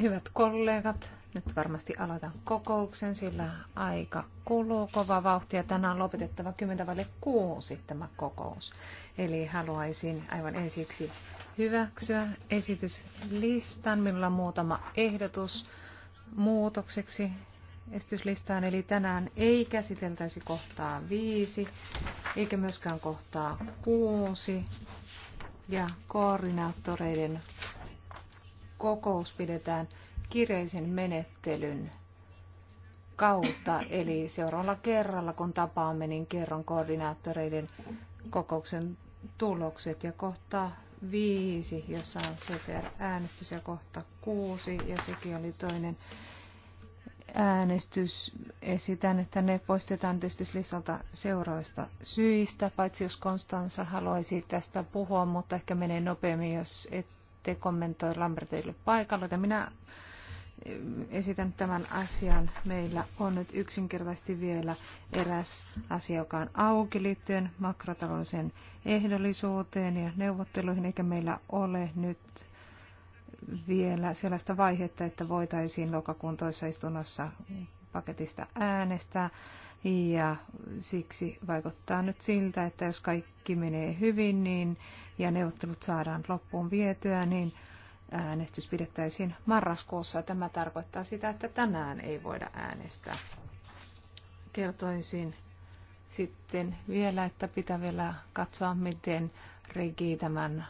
Hyvät kollegat, nyt varmasti aloitan kokouksen, sillä aika kuluu kova vauhtia. Tänään on lopetettava kymmentä vaille kuusi tämä kokous. Eli haluaisin aivan ensiksi hyväksyä esityslistan. Minulla on muutama ehdotus muutokseksi esityslistaan. Eli tänään ei käsiteltäisi kohtaa viisi, eikä myöskään kohtaa kuusi ja koordinaattoreiden kokous pidetään kireisen menettelyn kautta. Eli seuraavalla kerralla, kun tapaamme, niin kerron koordinaattoreiden kokouksen tulokset ja kohta viisi, jossa on CPR-äänestys ja kohta kuusi ja sekin oli toinen äänestys esitän, että ne poistetaan testyslistalta seuraavista syistä, paitsi jos Konstansa haluaisi tästä puhua, mutta ehkä menee nopeammin, jos ette kommentoi Lambertille paikalla. Ja minä eh, esitän tämän asian. Meillä on nyt yksinkertaisesti vielä eräs asia, joka on auki liittyen makrotalouden ehdollisuuteen ja neuvotteluihin, eikä meillä ole nyt vielä sellaista vaihetta, että voitaisiin lokakuun toisessa istunnossa paketista äänestää. Ja siksi vaikuttaa nyt siltä, että jos kaikki menee hyvin niin, ja neuvottelut saadaan loppuun vietyä, niin äänestys pidettäisiin marraskuussa. Tämä tarkoittaa sitä, että tänään ei voida äänestää. Kertoisin sitten vielä, että pitää vielä katsoa, miten Regi tämän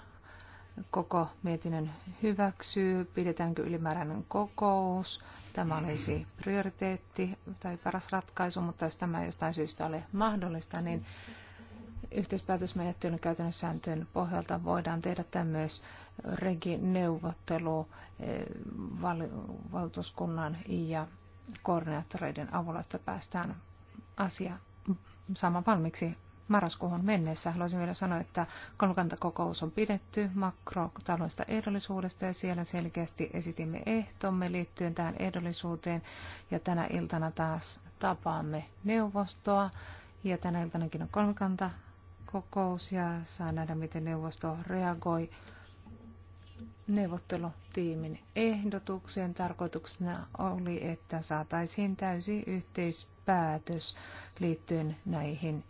koko mietinnön hyväksyy, pidetäänkö ylimääräinen kokous. Tämä olisi prioriteetti tai paras ratkaisu, mutta jos tämä ei jostain syystä ole mahdollista, niin yhteispäätösmenettelyn käytännön sääntöjen pohjalta voidaan tehdä tämä myös regineuvottelu eh, valtuuskunnan ja koordinaattoreiden avulla, että päästään asia sama valmiiksi marraskuuhun mennessä. Haluaisin vielä sanoa, että kolmikantakokous on pidetty makrotaloudesta ehdollisuudesta ja siellä selkeästi esitimme ehtomme liittyen tähän ehdollisuuteen. Ja tänä iltana taas tapaamme neuvostoa ja tänä iltanakin on kolmikantakokous ja saa nähdä, miten neuvosto reagoi neuvottelutiimin ehdotukseen. Tarkoituksena oli, että saataisiin täysi yhteispäätös liittyen näihin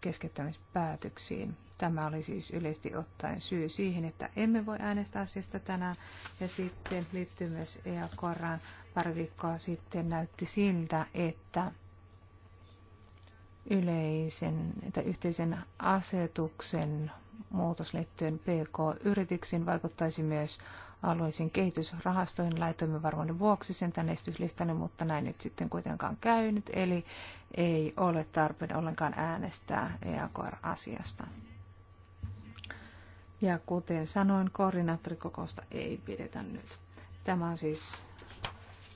keskeyttämispäätöksiin. Tämä oli siis yleisesti ottaen syy siihen, että emme voi äänestää asiasta tänään. Ja sitten liittyy myös EAKRaan. Pari viikkoa sitten näytti siltä, että yleisen, että yhteisen asetuksen muutos liittyen PK-yrityksiin vaikuttaisi myös alueisiin kehitysrahastoihin laitoimme varmuuden vuoksi sen tänne esityslistalle, mutta näin nyt sitten kuitenkaan käynyt, eli ei ole tarpeen ollenkaan äänestää EAKR-asiasta. Ja kuten sanoin, koordinaattorikokousta ei pidetä nyt. Tämä on siis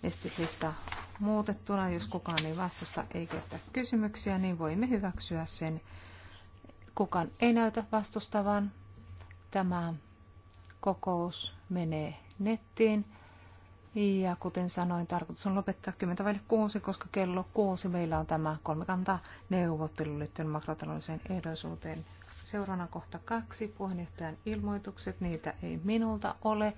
esityslista muutettuna. Jos kukaan ei vastusta eikä sitä kysymyksiä, niin voimme hyväksyä sen. Kukaan ei näytä vastustavan. Tämä kokous menee nettiin. Ja kuten sanoin, tarkoitus on lopettaa 10 vai 6, koska kello 6 meillä on tämä kolmikanta neuvottelu liittyen makrotaloudelliseen ehdollisuuteen. Seuraavana kohta kaksi, puheenjohtajan ilmoitukset, niitä ei minulta ole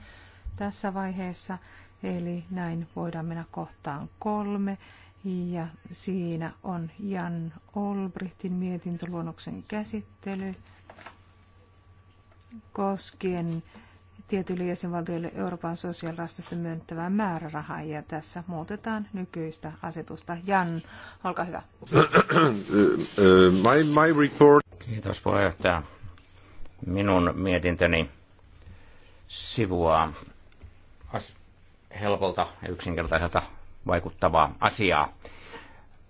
tässä vaiheessa. Eli näin voidaan mennä kohtaan kolme. Ja siinä on Jan Olbrichtin mietintöluonnoksen käsittely koskien tietyille jäsenvaltioille Euroopan sosiaalirahastosta myönnettävää määrärahaa ja tässä muutetaan nykyistä asetusta. Jan, olkaa hyvä. my, my report. Kiitos puheenjohtaja. Minun mietintöni sivuaa helpolta ja yksinkertaiselta vaikuttavaa asiaa.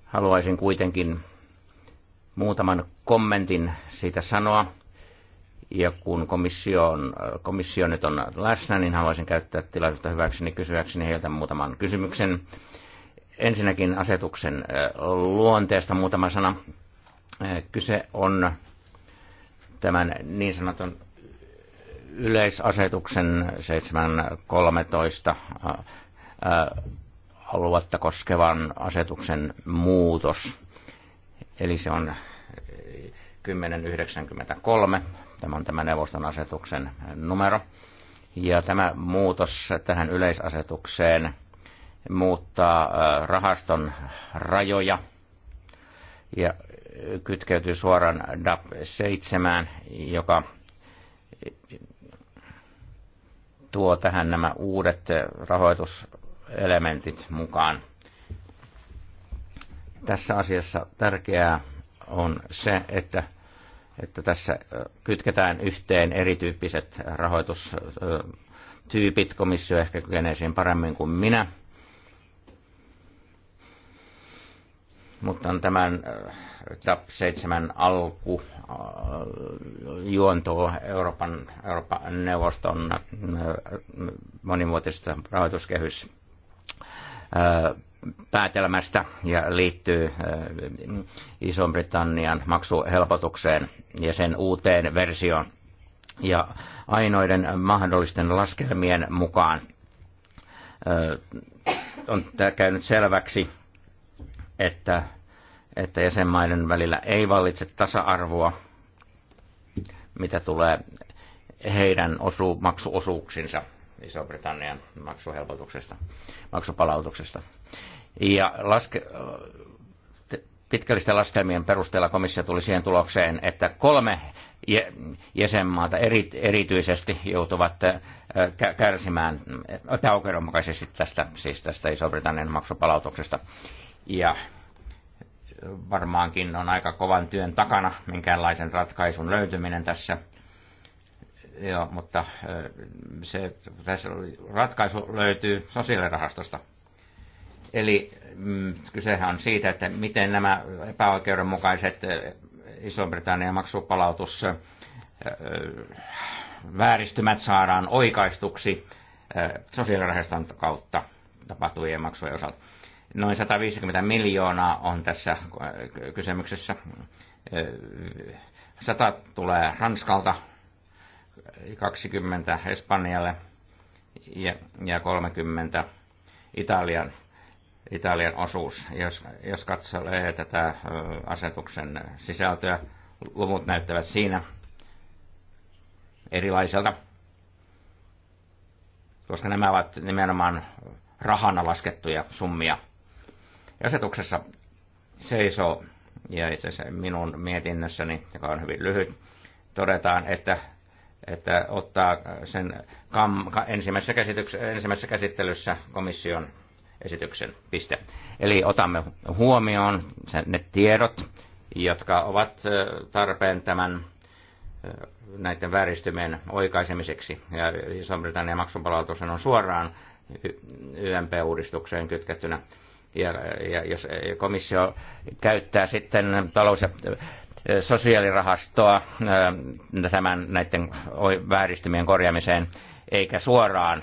Haluaisin kuitenkin muutaman kommentin siitä sanoa ja kun komissio, on, komissio nyt on läsnä, niin haluaisin käyttää tilaisuutta hyväkseni kysyäkseni heiltä muutaman kysymyksen. Ensinnäkin asetuksen luonteesta muutama sana. Kyse on tämän niin sanotun yleisasetuksen 713 aluetta koskevan asetuksen muutos. Eli se on 1093 Tämä on tämä neuvoston asetuksen numero. Ja tämä muutos tähän yleisasetukseen muuttaa rahaston rajoja ja kytkeytyy suoraan DAP 7, joka tuo tähän nämä uudet rahoituselementit mukaan. Tässä asiassa tärkeää on se, että että tässä kytketään yhteen erityyppiset rahoitustyypit. Komissio ehkä kykenee siihen paremmin kuin minä. Mutta on tämän TAP 7 alku juonto Euroopan, Euroopan neuvoston monimuotoisesta rahoituskehys päätelmästä ja liittyy äh, Iso-Britannian maksuhelpotukseen ja sen uuteen versioon. Ja ainoiden mahdollisten laskelmien mukaan äh, on käynyt selväksi, että, että jäsenmaiden välillä ei vallitse tasa-arvoa, mitä tulee heidän osu, maksuosuuksinsa Iso-Britannian maksuhelpotuksesta, maksupalautuksesta. Ja laske, pitkällisten laskelmien perusteella komissio tuli siihen tulokseen, että kolme jäsenmaata eri, erityisesti joutuvat kärsimään epäoikeudenmukaisesti tästä, siis tästä Iso-Britannian maksupalautuksesta. Ja varmaankin on aika kovan työn takana minkäänlaisen ratkaisun löytyminen tässä. Joo, mutta se, tässä ratkaisu löytyy sosiaalirahastosta Eli mm, kysehän on siitä, että miten nämä epäoikeudenmukaiset Iso-Britannian maksupalautus vääristymät saadaan oikaistuksi sosiaalirahaston kautta tapahtuvien maksujen osalta. Noin 150 miljoonaa on tässä kysymyksessä. 100 tulee Ranskalta, 20 Espanjalle ja, ja 30 Italian Italian osuus. Jos, jos katsoo tätä asetuksen sisältöä, luvut näyttävät siinä erilaiselta, koska nämä ovat nimenomaan rahana laskettuja summia. Asetuksessa seisoo, ja itse asiassa minun mietinnössäni, joka on hyvin lyhyt, todetaan, että että ottaa sen kam, ensimmäisessä, ensimmäisessä käsittelyssä komission esityksen piste. Eli otamme huomioon ne tiedot, jotka ovat tarpeen tämän näiden vääristymien oikaisemiseksi. Ja Iso-Britannian maksunpalautus on suoraan YMP-uudistukseen kytkettynä. Ja, ja jos komissio käyttää sitten talous- ja sosiaalirahastoa tämän näiden vääristymien korjaamiseen, eikä suoraan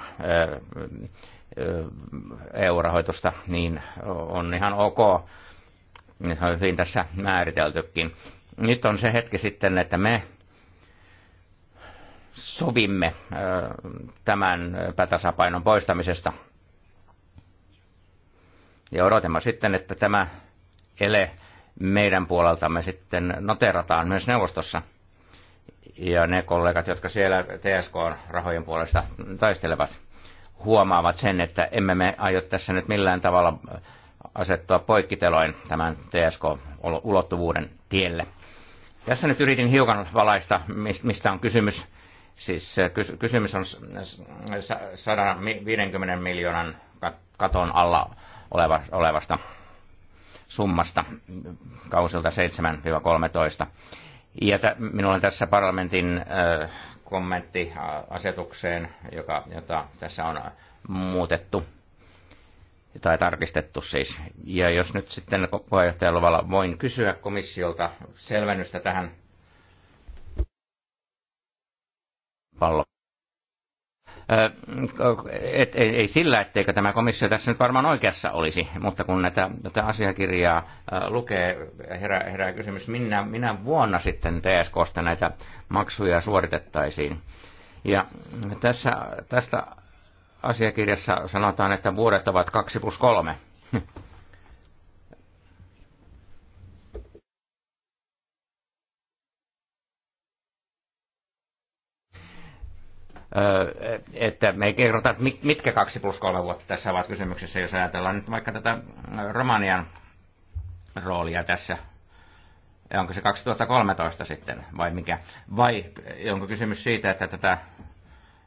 EU-rahoitusta, niin on ihan ok. Niin se on hyvin tässä määriteltykin. Nyt on se hetki sitten, että me sovimme tämän epätasapainon poistamisesta. Ja odotamme sitten, että tämä ele meidän puoleltamme sitten noterataan myös neuvostossa. Ja ne kollegat, jotka siellä TSK-rahojen puolesta taistelevat huomaavat sen, että emme me aio tässä nyt millään tavalla asettua poikkiteloin tämän TSK-ulottuvuuden tielle. Tässä nyt yritin hiukan valaista, mistä on kysymys. Siis äh, kysymys on 150 miljoonan katon alla olevasta summasta kausilta 7-13. Ja minulla on tässä parlamentin äh, kommentti asetukseen, joka, jota tässä on muutettu tai tarkistettu siis. Ja jos nyt sitten puheenjohtajan luvalla voin kysyä komissiolta selvennystä tähän pallo et, ei, ei sillä, etteikö tämä komissio tässä nyt varmaan oikeassa olisi, mutta kun näitä, tätä asiakirjaa lukee, herää, herää kysymys, minä, minä vuonna sitten TSKsta näitä maksuja suoritettaisiin. Ja tässä, tästä asiakirjassa sanotaan, että vuodet ovat 2 plus 3. että me kerrotaan, mitkä kaksi plus kolme vuotta tässä ovat kysymyksessä, jos ajatellaan nyt vaikka tätä Romanian roolia tässä. Onko se 2013 sitten vai mikä? Vai onko kysymys siitä, että tätä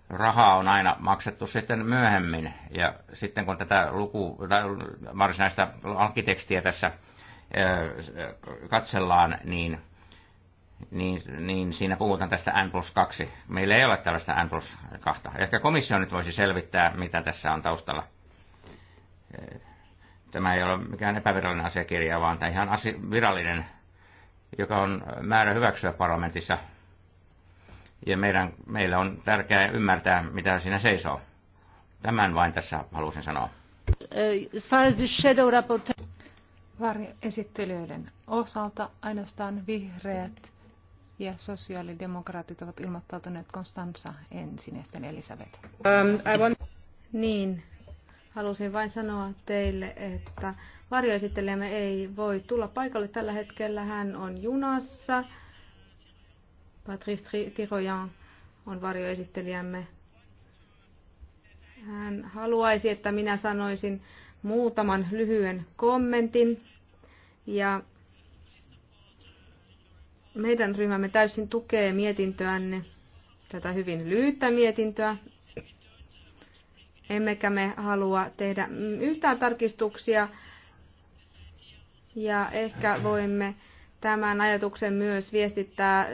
rahaa on aina maksettu sitten myöhemmin. Ja sitten kun tätä luku, tai varsinaista alkitekstiä tässä katsellaan, niin – niin, niin siinä puhutaan tästä N plus 2. Meillä ei ole tällaista N plus 2. Ehkä komissio nyt voisi selvittää, mitä tässä on taustalla. Eh, tämä ei ole mikään epävirallinen asiakirja, vaan tämä ihan asi- virallinen, joka on määrä hyväksyä parlamentissa. Ja meidän, meillä on tärkeää ymmärtää, mitä siinä seisoo. Tämän vain tässä halusin sanoa. Eh, as far as the shadow rapporteur... Varjoesittelijöiden osalta ainoastaan vihreät ja sosiaalidemokraatit ovat ilmoittautuneet Konstansa ensin ja sitten Elisabeth. Um, want... Niin, halusin vain sanoa teille, että varjoesittelemme ei voi tulla paikalle tällä hetkellä. Hän on junassa. Patrice Tirojan on varjoesittelijämme. Hän haluaisi, että minä sanoisin muutaman lyhyen kommentin. Ja meidän ryhmämme täysin tukee mietintöänne, tätä hyvin lyhyttä mietintöä. Emmekä me halua tehdä yhtään tarkistuksia ja ehkä voimme tämän ajatuksen myös viestittää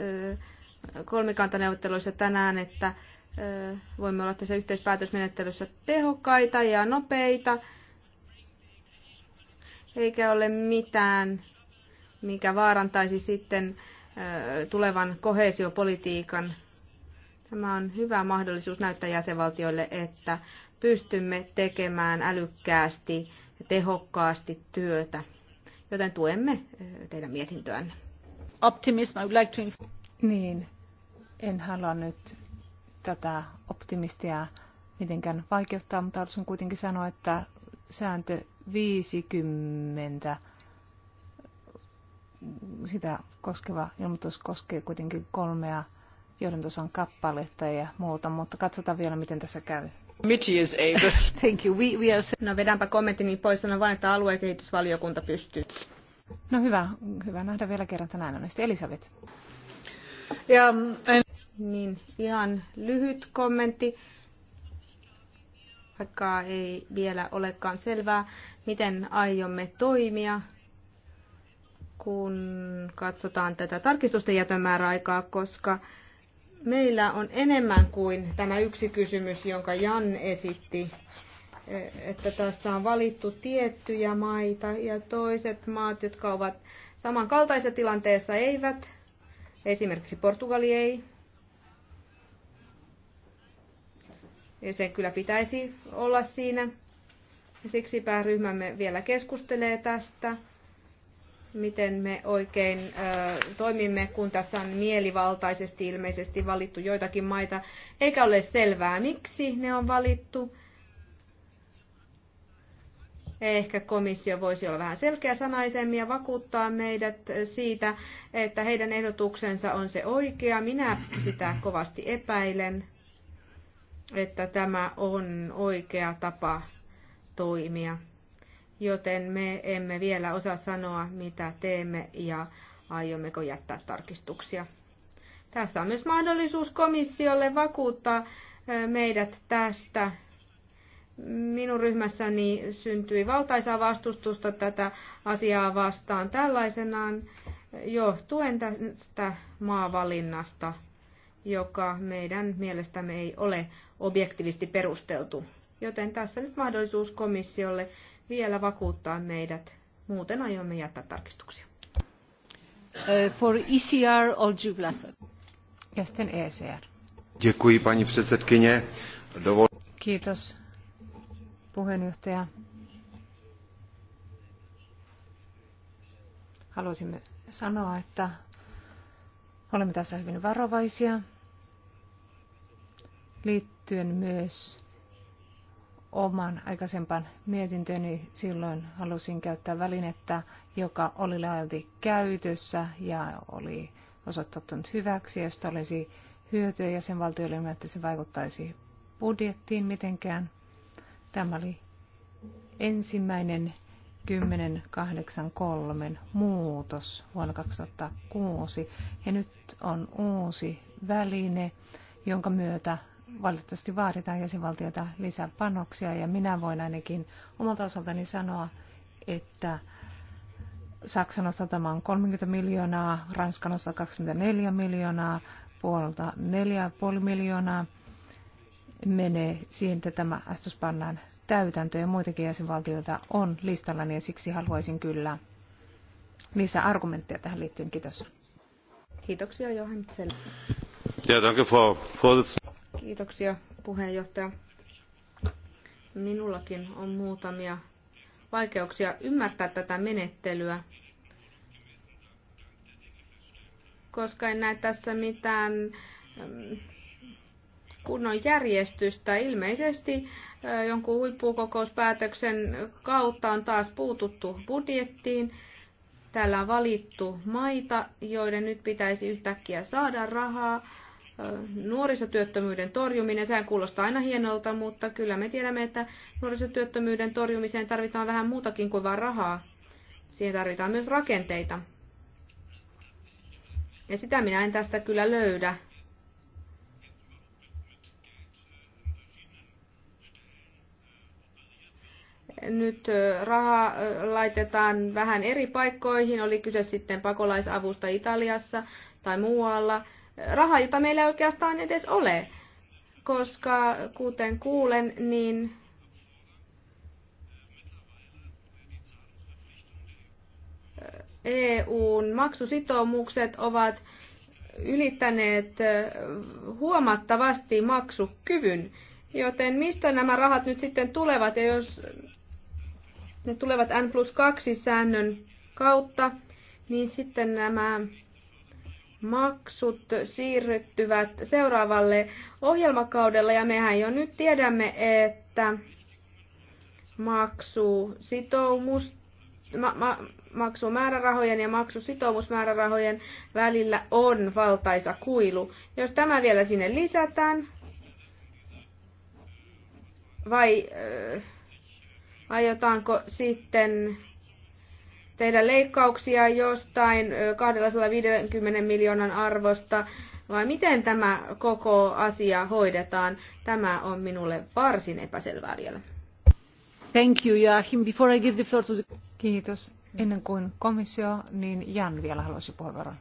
kolmikantaneuvotteluissa tänään, että voimme olla tässä yhteispäätösmenettelyssä tehokkaita ja nopeita, eikä ole mitään, mikä vaarantaisi sitten tulevan kohesiopolitiikan. Tämä on hyvä mahdollisuus näyttää jäsenvaltioille, että pystymme tekemään älykkäästi ja tehokkaasti työtä, joten tuemme teidän mietintöänne. Optimism, I would like to Niin, en halua nyt tätä optimistia mitenkään vaikeuttaa, mutta haluaisin kuitenkin sanoa, että sääntö 50 sitä koskeva ilmoitus koskee kuitenkin kolmea johdantosan kappaletta ja muuta, mutta katsotaan vielä, miten tässä käy. Is able. Thank you. We, we are... No vedänpä kommenttini niin pois, sanon vain, että aluekehitysvaliokunta pystyy. No hyvä, hyvä nähdä vielä kerran tänään on. Sitten Elisabeth. Ja, en... Niin, ihan lyhyt kommentti vaikka ei vielä olekaan selvää, miten aiomme toimia kun katsotaan tätä tarkistusten jätömääräaikaa, koska meillä on enemmän kuin tämä yksi kysymys, jonka Jan esitti, että tässä on valittu tiettyjä maita ja toiset maat, jotka ovat samankaltaisessa tilanteessa, eivät. Esimerkiksi Portugali ei. Ja se kyllä pitäisi olla siinä. Siksi siksipä ryhmämme vielä keskustelee tästä miten me oikein toimimme, kun tässä on mielivaltaisesti ilmeisesti valittu joitakin maita, eikä ole selvää, miksi ne on valittu. Ehkä komissio voisi olla vähän selkeäsanaisemmin ja vakuuttaa meidät siitä, että heidän ehdotuksensa on se oikea. Minä sitä kovasti epäilen, että tämä on oikea tapa toimia joten me emme vielä osaa sanoa, mitä teemme ja aiommeko jättää tarkistuksia. Tässä on myös mahdollisuus komissiolle vakuuttaa meidät tästä. Minun ryhmässäni syntyi valtaisaa vastustusta tätä asiaa vastaan tällaisenaan johtuen tästä maavalinnasta, joka meidän mielestämme ei ole objektiivisesti perusteltu. Joten tässä nyt mahdollisuus komissiolle vielä vakuuttaa meidät. Muuten aiomme jättää tarkistuksia. Eh, for ECR Olgi Ja ECR. E Děkuji, paní předsedkyně. Dovol... Kiitos, puheenjohtaja. Haluaisimme sanoa, että olemme tässä hyvin varovaisia liittyen myös oman aikaisempaan mietintöni silloin halusin käyttää välinettä, joka oli laajalti käytössä ja oli osoittautunut hyväksi, josta olisi hyötyä jäsenvaltioille, että se vaikuttaisi budjettiin mitenkään. Tämä oli ensimmäinen 1083 muutos vuonna 2006 ja nyt on uusi väline, jonka myötä valitettavasti vaaditaan jäsenvaltiota lisää panoksia ja minä voin ainakin omalta osaltani sanoa, että Saksan osalta tämä on 30 miljoonaa, Ranskan osalta 24 miljoonaa, puolelta 4,5 miljoonaa menee siihen, että tämä astus pannaan täytäntöön ja muitakin jäsenvaltioita on listalla, niin siksi haluaisin kyllä lisää argumentteja tähän liittyen. Kiitos. Kiitoksia Johan Ja, danke, Frau Kiitoksia puheenjohtaja. Minullakin on muutamia vaikeuksia ymmärtää tätä menettelyä, koska en näe tässä mitään ähm, kunnon järjestystä. Ilmeisesti äh, jonkun huippukokouspäätöksen kautta on taas puututtu budjettiin. Täällä on valittu maita, joiden nyt pitäisi yhtäkkiä saada rahaa nuorisotyöttömyyden torjuminen, sehän kuulostaa aina hienolta, mutta kyllä me tiedämme, että nuorisotyöttömyyden torjumiseen tarvitaan vähän muutakin kuin vain rahaa. Siihen tarvitaan myös rakenteita. Ja sitä minä en tästä kyllä löydä. nyt rahaa laitetaan vähän eri paikkoihin, oli kyse sitten pakolaisavusta Italiassa tai muualla rahaa, jota meillä ei oikeastaan edes ole, koska kuten kuulen, niin EUn maksusitoumukset ovat ylittäneet huomattavasti maksukyvyn. Joten mistä nämä rahat nyt sitten tulevat? Ja jos ne tulevat N plus 2 säännön kautta, niin sitten nämä maksut siirryttyvät seuraavalle ohjelmakaudelle ja mehän jo nyt tiedämme, että maksu sitoumus ma, ma, maksumäärärahojen ja maksusitoumusmäärärahojen välillä on valtaisa kuilu. Jos tämä vielä sinne lisätään, vai äh, aiotaanko sitten tehdä leikkauksia jostain 250 miljoonan arvosta, vai miten tämä koko asia hoidetaan? Tämä on minulle varsin epäselvää vielä. Thank you, Joachim. Before I give the floor to the... Kiitos. Ennen kuin komissio, niin Jan vielä haluaisi puheenvuoron.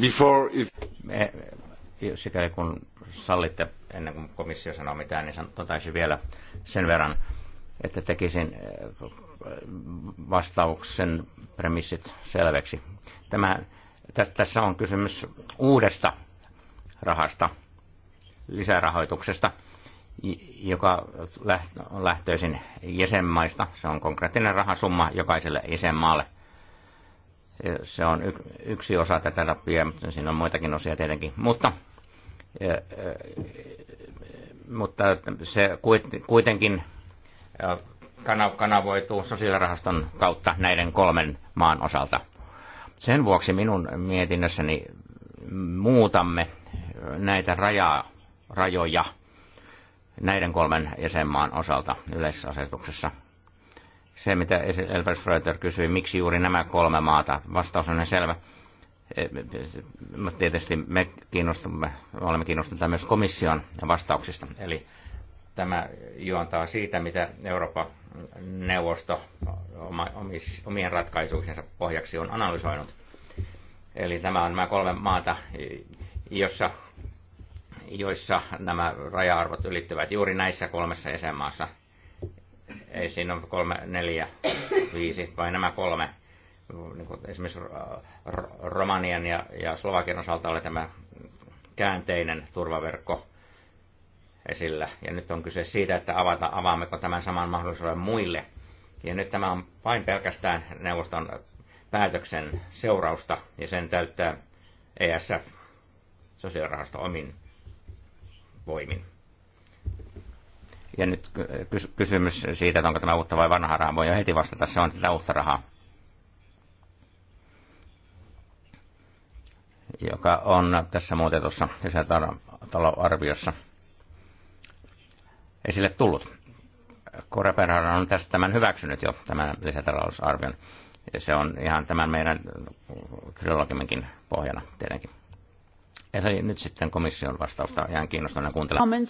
Before if... Me, sikäli kun sallitte, ennen kuin komissio sanoo mitään, niin totaisin vielä sen verran, että tekisin äh, vastauksen premissit selväksi. Tämä, tässä on kysymys uudesta rahasta, lisärahoituksesta, joka on lähtöisin jäsenmaista. Se on konkreettinen rahasumma jokaiselle jäsenmaalle. Se on yksi osa tätä rappia, mutta siinä on muitakin osia tietenkin. Mutta, äh, äh, mutta se kuitenkin kanavoituu sosiaalirahaston kautta näiden kolmen maan osalta. Sen vuoksi minun mietinnössäni muutamme näitä raja, rajoja näiden kolmen jäsenmaan osalta asetuksessa. Se, mitä Elbert Reuter kysyi, miksi juuri nämä kolme maata, vastaus on selvä. E, e, e, tietysti me, kiinnostumme, olemme kiinnostuneita myös komission vastauksista. Eli Tämä juontaa siitä, mitä Euroopan neuvosto omien ratkaisuihinsa pohjaksi on analysoinut. Eli tämä on nämä kolme maata, jossa, joissa nämä raja-arvot ylittyvät juuri näissä kolmessa jäsenmaassa. Ei siinä ole kolme, neljä, viisi, vai nämä kolme. Niin kuin esimerkiksi Romanian ja, ja Slovakian osalta oli tämä käänteinen turvaverkko esillä. Ja nyt on kyse siitä, että avata, avaammeko tämän saman mahdollisuuden muille. Ja nyt tämä on vain pelkästään neuvoston päätöksen seurausta, ja sen täyttää ESF, sosiaalirahasto, omin voimin. Ja nyt kysymys siitä, että onko tämä uutta vai vanha rahaa, voi jo heti vastata, se on tätä uutta rahaa. joka on tässä muutetussa lisätalousarviossa esille tullut. Koreperhan on tästä tämän hyväksynyt jo, tämän lisätalousarvion. Ja se on ihan tämän meidän trilogimmekin pohjana tietenkin. Eli nyt sitten komission vastausta ihan kiinnostuneena kuuntelemaan.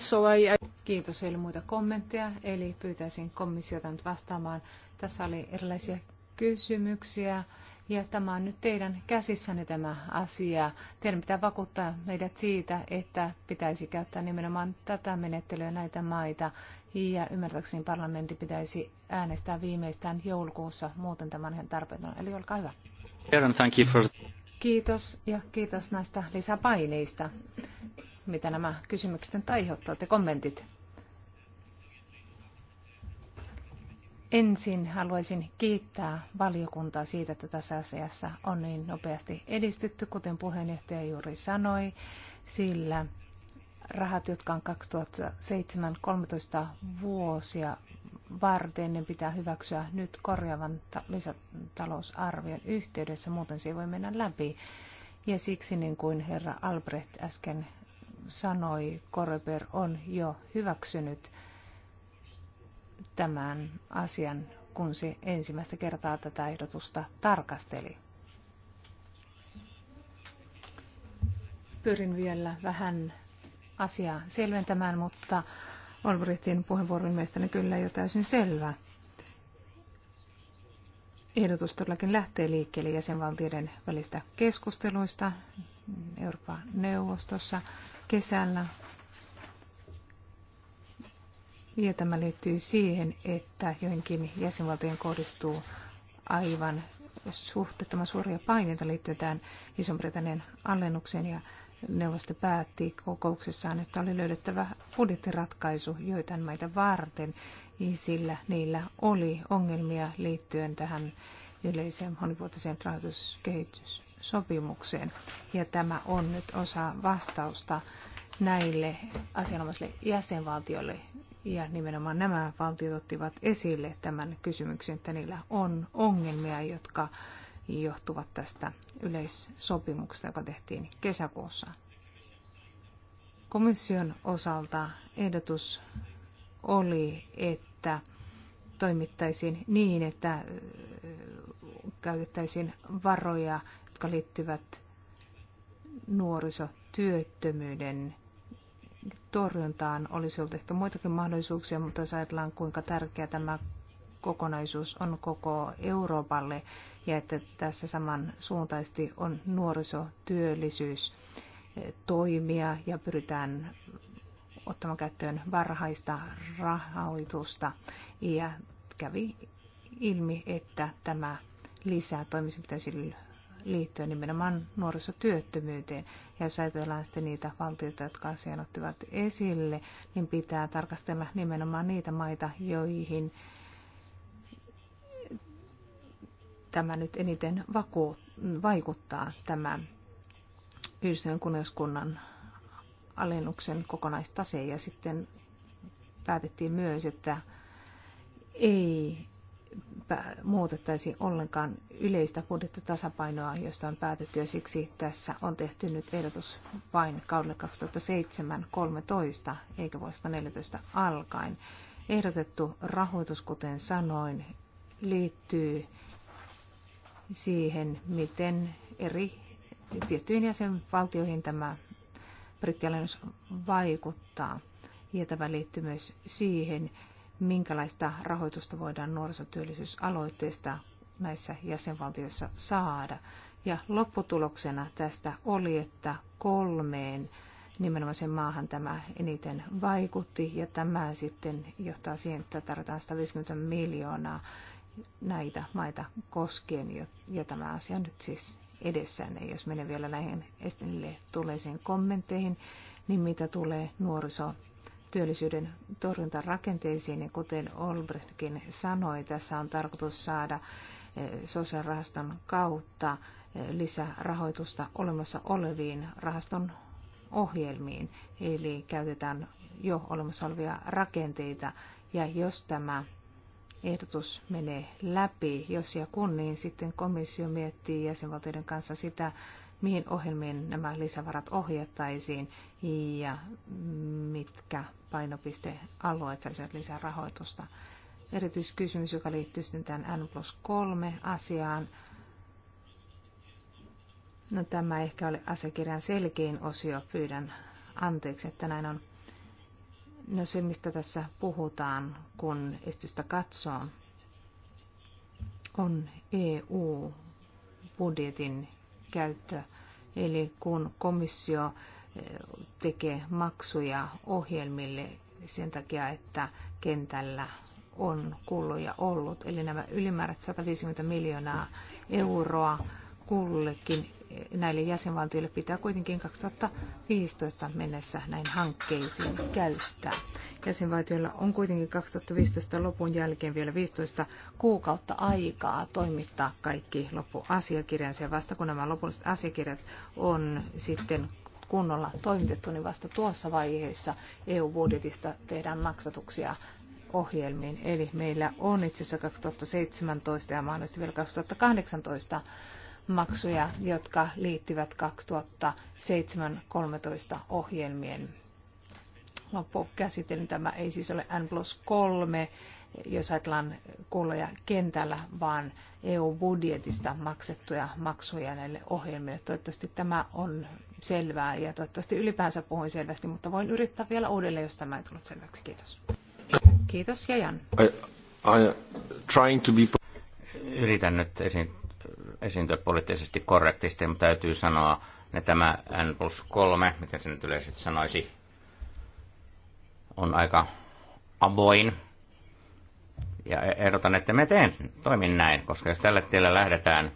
Kiitos, ei ollut muita kommentteja. Eli pyytäisin komissiota nyt vastaamaan. Tässä oli erilaisia kysymyksiä ja tämä on nyt teidän käsissänne tämä asia. Teidän pitää vakuuttaa meidät siitä, että pitäisi käyttää nimenomaan tätä menettelyä näitä maita. Ja ymmärtääkseni parlamentti pitäisi äänestää viimeistään joulukuussa, muuten tämä on ihan tarpeeton. Eli olkaa hyvä. Kiitos ja kiitos näistä lisäpaineista, mitä nämä kysymykset aiheuttavat ja kommentit. Ensin haluaisin kiittää valiokuntaa siitä, että tässä asiassa on niin nopeasti edistytty, kuten puheenjohtaja juuri sanoi, sillä rahat, jotka on 2007-2013 vuosia varten, ne pitää hyväksyä nyt korjaavan lisätalousarvion yhteydessä, muuten se ei voi mennä läpi. Ja siksi, niin kuin herra Albrecht äsken sanoi, Koreper on jo hyväksynyt tämän asian, kun se ensimmäistä kertaa tätä ehdotusta tarkasteli. Pyrin vielä vähän asiaa selventämään, mutta Olbrichtin puheenvuoron mielestäni kyllä jo täysin selvä. Ehdotus todellakin lähtee liikkeelle jäsenvaltioiden välistä keskusteluista Euroopan neuvostossa kesällä ja tämä liittyy siihen, että joinkin jäsenvaltojen kohdistuu aivan suhteettoman suuria paineita liittyen tähän iso britannian alennukseen ja neuvosto päätti kokouksessaan, että oli löydettävä budjettiratkaisu joitain maita varten, sillä niillä oli ongelmia liittyen tähän yleiseen monivuotiseen rahoituskehityssopimukseen. Ja tämä on nyt osa vastausta näille asianomaisille jäsenvaltioille. Ja nimenomaan nämä valtiot ottivat esille tämän kysymyksen, että niillä on ongelmia, jotka johtuvat tästä yleissopimuksesta, joka tehtiin kesäkuussa. Komission osalta ehdotus oli, että toimittaisiin niin, että käytettäisiin varoja, jotka liittyvät nuorisotyöttömyyden torjuntaan olisi ollut ehkä muitakin mahdollisuuksia, mutta jos ajatellaan kuinka tärkeä tämä kokonaisuus on koko Euroopalle ja että tässä samansuuntaisesti on nuorisotyöllisyys eh, toimia ja pyritään ottamaan käyttöön varhaista rahoitusta ja kävi ilmi, että tämä lisää sillä liittyen nimenomaan nuorisotyöttömyyteen. Ja jos ajatellaan sitten niitä valtioita, jotka asian ottivat esille, niin pitää tarkastella nimenomaan niitä maita, joihin tämä nyt eniten vaku- vaikuttaa, tämä Yhdistyneen kuningaskunnan alennuksen kokonaistase. Ja sitten päätettiin myös, että ei muutettaisi ollenkaan yleistä budjettitasapainoa, josta on päätetty ja siksi tässä on tehty nyt ehdotus vain kaudelle 2007-2013 eikä vuodesta 2014 alkaen. Ehdotettu rahoitus, kuten sanoin, liittyy siihen, miten eri tiettyihin jäsenvaltioihin tämä brittialennus vaikuttaa. Ja tämä liittyy myös siihen, minkälaista rahoitusta voidaan nuorisotyöllisyysaloitteesta näissä jäsenvaltioissa saada. Ja lopputuloksena tästä oli, että kolmeen nimenomaan sen maahan tämä eniten vaikutti, ja tämä sitten johtaa siihen, että tarvitaan 150 miljoonaa näitä maita koskien, ja tämä asia nyt siis edessään. Ja jos menen vielä näihin estenille tuleisiin kommentteihin, niin mitä tulee nuoriso työllisyyden torjuntarakenteisiin, kuten Olbrechtkin sanoi, tässä on tarkoitus saada eh, sosiaalirahaston kautta eh, lisärahoitusta olemassa oleviin rahaston ohjelmiin, eli käytetään jo olemassa olevia rakenteita, ja jos tämä ehdotus menee läpi, jos ja kun, niin sitten komissio miettii jäsenvaltioiden kanssa sitä, mihin ohjelmiin nämä lisävarat ohjattaisiin ja mitkä painopistealueet saisivat lisää rahoitusta. Erityiskysymys, joka liittyy sitten tähän N plus 3 asiaan. No, tämä ehkä oli asiakirjan selkein osio. Pyydän anteeksi, että näin on. No se, mistä tässä puhutaan, kun estystä katsoo, on EU-budjetin käyttöä. Eli kun komissio eh, tekee maksuja ohjelmille sen takia, että kentällä on kuluja ollut. Eli nämä ylimääräiset 150 miljoonaa euroa kullekin näille jäsenvaltioille pitää kuitenkin 2015 mennessä näin hankkeisiin käyttää. Jäsenvaltioilla on kuitenkin 2015 lopun jälkeen vielä 15 kuukautta aikaa toimittaa kaikki loppuasiakirjansa ja vasta kun nämä lopulliset asiakirjat on sitten kunnolla toimitettu, niin vasta tuossa vaiheessa EU-budjetista tehdään maksatuksia ohjelmiin. Eli meillä on itse asiassa 2017 ja mahdollisesti vielä 2018 maksuja, jotka liittyvät 2007-2013 ohjelmien loppukäsittelyyn. Tämä ei siis ole N plus 3, jos ajatellaan kuuloja kentällä, vaan EU-budjetista maksettuja maksuja näille ohjelmille. Toivottavasti tämä on selvää ja toivottavasti ylipäänsä puhuin selvästi, mutta voin yrittää vielä uudelleen, jos tämä ei tullut selväksi. Kiitos. Kiitos ja Jan. I, I, trying to be... Yritän nyt esiin esiintyä poliittisesti korrektisti, mutta täytyy sanoa, että tämä N plus 3, miten se nyt yleisesti sanoisi, on aika avoin. Ja ehdotan, että me teen, toimin näin, koska jos tällä tiellä lähdetään,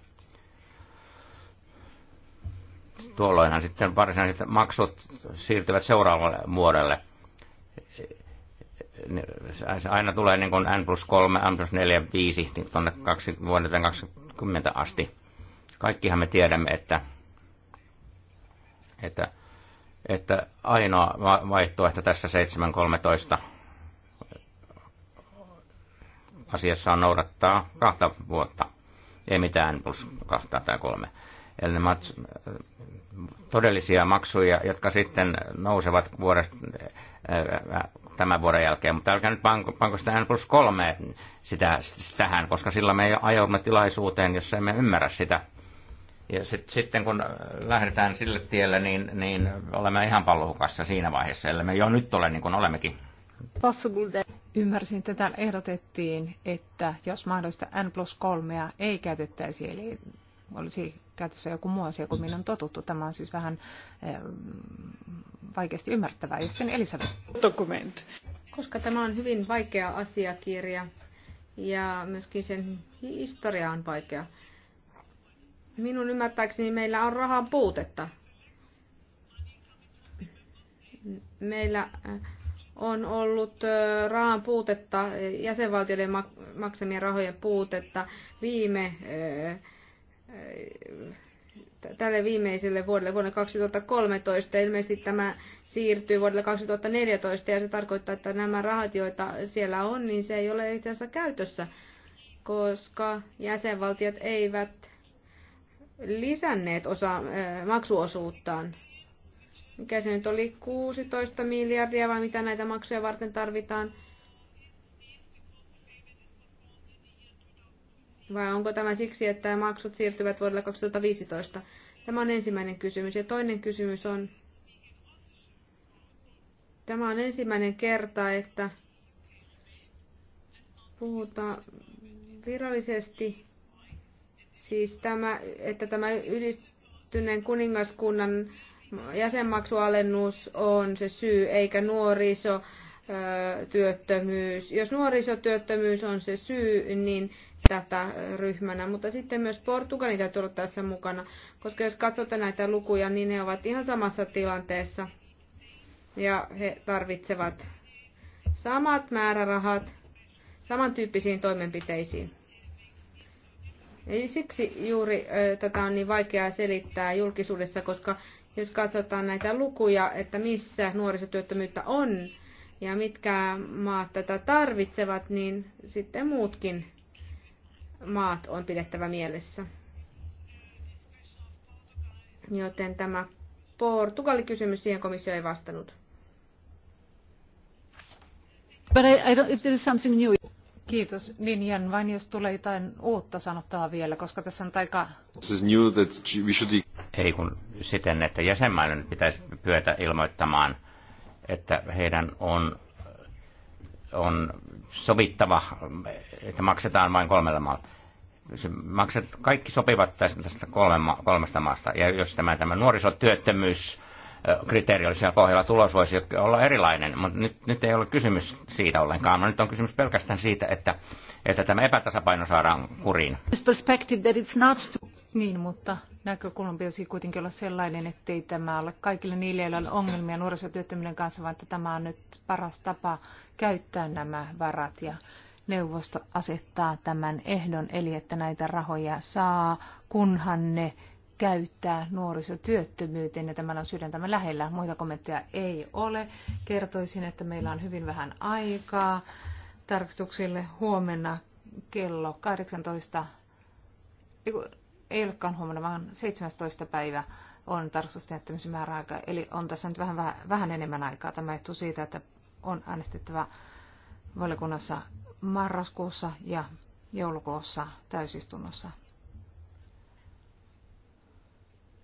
tuolloinhan sitten varsinaiset maksut siirtyvät seuraavalle muodolle. Niin aina tulee niin kuin N plus 3, N plus 4, 5, niin tuonne kaksi, vuodelta 30 asti. Kaikkihan me tiedämme, että, että, että ainoa vaihtoehto tässä 7.13 asiassa on noudattaa kahta vuotta, ei mitään plus kahta tai kolme. Eli ne todellisia maksuja, jotka sitten nousevat vuodesta äh, äh, tämän vuoden jälkeen, mutta älkää nyt panko sitä N plus kolme sitä, tähän, koska sillä me ajoimme tilaisuuteen, jos emme ymmärrä sitä. Ja sit, sitten kun lähdetään sille tielle, niin, niin olemme ihan pallohukassa siinä vaiheessa, eli me jo nyt ole niin kuin olemmekin. Ymmärsin, että tämän ehdotettiin, että jos mahdollista N plus kolmea ei käytettäisi, eli olisi käytössä joku muu asia kuin minun on totuttu. Tämä on siis vähän eh, vaikeasti ymmärrettävää. Ja sitten Elisabeth. Dokument. Koska tämä on hyvin vaikea asiakirja ja myöskin sen historia on vaikea. Minun ymmärtääkseni meillä on rahan puutetta. Meillä eh, on ollut eh, rahan puutetta, jäsenvaltioiden maksamien rahojen puutetta viime tälle viimeiselle vuodelle, vuonna 2013. Ilmeisesti tämä siirtyy vuodelle 2014 ja se tarkoittaa, että nämä rahat, joita siellä on, niin se ei ole itse asiassa käytössä, koska jäsenvaltiot eivät lisänneet osa, maksuosuuttaan. Mikä se nyt oli, 16 miljardia vai mitä näitä maksuja varten tarvitaan? Vai onko tämä siksi, että maksut siirtyvät vuodelle 2015? Tämä on ensimmäinen kysymys. Ja toinen kysymys on, tämä on ensimmäinen kerta, että puhutaan virallisesti, siis tämä, että tämä ylistyneen kuningaskunnan jäsenmaksualennus on se syy, eikä nuoriso työttömyys. Jos nuorisotyöttömyys on se syy, niin tätä ryhmänä, mutta sitten myös Portugalin täytyy olla tässä mukana, koska jos katsotaan näitä lukuja, niin ne ovat ihan samassa tilanteessa ja he tarvitsevat samat määrärahat samantyyppisiin toimenpiteisiin. Eli siksi juuri tätä on niin vaikeaa selittää julkisuudessa, koska jos katsotaan näitä lukuja, että missä nuorisotyöttömyyttä on ja mitkä maat tätä tarvitsevat, niin sitten muutkin maat on pidettävä mielessä. Joten tämä Portugali-kysymys, siihen komissio ei vastannut. But I, I don't, if there is something new. Kiitos Linjan, niin, vain jos tulee jotain uutta sanottavaa vielä, koska tässä on aika... Ei kun siten, että jäsenmaiden pitäisi pyötä ilmoittamaan, että heidän on, on sovittava, että maksetaan vain kolmella maalla maksat, kaikki sopivat tästä kolme, kolmesta maasta. Ja jos tämä, tämä nuorisotyöttömyys kriteeri oli siellä pohjalla, tulos voisi olla erilainen, mutta nyt, nyt ei ole kysymys siitä ollenkaan, vaan no nyt on kysymys pelkästään siitä, että, että tämä epätasapaino saadaan kuriin. Niin, mutta näkökulman pitäisi kuitenkin olla sellainen, että ei tämä ole kaikille niille, joilla on ongelmia nuorisotyöttömyyden kanssa, vaan että tämä on nyt paras tapa käyttää nämä varat ja neuvosto asettaa tämän ehdon, eli että näitä rahoja saa, kunhan ne käyttää nuorisotyöttömyyteen, ja tämän on sydäntämme lähellä. Muita kommentteja ei ole. Kertoisin, että meillä on hyvin vähän aikaa tarkistuksille huomenna kello 18, ei olekaan huomenna, vaan 17. päivä on tarkistustehtämisen määräaika, eli on tässä nyt vähän, vähän, vähän enemmän aikaa. Tämä johtuu siitä, että on äänestettävä valiokunnassa marraskuussa ja joulukuussa täysistunnossa.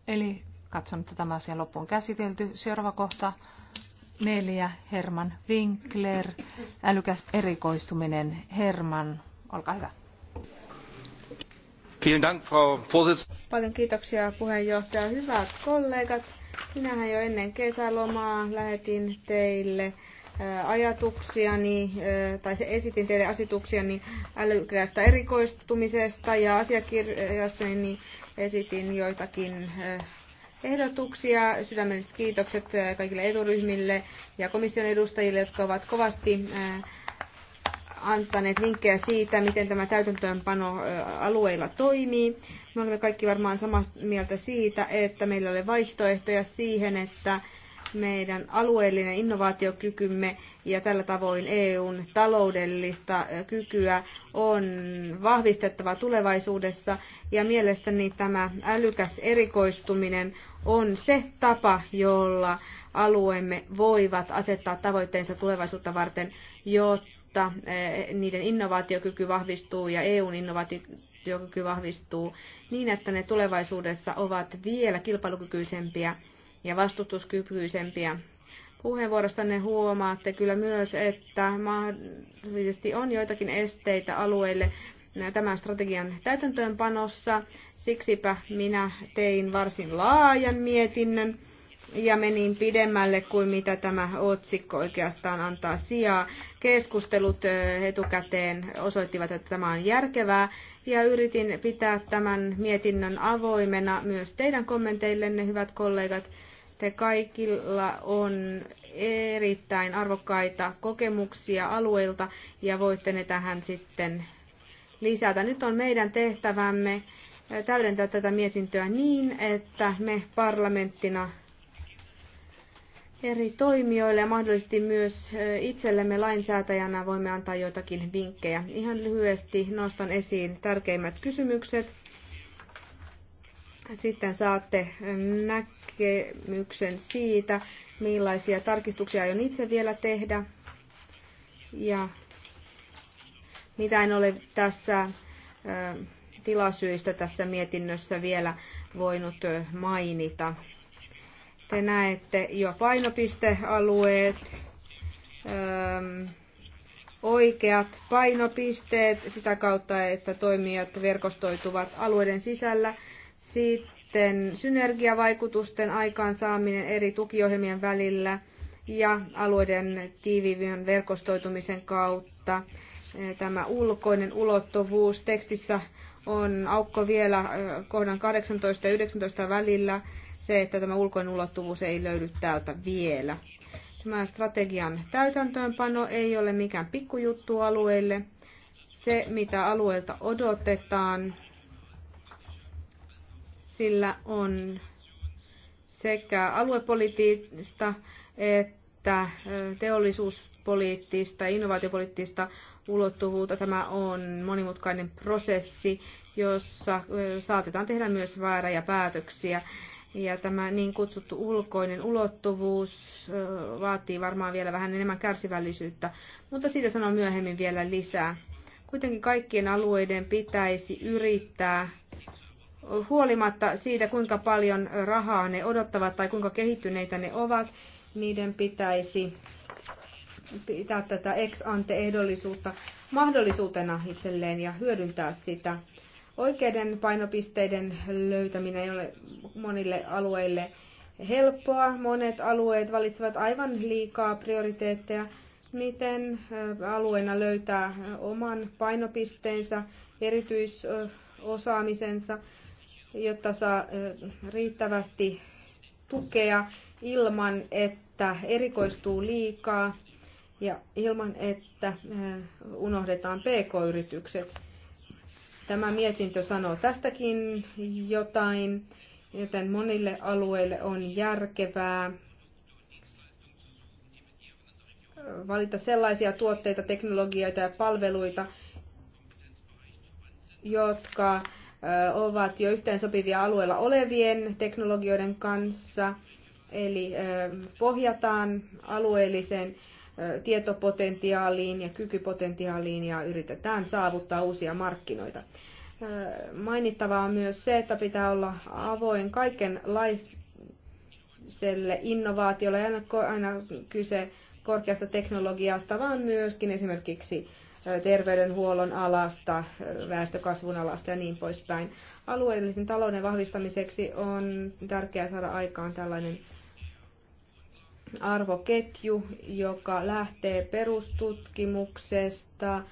Eli katson, että tämä asia loppuun käsitelty. Seuraava kohta neljä, Herman Winkler, älykäs erikoistuminen. Herman, olkaa hyvä. Paljon kiitoksia puheenjohtaja. Hyvät kollegat, minähän jo ennen kesälomaa lähetin teille ajatuksiani, tai se esitin teille asetuksiani älykkäästä erikoistumisesta ja asiakirjassani niin esitin joitakin ehdotuksia. Sydämelliset kiitokset kaikille eturyhmille ja komission edustajille, jotka ovat kovasti antaneet vinkkejä siitä, miten tämä täytäntöönpano alueilla toimii. Me olemme kaikki varmaan samaa mieltä siitä, että meillä oli vaihtoehtoja siihen, että meidän alueellinen innovaatiokykymme ja tällä tavoin EUn taloudellista kykyä on vahvistettava tulevaisuudessa ja mielestäni tämä älykäs erikoistuminen on se tapa, jolla alueemme voivat asettaa tavoitteensa tulevaisuutta varten, jotta niiden innovaatiokyky vahvistuu ja EUn innovaatiokyky vahvistuu niin, että ne tulevaisuudessa ovat vielä kilpailukykyisempiä ja vastustuskykyisempiä. Puheenvuorostanne huomaatte kyllä myös, että mahdollisesti on joitakin esteitä alueille tämän strategian täytäntöönpanossa. Siksipä minä tein varsin laajan mietinnön ja menin pidemmälle kuin mitä tämä otsikko oikeastaan antaa sijaa. Keskustelut etukäteen osoittivat, että tämä on järkevää ja yritin pitää tämän mietinnön avoimena myös teidän kommenteillenne, hyvät kollegat. Te kaikilla on erittäin arvokkaita kokemuksia alueilta ja voitte ne tähän sitten lisätä. Nyt on meidän tehtävämme täydentää tätä mietintöä niin, että me parlamenttina eri toimijoille ja mahdollisesti myös itsellemme lainsäätäjänä voimme antaa joitakin vinkkejä. Ihan lyhyesti nostan esiin tärkeimmät kysymykset. Sitten saatte näkyä näkemyksen siitä, millaisia tarkistuksia aion itse vielä tehdä ja mitä en ole tässä tilasyistä tässä mietinnössä vielä voinut mainita. Te näette jo painopistealueet, oikeat painopisteet sitä kautta, että toimijat verkostoituvat alueiden sisällä. Sitten sitten synergiavaikutusten aikaansaaminen eri tukiohjelmien välillä ja alueiden tiiviivien verkostoitumisen kautta. Tämä ulkoinen ulottuvuus tekstissä on aukko vielä kohdan 18 ja 19 välillä se, että tämä ulkoinen ulottuvuus ei löydy täältä vielä. Tämä strategian täytäntöönpano ei ole mikään pikkujuttu alueille. Se, mitä alueelta odotetaan, sillä on sekä aluepoliittista että teollisuuspoliittista, innovaatiopoliittista ulottuvuutta. Tämä on monimutkainen prosessi, jossa saatetaan tehdä myös vääräjä päätöksiä. Ja tämä niin kutsuttu ulkoinen ulottuvuus vaatii varmaan vielä vähän enemmän kärsivällisyyttä, mutta siitä sanon myöhemmin vielä lisää. Kuitenkin kaikkien alueiden pitäisi yrittää huolimatta siitä, kuinka paljon rahaa ne odottavat tai kuinka kehittyneitä ne ovat, niiden pitäisi pitää tätä ex-ante-ehdollisuutta mahdollisuutena itselleen ja hyödyntää sitä. Oikeiden painopisteiden löytäminen ei ole monille alueille helppoa. Monet alueet valitsevat aivan liikaa prioriteetteja. Miten äh, alueena löytää oman painopisteensä, erityisosaamisensa jotta saa riittävästi tukea ilman, että erikoistuu liikaa ja ilman, että unohdetaan pk-yritykset. Tämä mietintö sanoo tästäkin jotain, joten monille alueille on järkevää valita sellaisia tuotteita, teknologioita ja palveluita, jotka ovat jo sopivia alueella olevien teknologioiden kanssa, eli pohjataan alueelliseen tietopotentiaaliin ja kykypotentiaaliin ja yritetään saavuttaa uusia markkinoita. Mainittavaa on myös se, että pitää olla avoin kaikenlaiselle innovaatiolle, ei aina kyse korkeasta teknologiasta, vaan myöskin esimerkiksi terveydenhuollon alasta, väestökasvun alasta ja niin poispäin. Alueellisen talouden vahvistamiseksi on tärkeää saada aikaan tällainen arvoketju, joka lähtee perustutkimuksesta,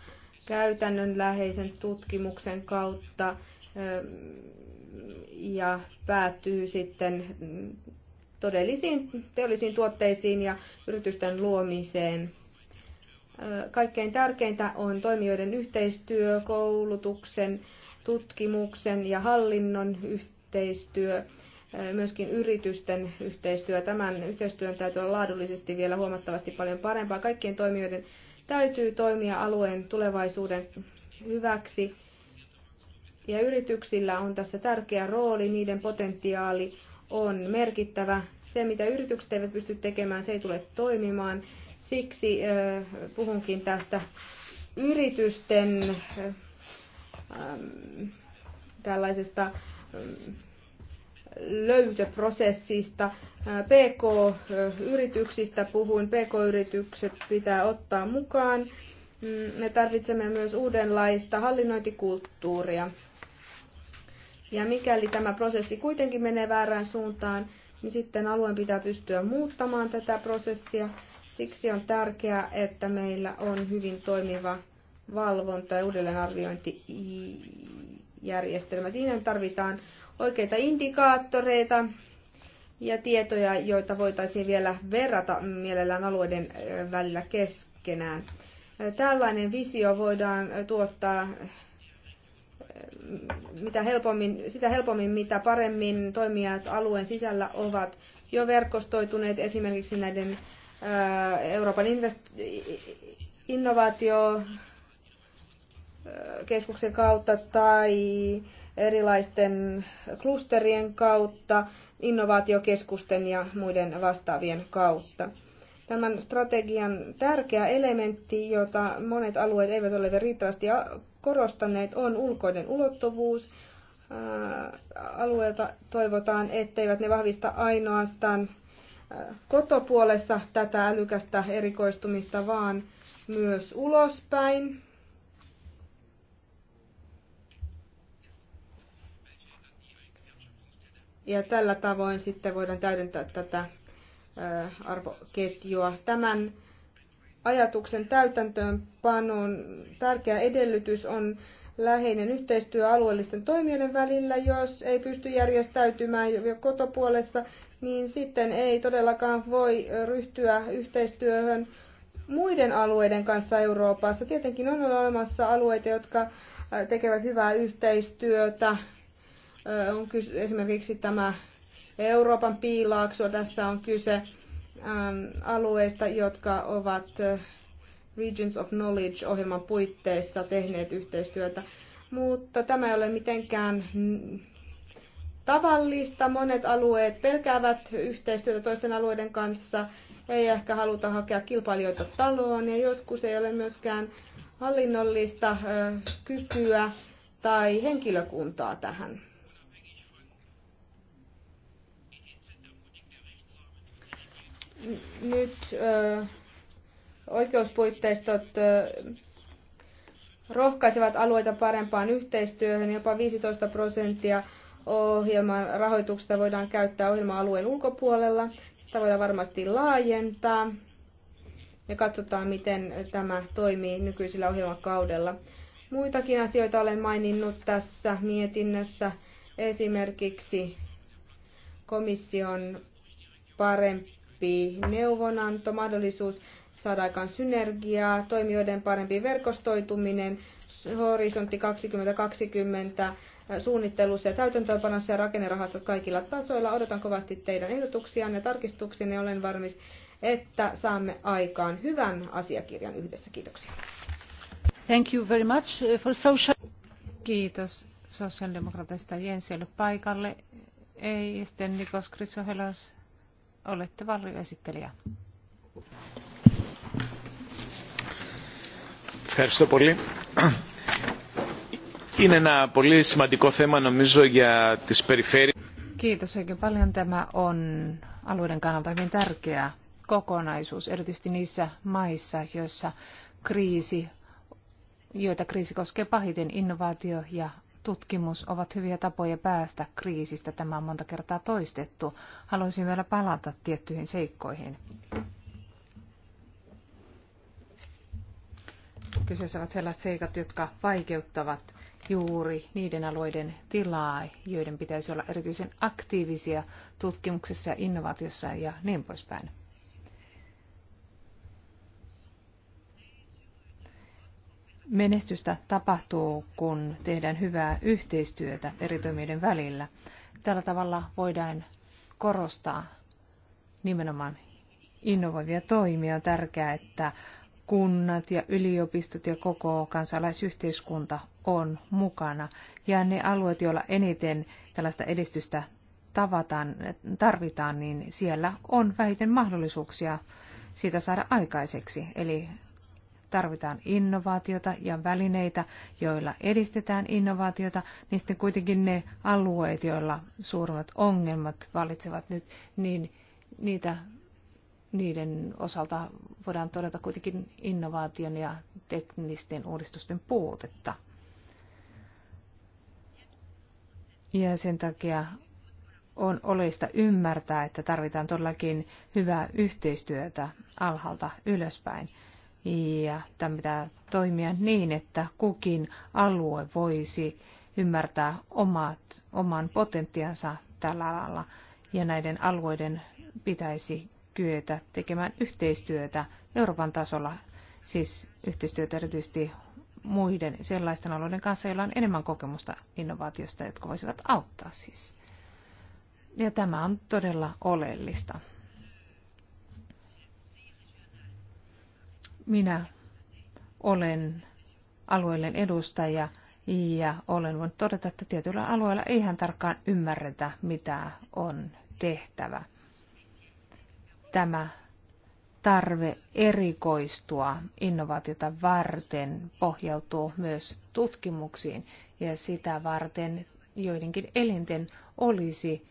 käytännönläheisen tutkimuksen kautta ja päätyy sitten todellisiin teollisiin tuotteisiin ja yritysten luomiseen Kaikkein tärkeintä on toimijoiden yhteistyö, koulutuksen, tutkimuksen ja hallinnon yhteistyö, myöskin yritysten yhteistyö. Tämän yhteistyön täytyy olla laadullisesti vielä huomattavasti paljon parempaa. Kaikkien toimijoiden täytyy toimia alueen tulevaisuuden hyväksi. Ja yrityksillä on tässä tärkeä rooli, niiden potentiaali on merkittävä. Se, mitä yritykset eivät pysty tekemään, se ei tule toimimaan. Siksi puhunkin tästä yritysten tällaisesta löytöprosessista. PK-yrityksistä puhuin, PK-yritykset pitää ottaa mukaan. Mm, me tarvitsemme myös uudenlaista hallinnointikulttuuria. Ja mikäli tämä prosessi kuitenkin menee väärään suuntaan, niin sitten alueen pitää pystyä muuttamaan tätä prosessia Siksi on tärkeää, että meillä on hyvin toimiva valvonta ja uudelleenarviointijärjestelmä. Siinä tarvitaan oikeita indikaattoreita ja tietoja, joita voitaisiin vielä verrata mielellään alueiden välillä keskenään. Tällainen visio voidaan tuottaa mitä helpommin, sitä helpommin, mitä paremmin toimijat alueen sisällä ovat jo verkostoituneet esimerkiksi näiden Euroopan invest- innovaatiokeskuksen kautta tai erilaisten klusterien kautta, innovaatiokeskusten ja muiden vastaavien kautta. Tämän strategian tärkeä elementti, jota monet alueet eivät ole riittävästi korostaneet, on ulkoinen ulottuvuus. Alueelta toivotaan, etteivät ne vahvista ainoastaan kotopuolessa tätä älykästä erikoistumista, vaan myös ulospäin. Ja tällä tavoin sitten voidaan täydentää tätä arvoketjua. Tämän ajatuksen täytäntöönpanon tärkeä edellytys on läheinen yhteistyö alueellisten toimijoiden välillä, jos ei pysty järjestäytymään kotopuolessa, niin sitten ei todellakaan voi ryhtyä yhteistyöhön muiden alueiden kanssa Euroopassa. Tietenkin on olemassa alueita, jotka äh, tekevät hyvää yhteistyötä. Äh, on kyse, esimerkiksi tämä Euroopan piilaakso. Tässä on kyse ähm, alueista, jotka ovat äh, Regions of Knowledge-ohjelman puitteissa tehneet yhteistyötä. Mutta tämä ei ole mitenkään tavallista. Monet alueet pelkäävät yhteistyötä toisten alueiden kanssa, ei ehkä haluta hakea kilpailijoita taloon ja joskus ei ole myöskään hallinnollista kykyä tai henkilökuntaa tähän. Nyt ö, oikeuspuitteistot ö, rohkaisevat alueita parempaan yhteistyöhön. Jopa 15 prosenttia ohjelman rahoituksesta voidaan käyttää ohjelma-alueen ulkopuolella. Tätä voidaan varmasti laajentaa ja katsotaan, miten tämä toimii nykyisellä ohjelmakaudella. Muitakin asioita olen maininnut tässä mietinnössä, esimerkiksi komission parempi neuvonanto, mahdollisuus saada aikaan synergiaa, toimijoiden parempi verkostoituminen, horisontti 2020 suunnittelussa ja täytäntöönpanossa ja rakennerahastot kaikilla tasoilla. Odotan kovasti teidän ehdotuksia ja tarkistuksianne. Olen varmis, että saamme aikaan hyvän asiakirjan yhdessä. Kiitoksia. Thank you very much uh, for social... Kiitos sosiaalidemokraateista Jensielle paikalle. Ei, sitten Nikos Kritsohelos, olette varjoesittelijä. Kiitos Είναι ένα πολύ σημαντικό θέμα νομίζω για τις περιφέρειες. Kiitos oikein paljon. Tämä on alueiden kannalta hyvin tärkeä kokonaisuus, erityisesti niissä maissa, joissa kriisi, joita kriisi koskee pahiten, innovaatio ja tutkimus ovat hyviä tapoja päästä kriisistä. Tämä on monta kertaa toistettu. Haluaisin vielä palata tiettyihin seikkoihin. Kyseessä ovat sellaiset seikat, jotka vaikeuttavat juuri niiden alueiden tilaa, joiden pitäisi olla erityisen aktiivisia tutkimuksessa ja innovaatiossa ja niin poispäin. Menestystä tapahtuu, kun tehdään hyvää yhteistyötä eri toimijoiden välillä. Tällä tavalla voidaan korostaa nimenomaan innovoivia toimia. On tärkeää, että kunnat ja yliopistot ja koko kansalaisyhteiskunta on mukana. Ja ne alueet, joilla eniten tällaista edistystä tavataan, tarvitaan, niin siellä on vähiten mahdollisuuksia siitä saada aikaiseksi. Eli tarvitaan innovaatiota ja välineitä, joilla edistetään innovaatiota, niin sitten kuitenkin ne alueet, joilla suurimmat ongelmat valitsevat nyt, niin niitä niiden osalta voidaan todeta kuitenkin innovaation ja teknisten uudistusten puutetta. Ja sen takia on oleista ymmärtää, että tarvitaan todellakin hyvää yhteistyötä alhaalta ylöspäin. Ja tämä pitää toimia niin, että kukin alue voisi ymmärtää omat, oman potentiaansa tällä alalla. Ja näiden alueiden pitäisi kyetä tekemään yhteistyötä Euroopan tasolla, siis yhteistyötä erityisesti muiden sellaisten alueiden kanssa, joilla on enemmän kokemusta innovaatiosta, jotka voisivat auttaa siis. Ja tämä on todella oleellista. Minä olen alueellinen edustaja ja olen voinut todeta, että tietyillä alueilla ei ihan tarkkaan ymmärretä, mitä on tehtävä tämä tarve erikoistua innovaatiota varten pohjautuu myös tutkimuksiin ja sitä varten joidenkin elinten olisi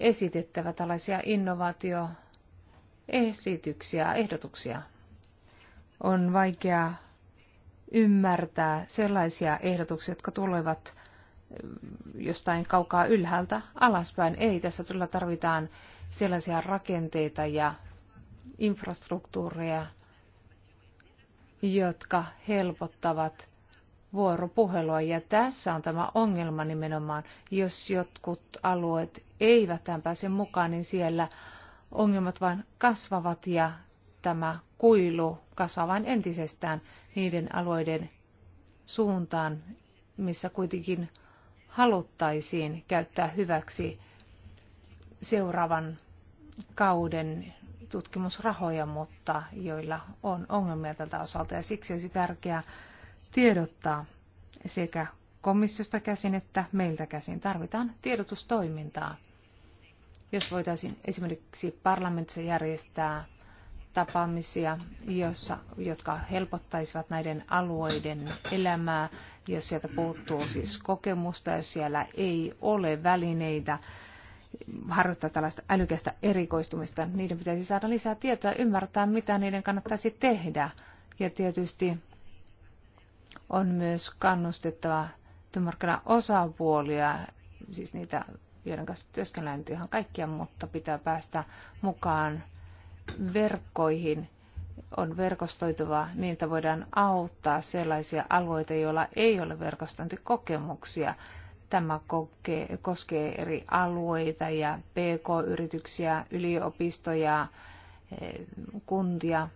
esitettävä tällaisia innovaatioesityksiä, ehdotuksia. On vaikea ymmärtää sellaisia ehdotuksia, jotka tulevat jostain kaukaa ylhäältä alaspäin. Ei, tässä todella tarvitaan sellaisia rakenteita ja infrastruktuureja, jotka helpottavat vuoropuhelua. Ja tässä on tämä ongelma nimenomaan, jos jotkut alueet eivät tämän pääse mukaan, niin siellä ongelmat vain kasvavat ja tämä kuilu kasvaa vain entisestään niiden alueiden suuntaan, missä kuitenkin haluttaisiin käyttää hyväksi seuraavan kauden tutkimusrahoja, mutta joilla on ongelmia tältä osalta. Ja siksi olisi tärkeää tiedottaa sekä komissiosta käsin että meiltä käsin. Tarvitaan tiedotustoimintaa. Jos voitaisiin esimerkiksi parlamentissa järjestää tapaamisia, jossa, jotka helpottaisivat näiden alueiden elämää, jos sieltä puuttuu siis kokemusta ja siellä ei ole välineitä harjoittaa tällaista älykästä erikoistumista. Niiden pitäisi saada lisää tietoa ja ymmärtää, mitä niiden kannattaisi tehdä. Ja tietysti on myös kannustettava osapuolia, siis niitä, joiden kanssa työskennellään ihan kaikkia, mutta pitää päästä mukaan verkkoihin on verkostoituvaa niin, että voidaan auttaa sellaisia alueita, joilla ei ole verkostointikokemuksia. Tämä koskee eri alueita ja pk-yrityksiä, yliopistoja, eh, kuntia.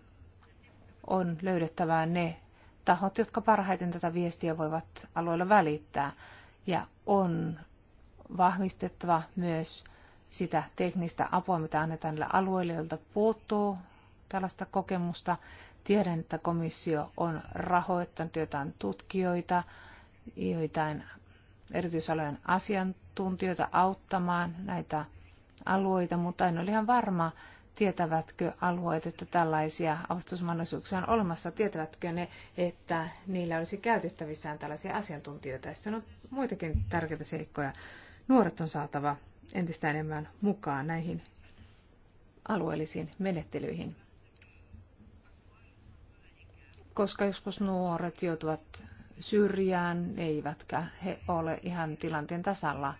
On löydettävää ne tahot, jotka parhaiten tätä viestiä voivat alueella välittää. Ja on vahvistettava myös sitä teknistä apua, mitä annetaan näille alueille, joilta puuttuu tällaista kokemusta. Tiedän, että komissio on rahoittanut jotain tutkijoita, joitain erityisalojen asiantuntijoita auttamaan näitä alueita, mutta en ole ihan varma, tietävätkö alueet, että tällaisia avustusmahdollisuuksia on olemassa, tietävätkö ne, että niillä olisi käytettävissään tällaisia asiantuntijoita. Ja sitten on muitakin tärkeitä seikkoja. Nuoret on saatava entistä enemmän mukaan näihin alueellisiin menettelyihin. Koska joskus nuoret joutuvat syrjään, eivätkä he ole ihan tilanteen tasalla.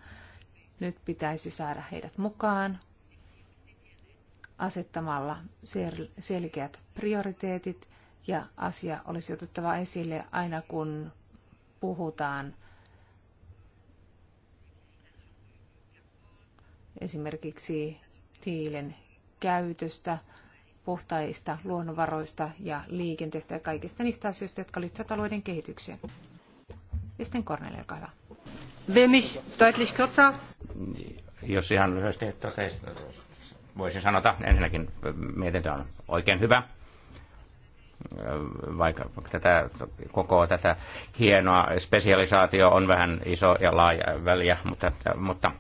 Nyt pitäisi saada heidät mukaan asettamalla selkeät prioriteetit ja asia olisi otettava esille aina kun puhutaan esimerkiksi hiilen käytöstä, puhtaista luonnonvaroista ja liikenteestä ja kaikista niistä asioista, jotka liittyvät alueiden kehitykseen. Sitten Kornel, olkaa hyvä. deutlich kürzer. Jos ihan lyhyesti totesin, voisin sanota, ensinnäkin äh, mietintö on oikein hyvä äh, vaikka tätä, koko tätä hienoa spesialisaatio on vähän iso ja laaja väliä, mutta, äh, mutta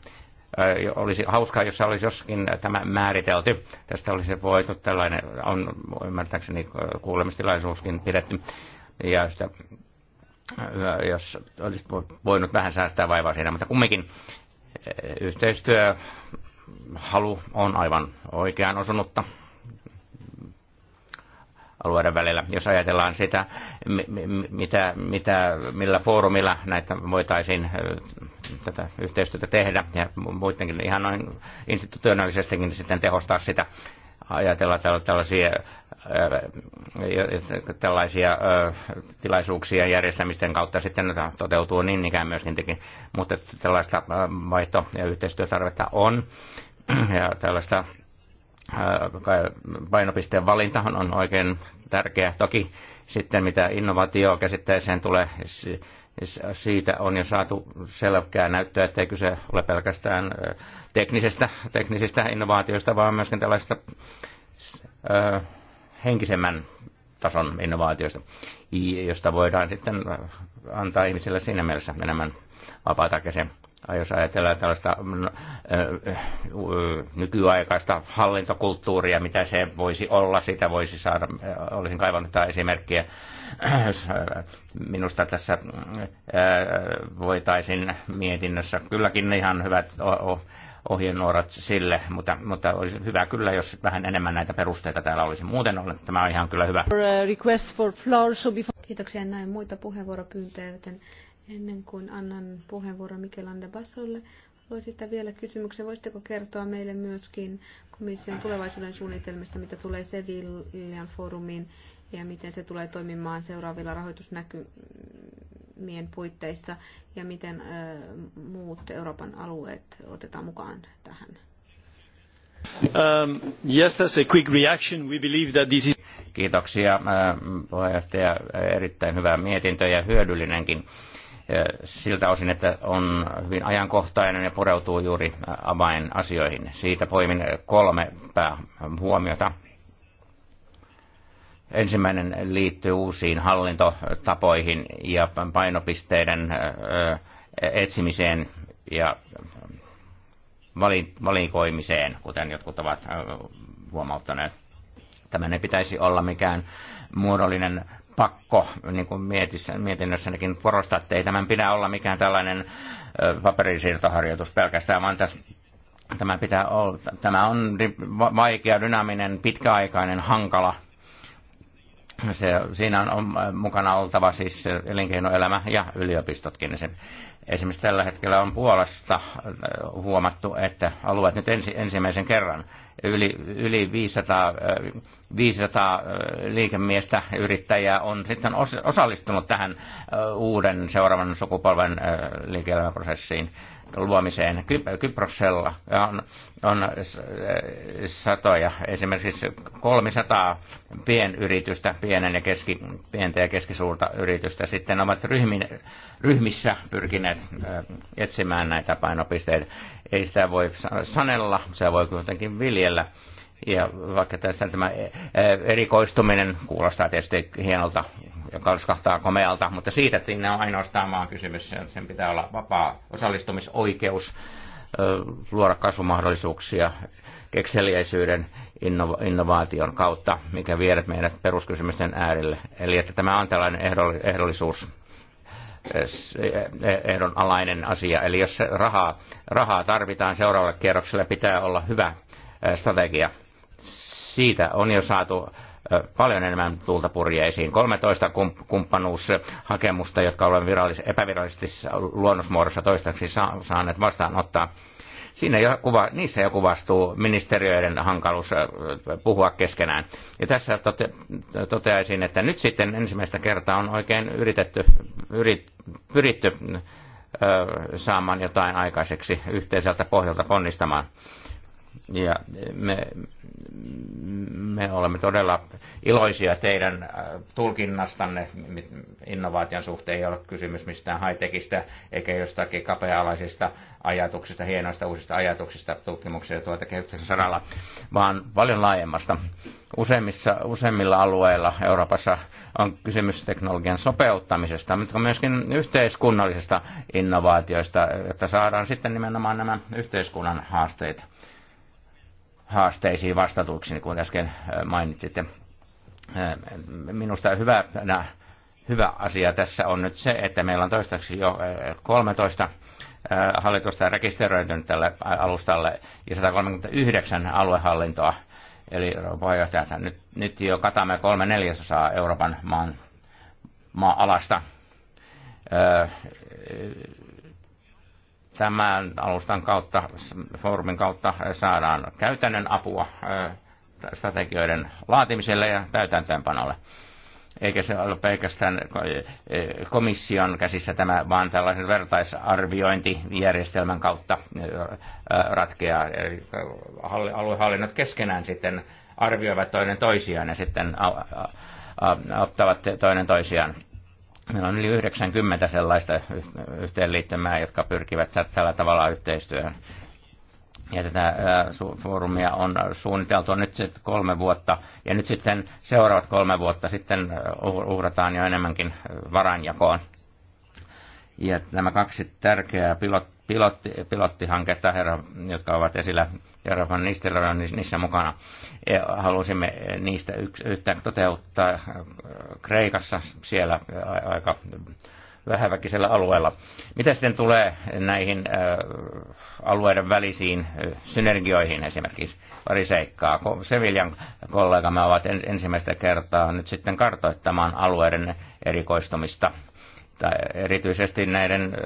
olisi hauskaa, jos olisi joskin tämä määritelty. Tästä olisi voitu tällainen, on ymmärtääkseni kuulemistilaisuuskin pidetty. Ja sitä, jos olisi voinut vähän säästää vaivaa siinä, mutta kumminkin yhteistyö halu on aivan oikean osunutta alueiden välillä. Jos ajatellaan sitä, mitä, mitä, millä foorumilla näitä voitaisiin tätä yhteistyötä tehdä ja muidenkin ihan noin institutionaalisestikin sitten tehostaa sitä, ajatella tällaisia, tällaisia tilaisuuksia järjestämisten kautta sitten toteutuu niin ikään myöskin tekin, mutta tällaista vaihto- ja yhteistyötarvetta on ja tällaista Äh, painopisteen valintahan on oikein tärkeä. Toki sitten mitä innovaatio käsitteeseen tulee, siitä on jo saatu selkeää näyttöä, ettei kyse ole pelkästään äh, teknisestä, teknisistä innovaatioista, vaan myöskin tällaista äh, henkisemmän tason innovaatioista, josta voidaan sitten antaa ihmisille siinä mielessä enemmän vapaata käsiä jos ajatellaan tällaista mm, no, nykyaikaista hallintokulttuuria, mitä se voisi olla, sitä voisi saada, olisin kaivannut tämä esimerkkiä, minusta tässä mm, voitaisiin mietinnössä kylläkin ihan hyvät ohjenuorat sille, mutta, mutta olisi hyvä kyllä, jos vähän enemmän näitä perusteita täällä olisi. Muuten on, tämä on ihan kyllä hyvä. Uh, Kiitoksia, näin muita puheenvuoropyyntöjä, joten Ennen kuin annan puheenvuoron Mikelande Bassolle, haluaisin esittää vielä kysymyksen. Voisitteko kertoa meille myöskin komission tulevaisuuden suunnitelmista, mitä tulee Sevillian foorumiin ja miten se tulee toimimaan seuraavilla rahoitusnäkymien puitteissa ja miten muut Euroopan alueet otetaan mukaan tähän? Um, yes, that's a quick reaction. We believe that this is... Kiitoksia puheenjohtaja. Erittäin hyvä mietintö ja hyödyllinenkin siltä osin, että on hyvin ajankohtainen ja pureutuu juuri avainasioihin. Siitä poimin kolme päähuomiota. Ensimmäinen liittyy uusiin hallintotapoihin ja painopisteiden etsimiseen ja valikoimiseen, kuten jotkut ovat huomauttaneet. Tämän ei pitäisi olla mikään muodollinen pakko, niin kuin mietinnössäkin että ei tämän pidä olla mikään tällainen paperisiirtoharjoitus pelkästään, vaan tässä tämä, pitää olla, tämä on vaikea, dynaaminen, pitkäaikainen, hankala. Se, siinä on, on mukana oltava siis elinkeinoelämä ja yliopistotkin. Se, Esimerkiksi tällä hetkellä on Puolasta äh, huomattu, että alueet nyt ensi, ensimmäisen kerran yli, yli 500, 500 äh, äh, liikemiestä yrittäjää on sitten osallistunut tähän uuden seuraavan sukupolven liikelämäprosessiin luomiseen luomiseen. Kyprosella. on, on satoja, esimerkiksi 300 pienyritystä, pienen ja keski, pientä ja keskisuurta yritystä sitten ovat ryhmin, ryhmissä pyrkineet Äh, etsimään näitä painopisteitä. Ei sitä voi sanella, se voi kuitenkin viljellä. Ja vaikka tässä tämä äh, erikoistuminen kuulostaa tietysti hienolta ja kalskahtaa komealta, mutta siitä, että sinne on ainoastaan maan kysymys, sen pitää olla vapaa osallistumisoikeus, äh, luoda kasvumahdollisuuksia kekseliäisyyden innova- innovaation kautta, mikä viedät meidät peruskysymysten äärelle. Eli että tämä on tällainen ehdollisuus E, e, e, alainen asia. Eli jos rahaa, rahaa tarvitaan seuraavalle kierrokselle, pitää olla hyvä strategia. Siitä on jo saatu paljon enemmän tulta purjeisiin. 13 kumppanuushakemusta, jotka olemme epävirallisesti luonnosmuodossa toistaiseksi saaneet vastaanottaa. Siinä jo kuva, niissä jo kuvastuu ministeriöiden hankaluus äh, puhua keskenään. Ja tässä tote, toteaisin, että nyt sitten ensimmäistä kertaa on oikein yritetty, yrit, pyritty ö, äh, saamaan jotain aikaiseksi yhteiseltä pohjalta ponnistamaan. Ja me, me olemme todella iloisia teidän äh, tulkinnastanne. Innovaation suhteen ei ole kysymys mistään high-techistä eikä jostakin kapea-alaisista ajatuksista, hienoista uusista ajatuksista tutkimuksia ja tuotekehityksen saralla, vaan paljon laajemmasta. Useimmissa, useimmilla alueilla Euroopassa on kysymys teknologian sopeuttamisesta, mutta myöskin yhteiskunnallisista innovaatioista, että saadaan sitten nimenomaan nämä yhteiskunnan haasteet haasteisiin vastatuiksi, niin kuin äsken äh, mainitsitte. Äh, minusta hyvä, hyvä asia tässä on nyt se, että meillä on toistaiseksi jo 13 äh, hallitusta rekisteröitynyt tälle alustalle ja 139 aluehallintoa. Eli puheenjohtajansa nyt, nyt jo katamme kolme neljäsosaa Euroopan maan, maa-alasta tämän alustan kautta, foorumin kautta saadaan käytännön apua strategioiden laatimiselle ja täytäntöönpanolle. Eikä se ole pelkästään komission käsissä tämä, vaan tällaisen vertaisarviointijärjestelmän kautta ratkeaa. Eli aluehallinnot keskenään sitten arvioivat toinen toisiaan ja sitten ottavat toinen toisiaan Meillä on yli 90 sellaista yhteenliittymää, jotka pyrkivät tällä tavalla yhteistyöhön. Ja tätä foorumia on suunniteltu nyt sitten kolme vuotta, ja nyt sitten seuraavat kolme vuotta sitten uh- uhrataan jo enemmänkin varanjakoon. Ja nämä kaksi tärkeää pilot, pilotti, pilottihanketta, herra, jotka ovat esillä herra Van Nistelrooy on niin niissä mukana. Halusimme niistä yhtään toteuttaa äh, Kreikassa siellä äh, aika vähäväkisellä alueella. Mitä sitten tulee näihin äh, alueiden välisiin synergioihin esimerkiksi? Pari seikkaa. Seviljan kollegamme ovat ensimmäistä kertaa nyt sitten kartoittamaan alueiden erikoistumista. Tai erityisesti näiden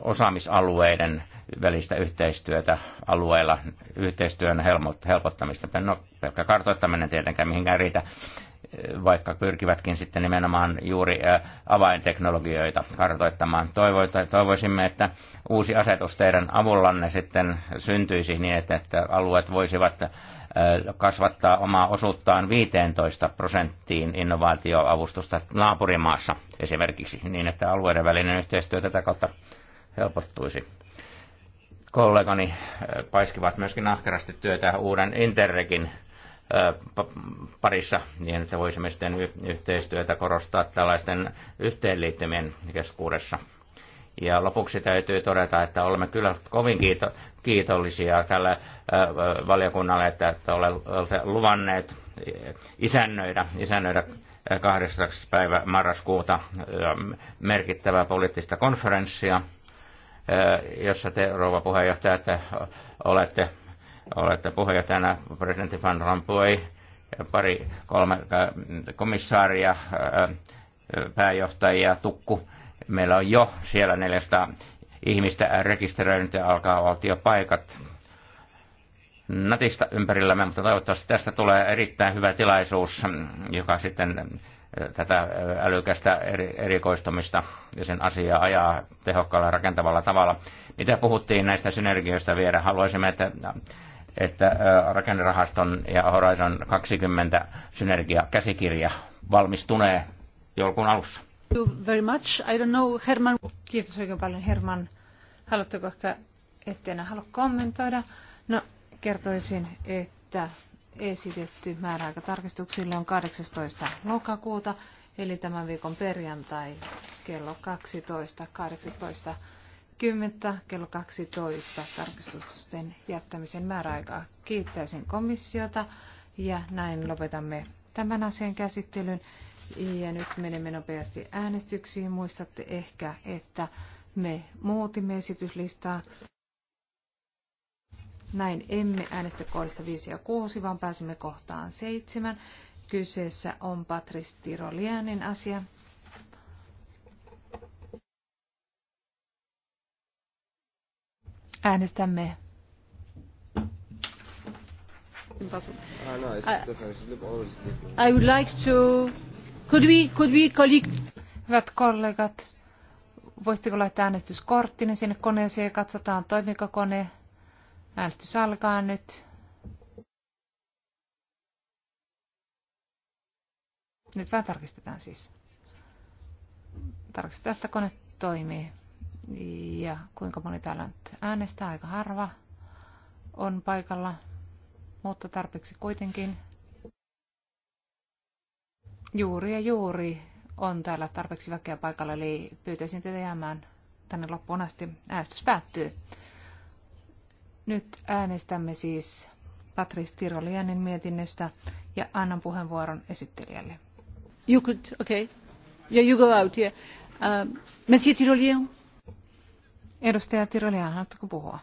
osaamisalueiden välistä yhteistyötä alueella, yhteistyön helpottamista. No, pelkkä kartoittaminen tietenkään mihinkään riitä, vaikka pyrkivätkin sitten nimenomaan juuri avainteknologioita kartoittamaan. Toivoisimme, että uusi asetus teidän avullanne sitten syntyisi niin, että alueet voisivat kasvattaa omaa osuuttaan 15 prosenttiin innovaatioavustusta naapurimaassa esimerkiksi, niin että alueiden välinen yhteistyö tätä kautta helpottuisi kollegani äh, paiskivat myöskin ahkerasti työtä uuden Interregin äh, parissa, niin että voisimme sitten yhteistyötä korostaa tällaisten yhteenliittymien keskuudessa. Ja lopuksi täytyy todeta, että olemme kyllä kovin kiito, kiitollisia tälle äh, valiokunnalle, että, olette luvanneet isännöidä, isännöidä 8. päivä marraskuuta merkittävää poliittista konferenssia, jossa te, rouva puheenjohtaja, että olette, olette puheenjohtajana presidentti Van Rompuy, pari, kolme komissaaria, pääjohtajia, tukku. Meillä on jo siellä 400 ihmistä rekisteröinyt ja alkaa valtiopaikat natista ympärillämme, mutta toivottavasti tästä tulee erittäin hyvä tilaisuus, joka sitten tätä älykästä eri, erikoistumista ja sen asiaa ajaa tehokkaalla rakentavalla tavalla. Mitä puhuttiin näistä synergioista vielä? Haluaisimme, että, että rakennerahaston ja Horizon 20 synergia käsikirja valmistunee joulukuun alussa. Thank you very much. I don't know, Herman. Kiitos oikein paljon, Herman. Haluatteko ehkä, ettei enää halua kommentoida? No, kertoisin, että esitetty määräaikatarkistuksille on 18. lokakuuta, eli tämän viikon perjantai kello 12, 18.10. kello 12 tarkistusten jättämisen määräaikaa. Kiittäisin komissiota ja näin lopetamme tämän asian käsittelyn. Ja nyt menemme nopeasti äänestyksiin. Muistatte ehkä, että me muutimme esityslistaa. Näin emme äänestä kohdista 5 ja 6, vaan pääsemme kohtaan 7. Kyseessä on Patris Tirolianin asia. Äänestämme. Ah, no, I would like to... Could we, could we collect Hyvät kollegat, voisitteko laittaa äänestyskorttinen sinne koneeseen ja katsotaan toimiko kone. Äästys alkaa nyt. Nyt vähän tarkistetaan siis. Tarkistetaan, että kone toimii. Ja kuinka moni täällä nyt äänestää, aika harva on paikalla, mutta tarpeeksi kuitenkin. Juuri ja juuri on täällä tarpeeksi väkeä paikalla, eli pyytäisin teitä jäämään tänne loppuun asti. Äänestys päättyy. Nyt äänestämme siis Patrice Tirolianin mietinnöstä ja annan puheenvuoron esittelijälle. You could, okay. Yeah, you go out, yeah. Uh, Monsieur Tirolien. Edustaja Tirolien, haluatteko puhua?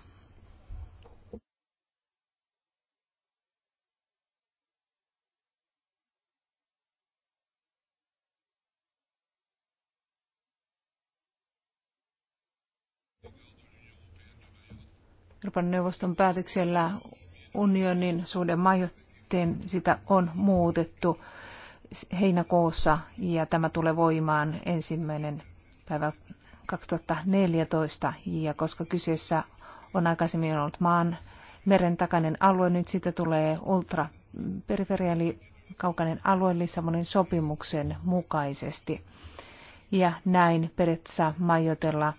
Euroopan neuvoston päätöksellä unionin suuden majoitteen sitä on muutettu heinäkuussa ja tämä tulee voimaan ensimmäinen päivä 2014 ja koska kyseessä on aikaisemmin ollut maan meren takainen alue, nyt siitä tulee ultra periferiali kaukainen alue Lissabonin sopimuksen mukaisesti. Ja näin periaatteessa majoitella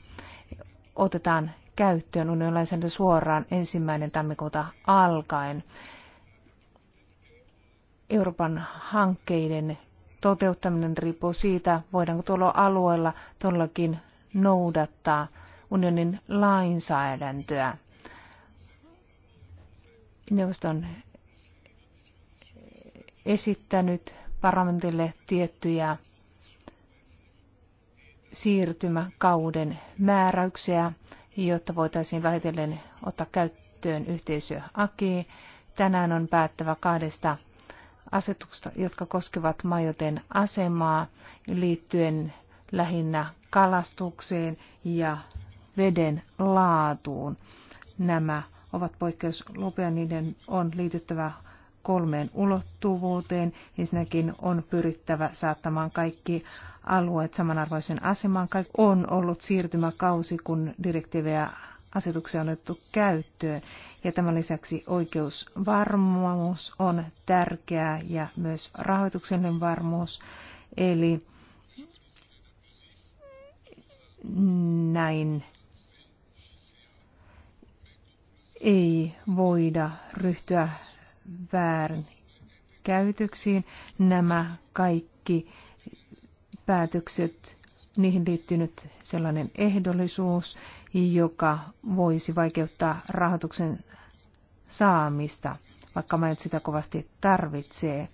otetaan käyttöön unionilainsäädäntö suoraan ensimmäinen tammikuuta alkaen. Euroopan hankkeiden toteuttaminen riippuu siitä, voidaanko tuolla alueella todellakin noudattaa unionin lainsäädäntöä. Neuvosto on esittänyt parlamentille tiettyjä siirtymäkauden määräyksiä jotta voitaisiin vähitellen ottaa käyttöön yhteisö AKI. Tänään on päättävä kahdesta asetuksesta, jotka koskevat majoten asemaa liittyen lähinnä kalastukseen ja veden laatuun. Nämä ovat poikkeuslupia, niiden on liityttävä kolmeen ulottuvuuteen. Ensinnäkin on pyrittävä saattamaan kaikki alueet samanarvoisen asemaan. On ollut siirtymäkausi, kun direktiivejä asetuksia on otettu käyttöön. Ja tämän lisäksi oikeusvarmuus on tärkeää ja myös rahoituksellinen varmuus. Eli näin ei voida ryhtyä väärin käytöksiin. Nämä kaikki päätökset, niihin liittynyt sellainen ehdollisuus, joka voisi vaikeuttaa rahoituksen saamista, vaikka majot sitä kovasti tarvitsee.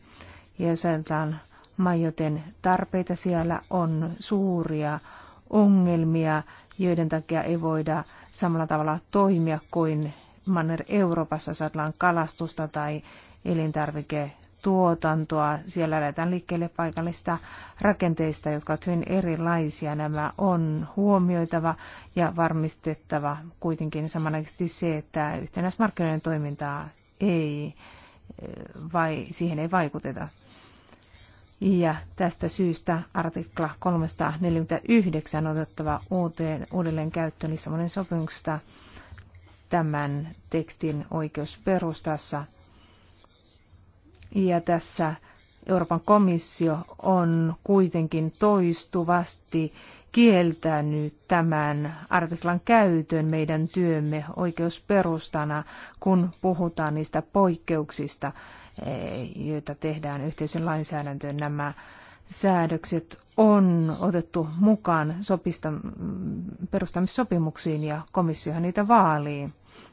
Ja jos ajatellaan majoten tarpeita, siellä on suuria ongelmia, joiden takia ei voida samalla tavalla toimia kuin Manner-Euroopassa, jos ajatellaan kalastusta tai elintarviketuotantoa. Siellä lähdetään liikkeelle paikallista rakenteista, jotka ovat hyvin erilaisia. Nämä on huomioitava ja varmistettava kuitenkin samanaikaisesti se, että yhtenäismarkkinoiden toimintaa ei, vai, siihen ei vaikuteta. Ja tästä syystä artikla 349 on otettava uuteen, uudelleen käyttöön Lissabonin sopimuksesta – tämän tekstin oikeusperustassa. Ja tässä Euroopan komissio on kuitenkin toistuvasti kieltänyt tämän artiklan käytön meidän työmme oikeusperustana, kun puhutaan niistä poikkeuksista, eh, joita tehdään yhteisön lainsäädäntöön. Nämä säädökset on otettu mukaan sopista, perustamissopimuksiin ja komissiohan niitä vaalii.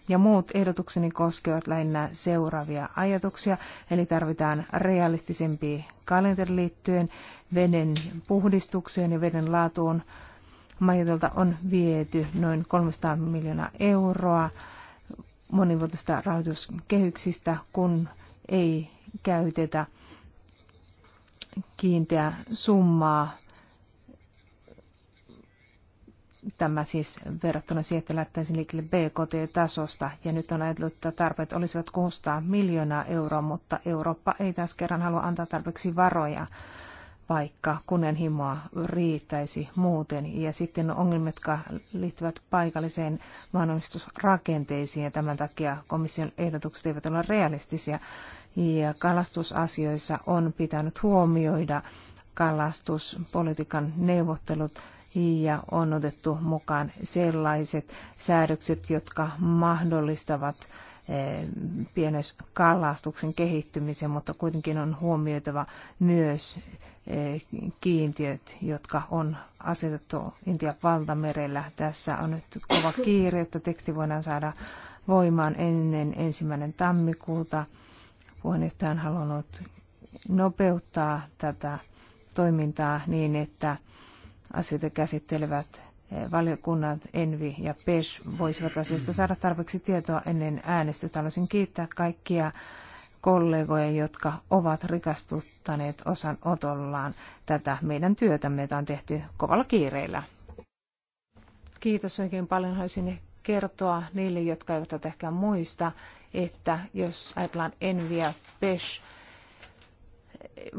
Ja muut ehdotukseni koskevat lähinnä seuraavia ajatuksia, eli tarvitaan realistisempi kalenteri liittyen veden puhdistukseen ja veden laatuun. Majotolta on viety noin 300 miljoonaa euroa monivuotista rahoituskehyksistä, kun ei käytetä kiinteä summaa. Tämä siis verrattuna siihen, että lähtäisiin liikkeelle BKT-tasosta. Ja nyt on ajatellut, että tarpeet olisivat 600 miljoonaa euroa, mutta Eurooppa ei tässä kerran halua antaa tarpeeksi varoja vaikka kunnianhimoa riittäisi muuten. Ja sitten ongelmat, jotka liittyvät paikalliseen maanomistusrakenteisiin ja tämän takia komission ehdotukset eivät ole realistisia. Ja kalastusasioissa on pitänyt huomioida kalastuspolitiikan neuvottelut ja on otettu mukaan sellaiset säädökset, jotka mahdollistavat kalastuksen kehittymisen, mutta kuitenkin on huomioitava myös e, kiintiöt, jotka on asetettu Intian valtamerellä. Tässä on nyt kova kiire, että teksti voidaan saada voimaan ennen ensimmäinen tammikuuta. Puheenjohtaja on halunnut nopeuttaa tätä toimintaa niin, että asioita käsittelevät valiokunnat Envi ja PES voisivat asiasta saada tarpeeksi tietoa ennen äänestystä. Haluaisin kiittää kaikkia kollegoja, jotka ovat rikastuttaneet osan otollaan tätä meidän työtämme, jota on tehty kovalla kiireellä. Kiitos oikein paljon. Haluaisin kertoa niille, jotka eivät tätä ehkä muista, että jos ajatellaan ja PES,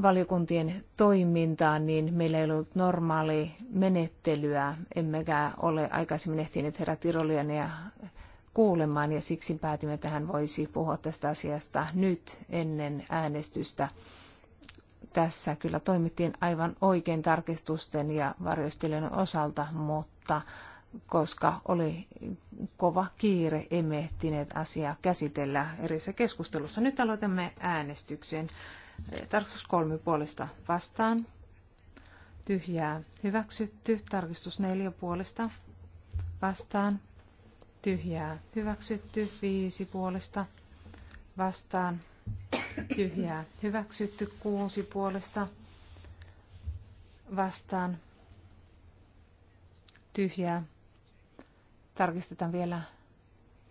valiokuntien toimintaan, niin meillä ei ollut normaali menettelyä, emmekä ole aikaisemmin ehtineet herra Tirolian ja kuulemaan, ja siksi päätimme, että hän voisi puhua tästä asiasta nyt ennen äänestystä. Tässä kyllä toimittiin aivan oikein tarkistusten ja varjostelijoiden osalta, mutta koska oli kova kiire, emme ehtineet asiaa käsitellä erissä keskustelussa. Nyt aloitamme äänestyksen. Tarkistus kolme puolesta vastaan. Tyhjää hyväksytty. Tarkistus neljä puolesta vastaan. Tyhjää hyväksytty. Viisi puolesta vastaan. Tyhjää hyväksytty. Kuusi puolesta vastaan. Tyhjää. Tarkistetaan vielä.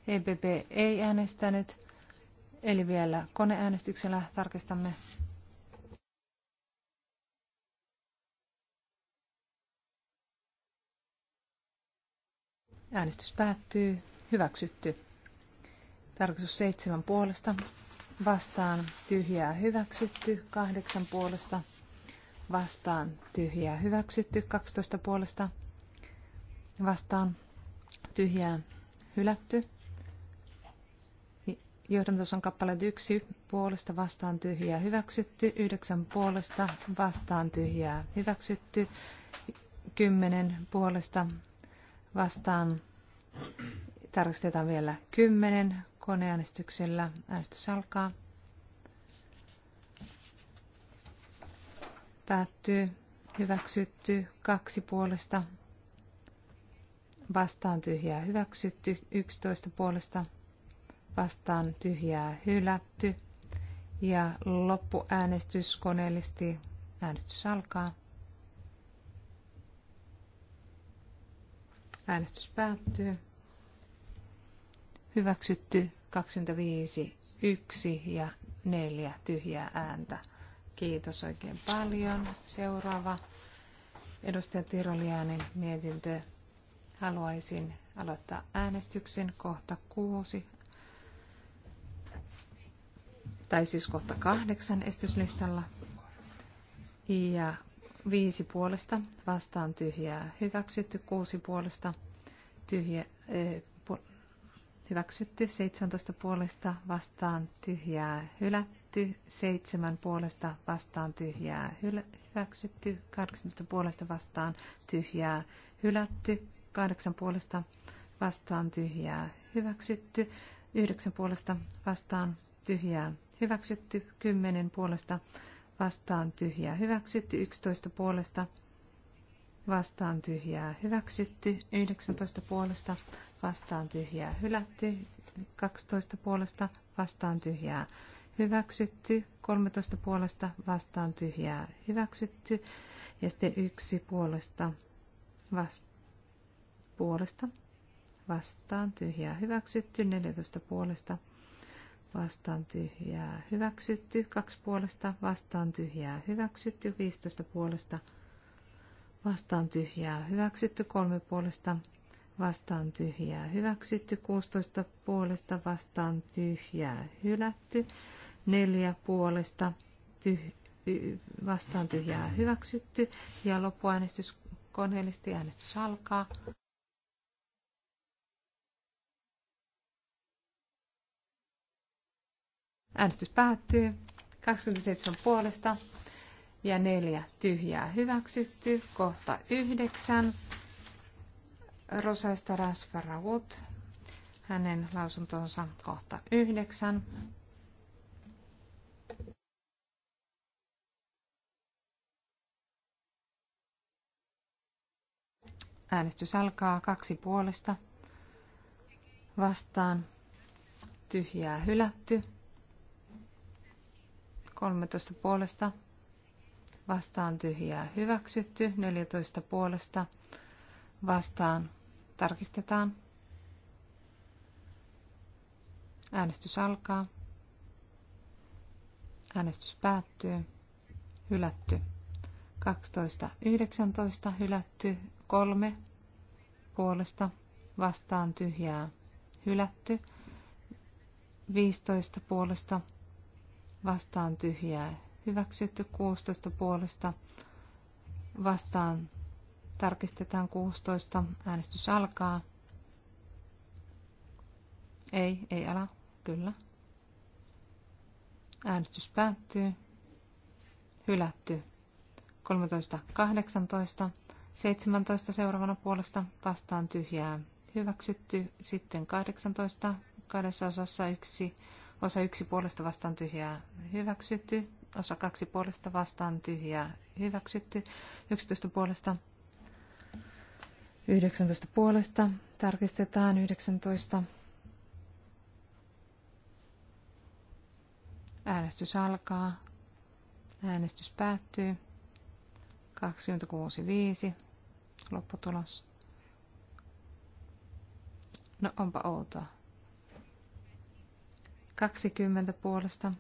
EPP ei äänestänyt. Eli vielä koneäänestyksellä tarkistamme Äänestys päättyy. Hyväksytty. Tarkoitus seitsemän puolesta. Vastaan tyhjää hyväksytty. Kahdeksan puolesta. Vastaan tyhjää hyväksytty. 12 puolesta. Vastaan tyhjää hylätty. Johdantos on kappale 1, puolesta vastaan tyhjää hyväksytty, 9 puolesta vastaan tyhjää hyväksytty, 10 puolesta vastaan. Tarkistetaan vielä kymmenen koneäänestyksellä. Äänestys alkaa. Päättyy. Hyväksytty. Kaksi puolesta. Vastaan tyhjää hyväksytty. 11 puolesta. Vastaan tyhjää hylätty. Ja loppuäänestys koneellisesti. Äänestys alkaa. Äänestys päättyy. Hyväksytty 25, 1 ja 4 tyhjää ääntä. Kiitos oikein paljon. Seuraava edustaja Tirolianin mietintö. Haluaisin aloittaa äänestyksen kohta 6. Tai siis kohta kahdeksan estyslistalla. Ja viisi puolesta vastaan tyhjää hyväksytty, kuusi puolesta tyhjä, pu, hyväksytty, 17 puolesta vastaan tyhjää hylätty, 7 puolesta vastaan tyhjää hyväksytty, 18 puolesta vastaan tyhjää hylätty, 8 puolesta vastaan tyhjää hyväksytty, 9 puolesta vastaan tyhjää hyväksytty, 10 puolesta vastaan, vastaan tyhjää hyväksytty, 11 puolesta vastaan tyhjää hyväksytty, 19 puolesta vastaan tyhjää hylätty, 12 puolesta vastaan tyhjää hyväksytty, 13 puolesta vastaan tyhjää hyväksytty ja sitten yksi puolesta, vas, puolesta vastaan tyhjää hyväksytty, 14 puolesta vastaan tyhjää hyväksytty, kaksi puolesta vastaan tyhjää hyväksytty, 15 puolesta vastaan tyhjää hyväksytty, kolme puolesta vastaan tyhjää hyväksytty, 16 puolesta vastaan tyhjää hylätty, neljä puolesta tyh- vastaan tyhjää hyväksytty ja loppuäänestys koneellisesti äänestys alkaa. Äänestys päättyy. 27 puolesta ja neljä tyhjää hyväksytty. Kohta yhdeksän. Rosaista Wood. Hänen lausuntonsa kohta yhdeksän. Äänestys alkaa kaksi puolesta. Vastaan tyhjää hylätty. 13 puolesta vastaan tyhjää hyväksytty, 14 puolesta vastaan tarkistetaan. Äänestys alkaa. Äänestys päättyy. Hylätty. 12, 19 hylätty, 3 puolesta vastaan tyhjää hylätty, 15 puolesta vastaan tyhjää hyväksytty 16 puolesta vastaan tarkistetaan 16. Äänestys alkaa. Ei, ei ala. Kyllä. Äänestys päättyy. Hylätty. 13, 18, 17 seuraavana puolesta vastaan tyhjää. Hyväksytty. Sitten 18 kahdessa osassa yksi Osa yksi puolesta vastaan tyhjää hyväksytty. Osa kaksi puolesta vastaan tyhjää hyväksytty. 11 puolesta 19 puolesta. Tarkistetaan 19. Äänestys alkaa. Äänestys päättyy. 26.5. Lopputulos. No onpa outoa. 20 puolesta.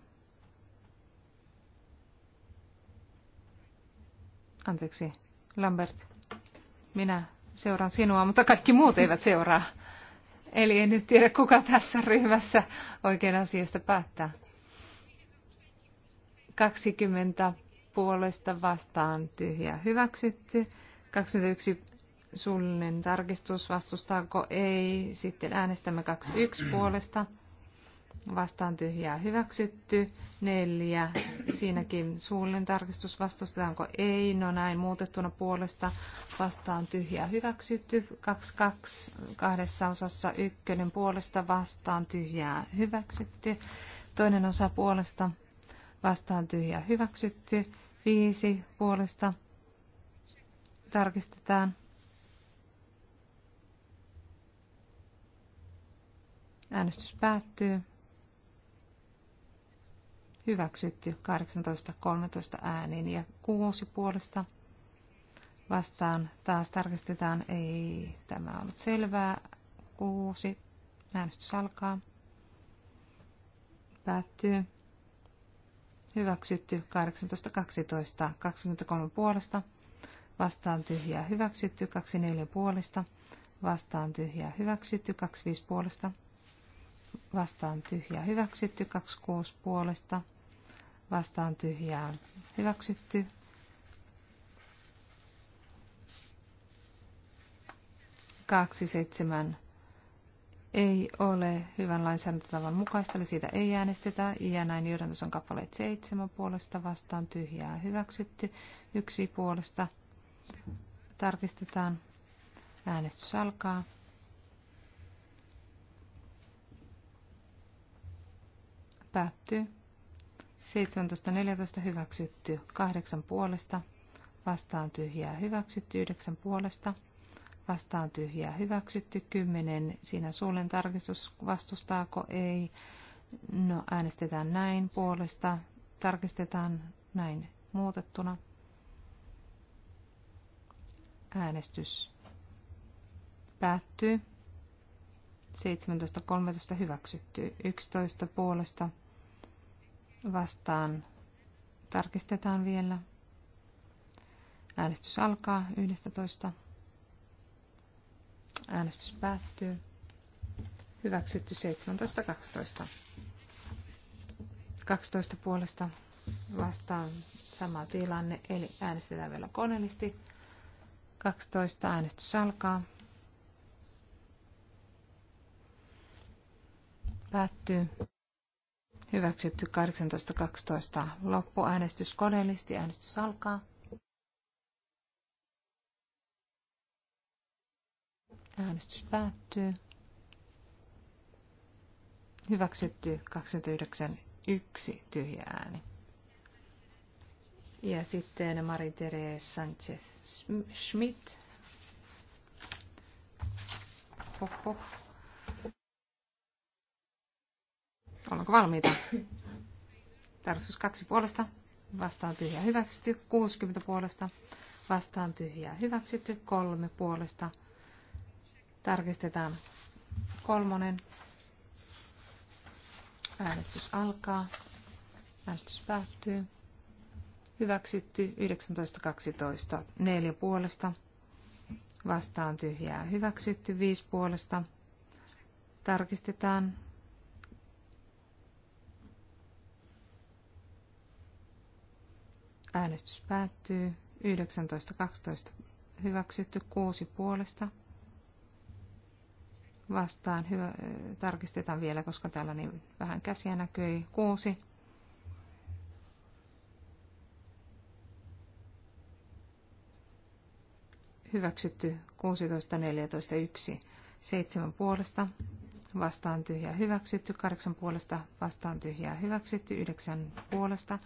Anteeksi, Lambert. Minä seuraan sinua, mutta kaikki muut eivät seuraa. Eli en nyt tiedä, kuka tässä ryhmässä oikein asiasta päättää. 20 puolesta vastaan tyhjä hyväksytty. 21 suullinen tarkistus vastustaako ei. Sitten äänestämme 21 puolesta vastaan tyhjää hyväksytty. Neljä, siinäkin suullinen tarkistus vastustetaanko ei, no näin muutettuna puolesta vastaan tyhjää hyväksytty. Kaksi, kaksi, kahdessa osassa ykkönen puolesta vastaan tyhjää hyväksytty. Toinen osa puolesta vastaan tyhjää hyväksytty. Viisi puolesta tarkistetaan. Äänestys päättyy hyväksytty 18-13 ääniin ja kuusi puolesta vastaan taas tarkistetaan, ei tämä ollut selvää, kuusi, äänestys alkaa, päättyy, hyväksytty 18-12, 23 puolesta, vastaan tyhjää hyväksytty 24 puolesta, vastaan tyhjää hyväksytty 25 puolesta, vastaan tyhjää hyväksytty 26 puolesta, vastaan tyhjää hyväksytty. Kaksi seitsemän ei ole hyvän lainsäädäntötavan mukaista, eli siitä ei äänestetä. Ja näin johdantason kappaleet seitsemän puolesta vastaan tyhjää hyväksytty. Yksi puolesta tarkistetaan. Äänestys alkaa. Päättyy. 17.14 hyväksytty, 8 puolesta, vastaan tyhjää hyväksytty, 9 puolesta, vastaan tyhjää hyväksytty, 10 siinä suulen tarkistus vastustaako ei, no äänestetään näin puolesta, tarkistetaan näin muutettuna. Äänestys päättyy. 17.13 hyväksytty, 11 puolesta, vastaan tarkistetaan vielä. Äänestys alkaa 11. Äänestys päättyy. Hyväksytty 17.12. 12 puolesta vastaan sama tilanne, eli äänestetään vielä koneellisesti. 12 äänestys alkaa. Päättyy. Hyväksytty 18.12. Loppuäänestys koneellisesti. Äänestys alkaa. Äänestys päättyy. Hyväksytty 29.1. Tyhjä ääni. Ja sitten Marie-Therese Sanchez-Schmidt. hop. Ollaanko valmiita? Tarkistus kaksi puolesta. Vastaan tyhjää hyväksytty. 60 puolesta. Vastaan tyhjää hyväksytty. Kolme puolesta. Tarkistetaan kolmonen. Äänestys alkaa. Äänestys päättyy. Hyväksytty 19.12. 4 puolesta. Vastaan tyhjää. Hyväksytty 5 puolesta. Tarkistetaan. Äänestys päättyy. 19.12. Hyväksytty 6 puolesta. Vastaan hyvä, tarkistetaan vielä, koska täällä niin vähän käsiä näkyi. 6. Hyväksytty 16.14.1. 7 puolesta vastaan tyhjää hyväksytty, 8 puolesta vastaan tyhjää hyväksytty, 9 puolesta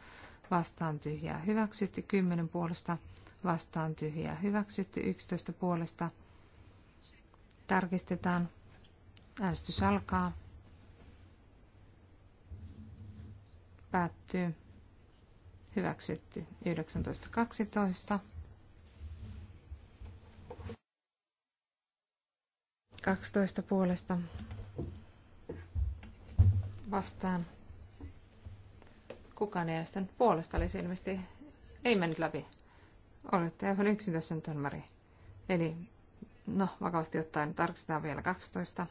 vastaan tyhjää hyväksytty, 10 puolesta vastaan tyhjää hyväksytty, 11 puolesta tarkistetaan, äänestys alkaa, päättyy, hyväksytty, 19.12. Kaksitoista puolesta vastaan Kukaan ei äänestänyt puolesta, eli ilmeisesti ei mennyt läpi. Olette aivan yksin tässä nyt on Mari. Eli, no, vakavasti ottaen tarkistetaan vielä 12.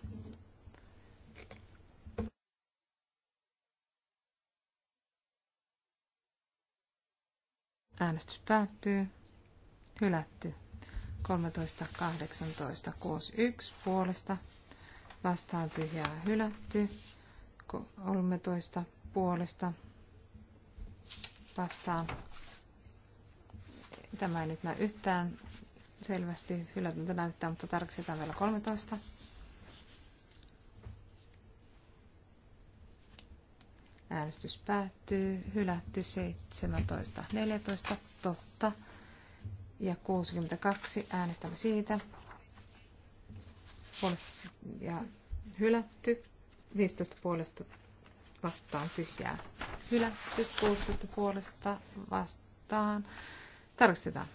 Äänestys päättyy. Hylätty. 13, 18, 61 puolesta. Vastaan tyhjää hylätty. 13 puolesta vastaan. Tämä ei nyt näy yhtään selvästi hylätöntä näyttää, mutta tarkistetaan vielä 13. Äänestys päättyy. Hylätty 17, 14. Totta. Ja 62. Äänestämme siitä. ja hylätty. 15 puolesta vastaan tyhjää hylätty, 16 puolesta vastaan. Tarkistetaan.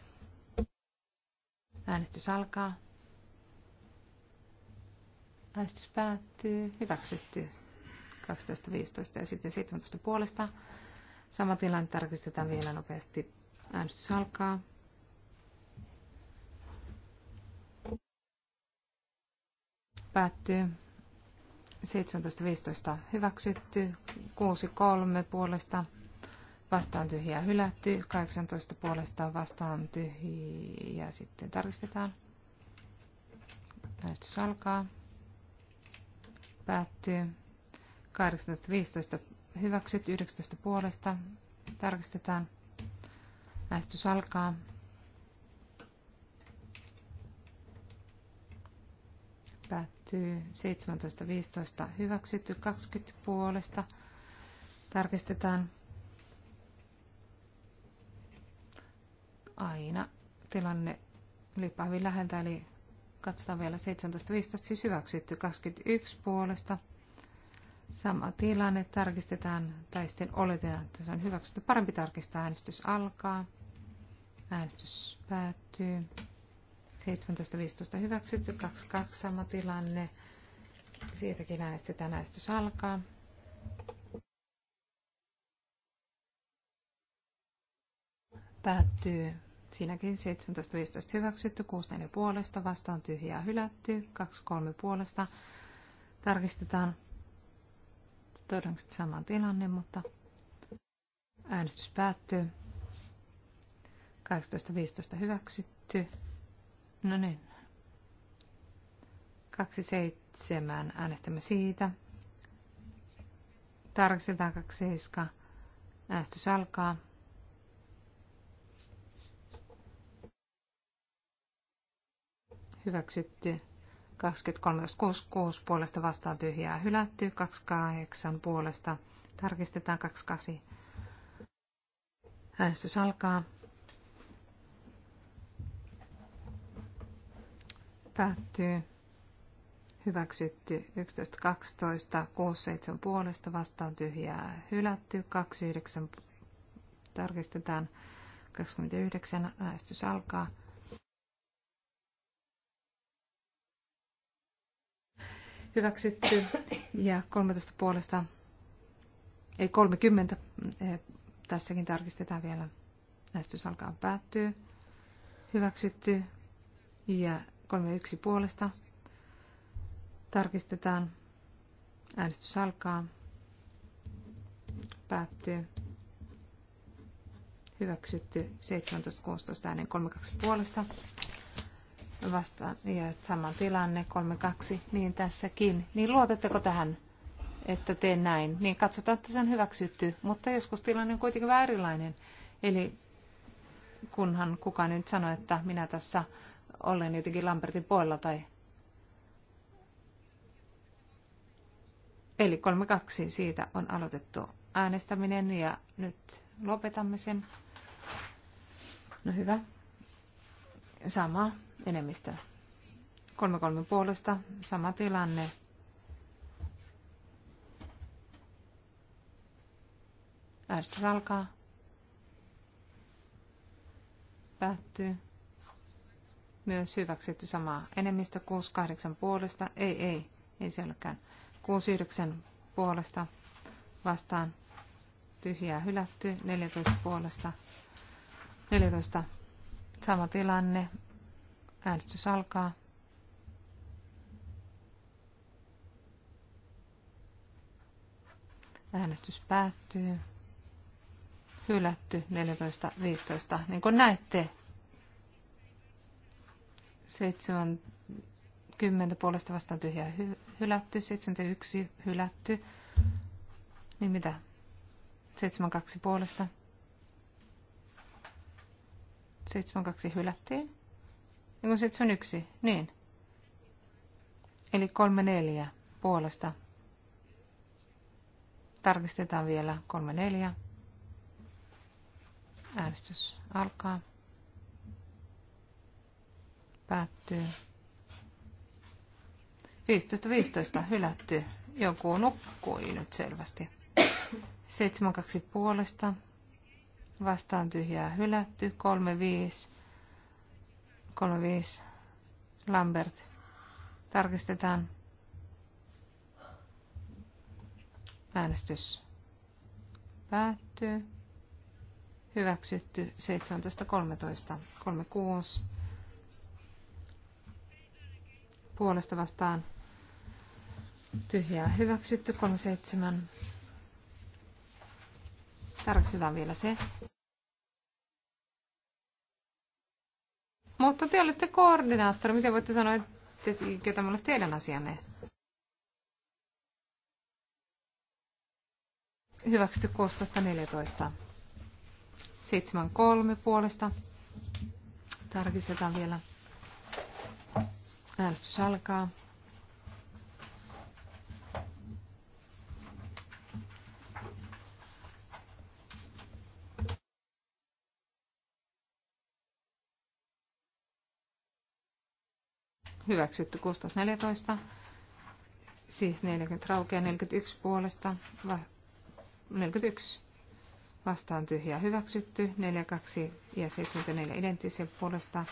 Äänestys alkaa. Äänestys päättyy. Hyväksytty. 12.15 ja sitten 17 puolesta. Sama tilanne tarkistetaan vielä nopeasti. Äänestys alkaa. Päättyy. 17.15 hyväksytty, 6.3 puolesta vastaan tyhjä hylätty, 18 puolesta vastaan tyhjä sitten tarkistetaan. Äänestys alkaa. Päättyy. 18.15 hyväksyt, 19 puolesta tarkistetaan. Äänestys alkaa. Päättyy päättyy 17.15 hyväksytty 20 puolesta. Tarkistetaan aina tilanne liippaa hyvin läheltä, eli katsotaan vielä 17.15, siis hyväksytty 21 puolesta. Sama tilanne tarkistetaan, tai sitten oletetaan, että se on hyväksytty. Parempi tarkistaa, äänestys alkaa. Äänestys päättyy. 17.15 hyväksytty, 22 sama tilanne. Siitäkin äänestetään, äänestys alkaa. Päättyy siinäkin 17.15 hyväksytty, 6.4 puolesta, vastaan tyhjää hylätty, 2.3 puolesta. Tarkistetaan todennäköisesti sama tilanne, mutta äänestys päättyy. 18.15 hyväksytty. No niin. seitsemän äänestämme siitä. Tarkistetaan seiska. Äänestys alkaa. Hyväksytty. 23.66 puolesta vastaan tyhjää hylätty. 28 puolesta. Tarkistetaan 28. Äänestys alkaa. Päättyy. Hyväksytty 11, 12, 6, 7 puolesta vastaan tyhjää. Hylätty 29. Tarkistetaan 29. äästys alkaa. hyväksytty ja 13 puolesta, ei 30, tässäkin tarkistetaan vielä, äästys alkaa päättyy, hyväksytty ja 31 puolesta. Tarkistetaan. Äänestys alkaa. Päättyy. Hyväksytty 17.16 äänen 32 puolesta. Vasta ja sama tilanne 32, niin tässäkin. Niin luotatteko tähän, että teen näin? Niin katsotaan, että se on hyväksytty, mutta joskus tilanne on kuitenkin vähän erilainen. Eli kunhan kukaan nyt sanoo, että minä tässä olleen jotenkin Lambertin puolella tai... Eli 3.2. siitä on aloitettu äänestäminen ja nyt lopetamme sen. No hyvä. Sama enemmistö. 3.3. puolesta sama tilanne. Äänestys alkaa. Päättyy myös hyväksytty samaa enemmistö. 6-8 puolesta, ei, ei, ei sielläkään. 6-9 puolesta vastaan tyhjää hylätty, 14 puolesta, 14 sama tilanne, äänestys alkaa. Äänestys päättyy. Hylätty 14.15. Niin kuin näette, 70 puolesta vastaan tyhjää hy- hylätty, 71 hylätty. Niin mitä? 72 puolesta. 72 hylättiin. Niin 71, niin. Eli 34 puolesta. Tarkistetaan vielä 34. Äänestys alkaa. Päättyy. 15.15. hylätty. Joku nukkui nyt selvästi. 72 puolesta. Vastaan tyhjää hylätty. 35. 35. Lambert. Tarkistetaan. Äänestys päättyy. Hyväksytty 17.13. 36 puolesta vastaan tyhjää hyväksytty. 37. Tarkastetaan vielä se. Mutta te olette koordinaattori. Miten voitte sanoa, että ketkä tämä on teidän asianne? Hyväksytty 16.14. 7.3 puolesta. Tarkistetaan vielä. Äänestys alkaa. Hyväksytty 16.14, siis 40 raukea 41 puolesta, 41 vastaan tyhjä. hyväksytty, 42 ja 74 identtisiä puolesta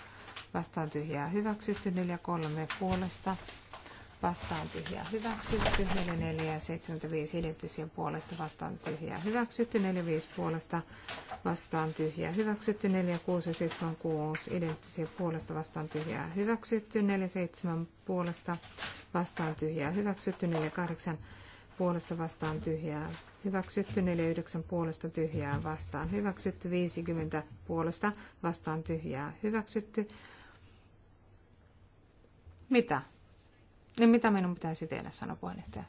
vastaan tyhjää hyväksytty, kolme puolesta vastaan tyhjää hyväksytty, neljä ja 75 identtisiä puolesta vastaan tyhjää hyväksytty, 45 puolesta vastaan tyhjää hyväksytty, kuusi ja kuusi identtisiä puolesta vastaan tyhjää hyväksytty, 47 puolesta vastaan tyhjää hyväksytty, kahdeksan puolesta vastaan tyhjää hyväksytty, 49 puolesta tyhjää vastaan hyväksytty, 50 puolesta vastaan tyhjää hyväksytty, mitä? Niin mitä minun pitäisi tehdä, sanoi puheenjohtaja.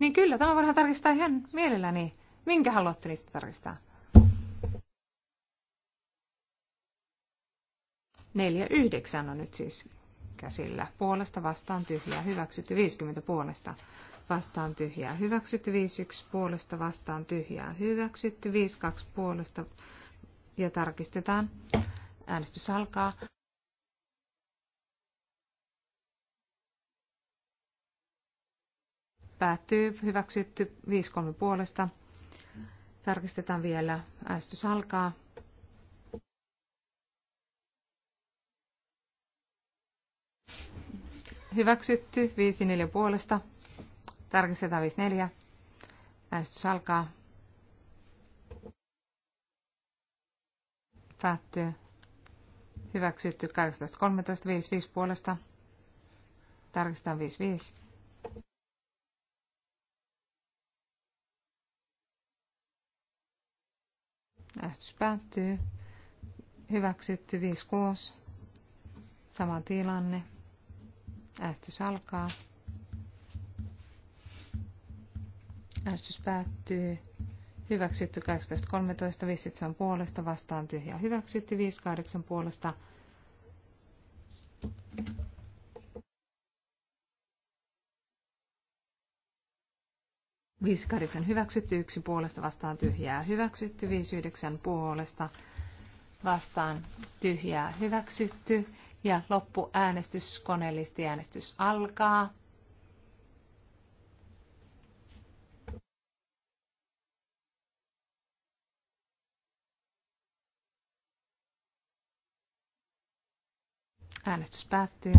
Niin kyllä, tämä voidaan tarkistaa ihan mielelläni. Minkä haluatte niistä tarkistaa? Neljä yhdeksän on nyt siis käsillä. Puolesta vastaan tyhjää, hyväksytty 50 puolesta vastaan tyhjää, hyväksytty 51 puolesta vastaan tyhjää, hyväksytty 52 puolesta ja tarkistetaan. Äänestys alkaa. Päättyy. Hyväksytty 5-3 puolesta. Tarkistetaan vielä. Äänestys alkaa. Hyväksytty 5-4 puolesta. Tarkistetaan 5-4. Äänestys alkaa. Päättyy. Hyväksytty 18.13.55 puolesta. Tarkistetaan 55. Äänestys päättyy. Hyväksytty 56. Sama tilanne. Äänestys alkaa. Äänestys päättyy hyväksytty 18.13, 57 puolesta, vastaan tyhjää hyväksytty 58 puolesta. Viisi kahdeksan hyväksytty, yksi puolesta vastaan tyhjää hyväksytty, viisi yhdeksän puolesta vastaan tyhjää hyväksytty ja äänestys koneellisesti äänestys alkaa. Äänestys päättyy.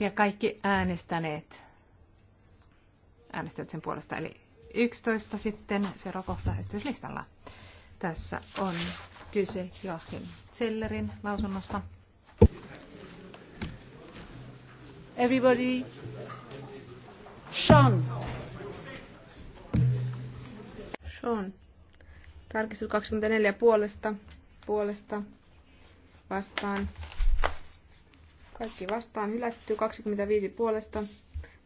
Ja kaikki äänestäneet äänestävät sen puolesta. Eli 11 sitten seuraava kohta äänestyslistalla. Tässä on kyse Joachim Zellerin lausunnosta. Everybody, Sean. Sean. Tarkistus 24 puolesta puolesta vastaan. Kaikki vastaan hylätty. 25 puolesta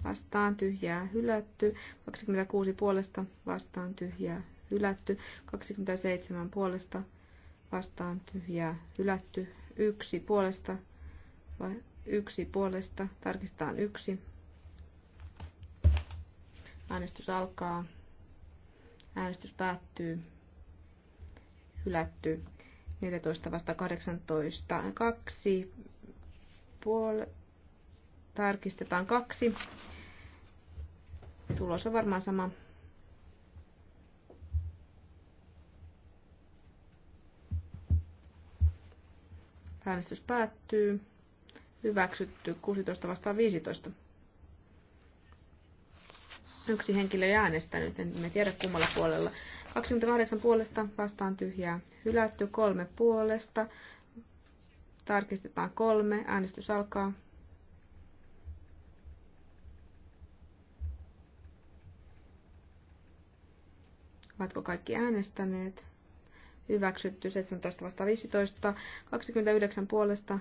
vastaan tyhjää hylätty. 26 puolesta vastaan tyhjää hylätty. 27 puolesta vastaan tyhjää hylätty. 1 puolesta vai yksi puolesta. Tarkistetaan yksi. Äänestys alkaa. Äänestys päättyy. Hylätty. 14 vasta 18. Kaksi. Puol... Tarkistetaan kaksi. Tulos on varmaan sama. Äänestys päättyy. Hyväksytty 16 vastaan 15. Yksi henkilö ei äänestänyt, en tiedä kummalla puolella. 28 puolesta vastaan tyhjää hylätty, kolme puolesta. Tarkistetaan kolme, äänestys alkaa. Ovatko kaikki äänestäneet? Hyväksytty 17 vasta 15, 29 puolesta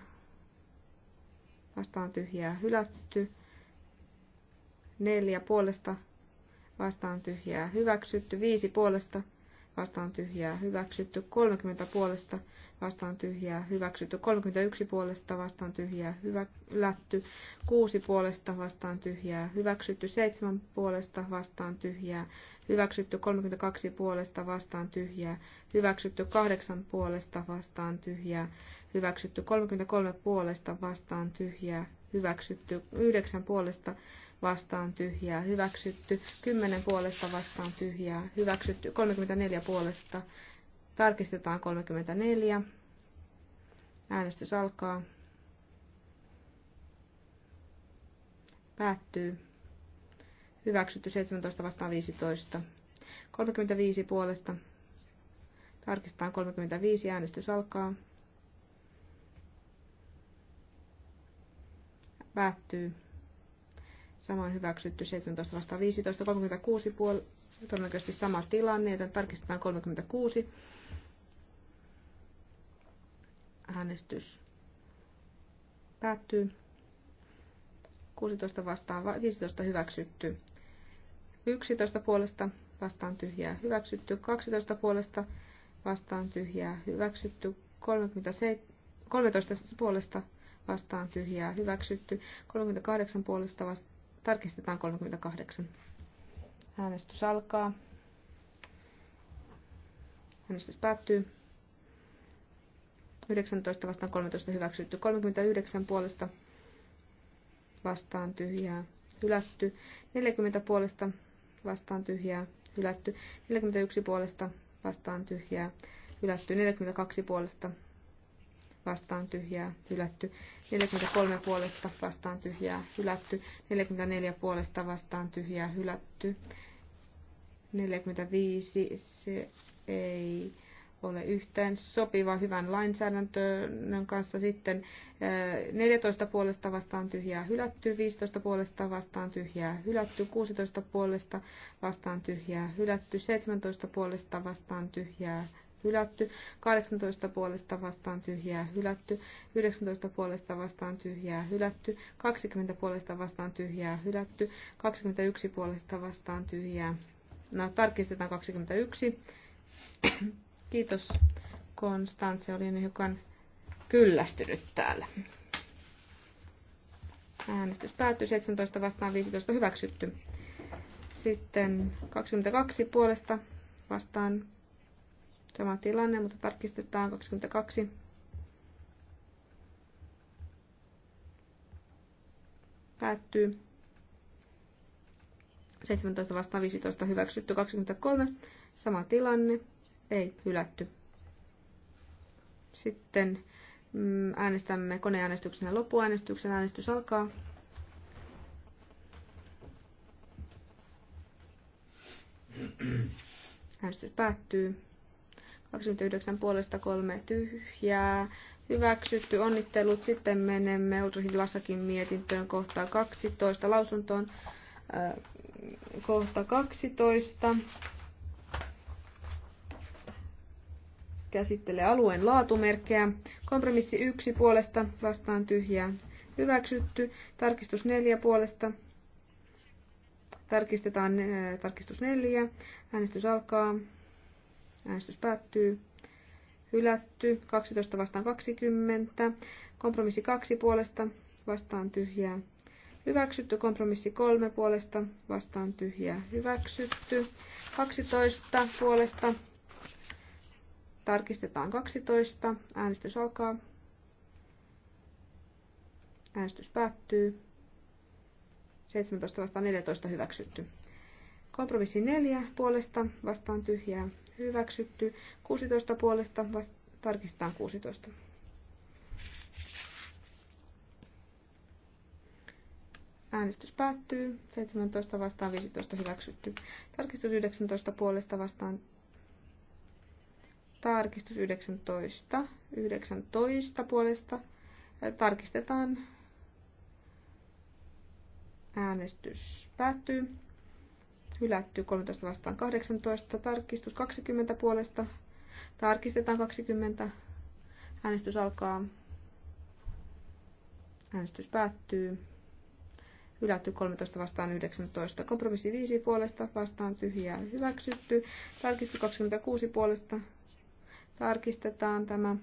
vastaan tyhjää hylätty, neljä puolesta vastaan tyhjää hyväksytty, 5 puolesta vastaan tyhjää hyväksytty, 30 puolesta vastaan tyhjää hyväksytty, 31 puolesta vastaan tyhjää hylätty, 6 puolesta vastaan tyhjää hyväksytty, 7 puolesta vastaan tyhjää hyväksytty, 32 puolesta vastaan tyhjää hyväksytty, 8 puolesta vastaan tyhjää hyväksytty, 33 puolesta vastaan tyhjää hyväksytty, 9 puolesta vastaan tyhjää hyväksytty, 10 puolesta vastaan tyhjää hyväksytty, 34 puolesta tarkistetaan 34. Äänestys alkaa. Päättyy. Hyväksytty 17 vastaan 15. 35 puolesta. Tarkistetaan 35. Äänestys alkaa. Päättyy Samoin hyväksytty 17 vastaan 15, 36 puoli, Todennäköisesti sama tilanne, joten tarkistetaan 36. Äänestys päättyy. 16 vastaan 15 hyväksytty. 11 puolesta vastaan tyhjää hyväksytty. 12 puolesta vastaan tyhjää hyväksytty. 37, 13 puolesta vastaan tyhjää hyväksytty. 38 puolesta vastaan Tarkistetaan 38. Äänestys alkaa. Äänestys päättyy. 19 vastaan 13 hyväksytty. 39 puolesta vastaan tyhjää hylätty. 40 puolesta vastaan tyhjää hylätty. 41 puolesta vastaan tyhjää hylätty. 42 puolesta vastaan tyhjää hylätty, 43 puolesta vastaan tyhjää hylätty, 44 puolesta vastaan tyhjää hylätty, 45 se ei ole yhteen sopiva hyvän lainsäädäntöön kanssa. Sitten 14 eh, puolesta vastaan tyhjää hylätty, 15 puolesta vastaan tyhjää hylätty, 16 puolesta vastaan tyhjää hylätty, 17 puolesta vastaan tyhjää hylätty, 18 puolesta vastaan tyhjää hylätty, 19 puolesta vastaan tyhjää hylätty, 20 puolesta vastaan tyhjää hylätty, 21 puolesta vastaan tyhjää. No, tarkistetaan 21. Kiitos Konstantse, olin hiukan kyllästynyt täällä. Äänestys päättyi 17 vastaan 15 hyväksytty. Sitten 22 puolesta vastaan Sama tilanne, mutta tarkistetaan 22. Päättyy. 17 vastaan 15 hyväksytty 23. Sama tilanne. Ei hylätty. Sitten mm, äänestämme koneäänestyksen ja loppuäänestyksen. Äänestys alkaa. Äänestys päättyy. 29 puolesta kolme tyhjää. Hyväksytty, onnittelut. Sitten menemme Ulrich Lasakin mietintöön kohtaan 12, lausuntoon äh, kohta 12. Käsittelee alueen laatumerkkejä. Kompromissi 1 puolesta vastaan tyhjää. Hyväksytty. Tarkistus 4 puolesta. Tarkistetaan äh, tarkistus 4. Äänestys alkaa. Äänestys päättyy. Hylätty. 12 vastaan 20. Kompromissi 2 puolesta vastaan tyhjää. Hyväksytty. Kompromissi 3 puolesta vastaan tyhjää. Hyväksytty. 12 puolesta. Tarkistetaan 12. Äänestys alkaa. Äänestys päättyy. 17 vastaan 14 hyväksytty. Kompromissi 4 puolesta vastaan tyhjää hyväksytty 16 puolesta, vasta, tarkistetaan 16. Äänestys päättyy. 17 vastaan 15 hyväksytty. Tarkistus 19 puolesta vastaan. Tarkistus 19. 19 puolesta. Tarkistetaan. Äänestys päättyy hylätty 13 vastaan 18, tarkistus 20 puolesta, tarkistetaan 20, äänestys alkaa, äänestys päättyy, hylätty 13 vastaan 19, kompromissi 5 puolesta, vastaan tyhjää hyväksytty, tarkistus 26 puolesta, tarkistetaan tämä,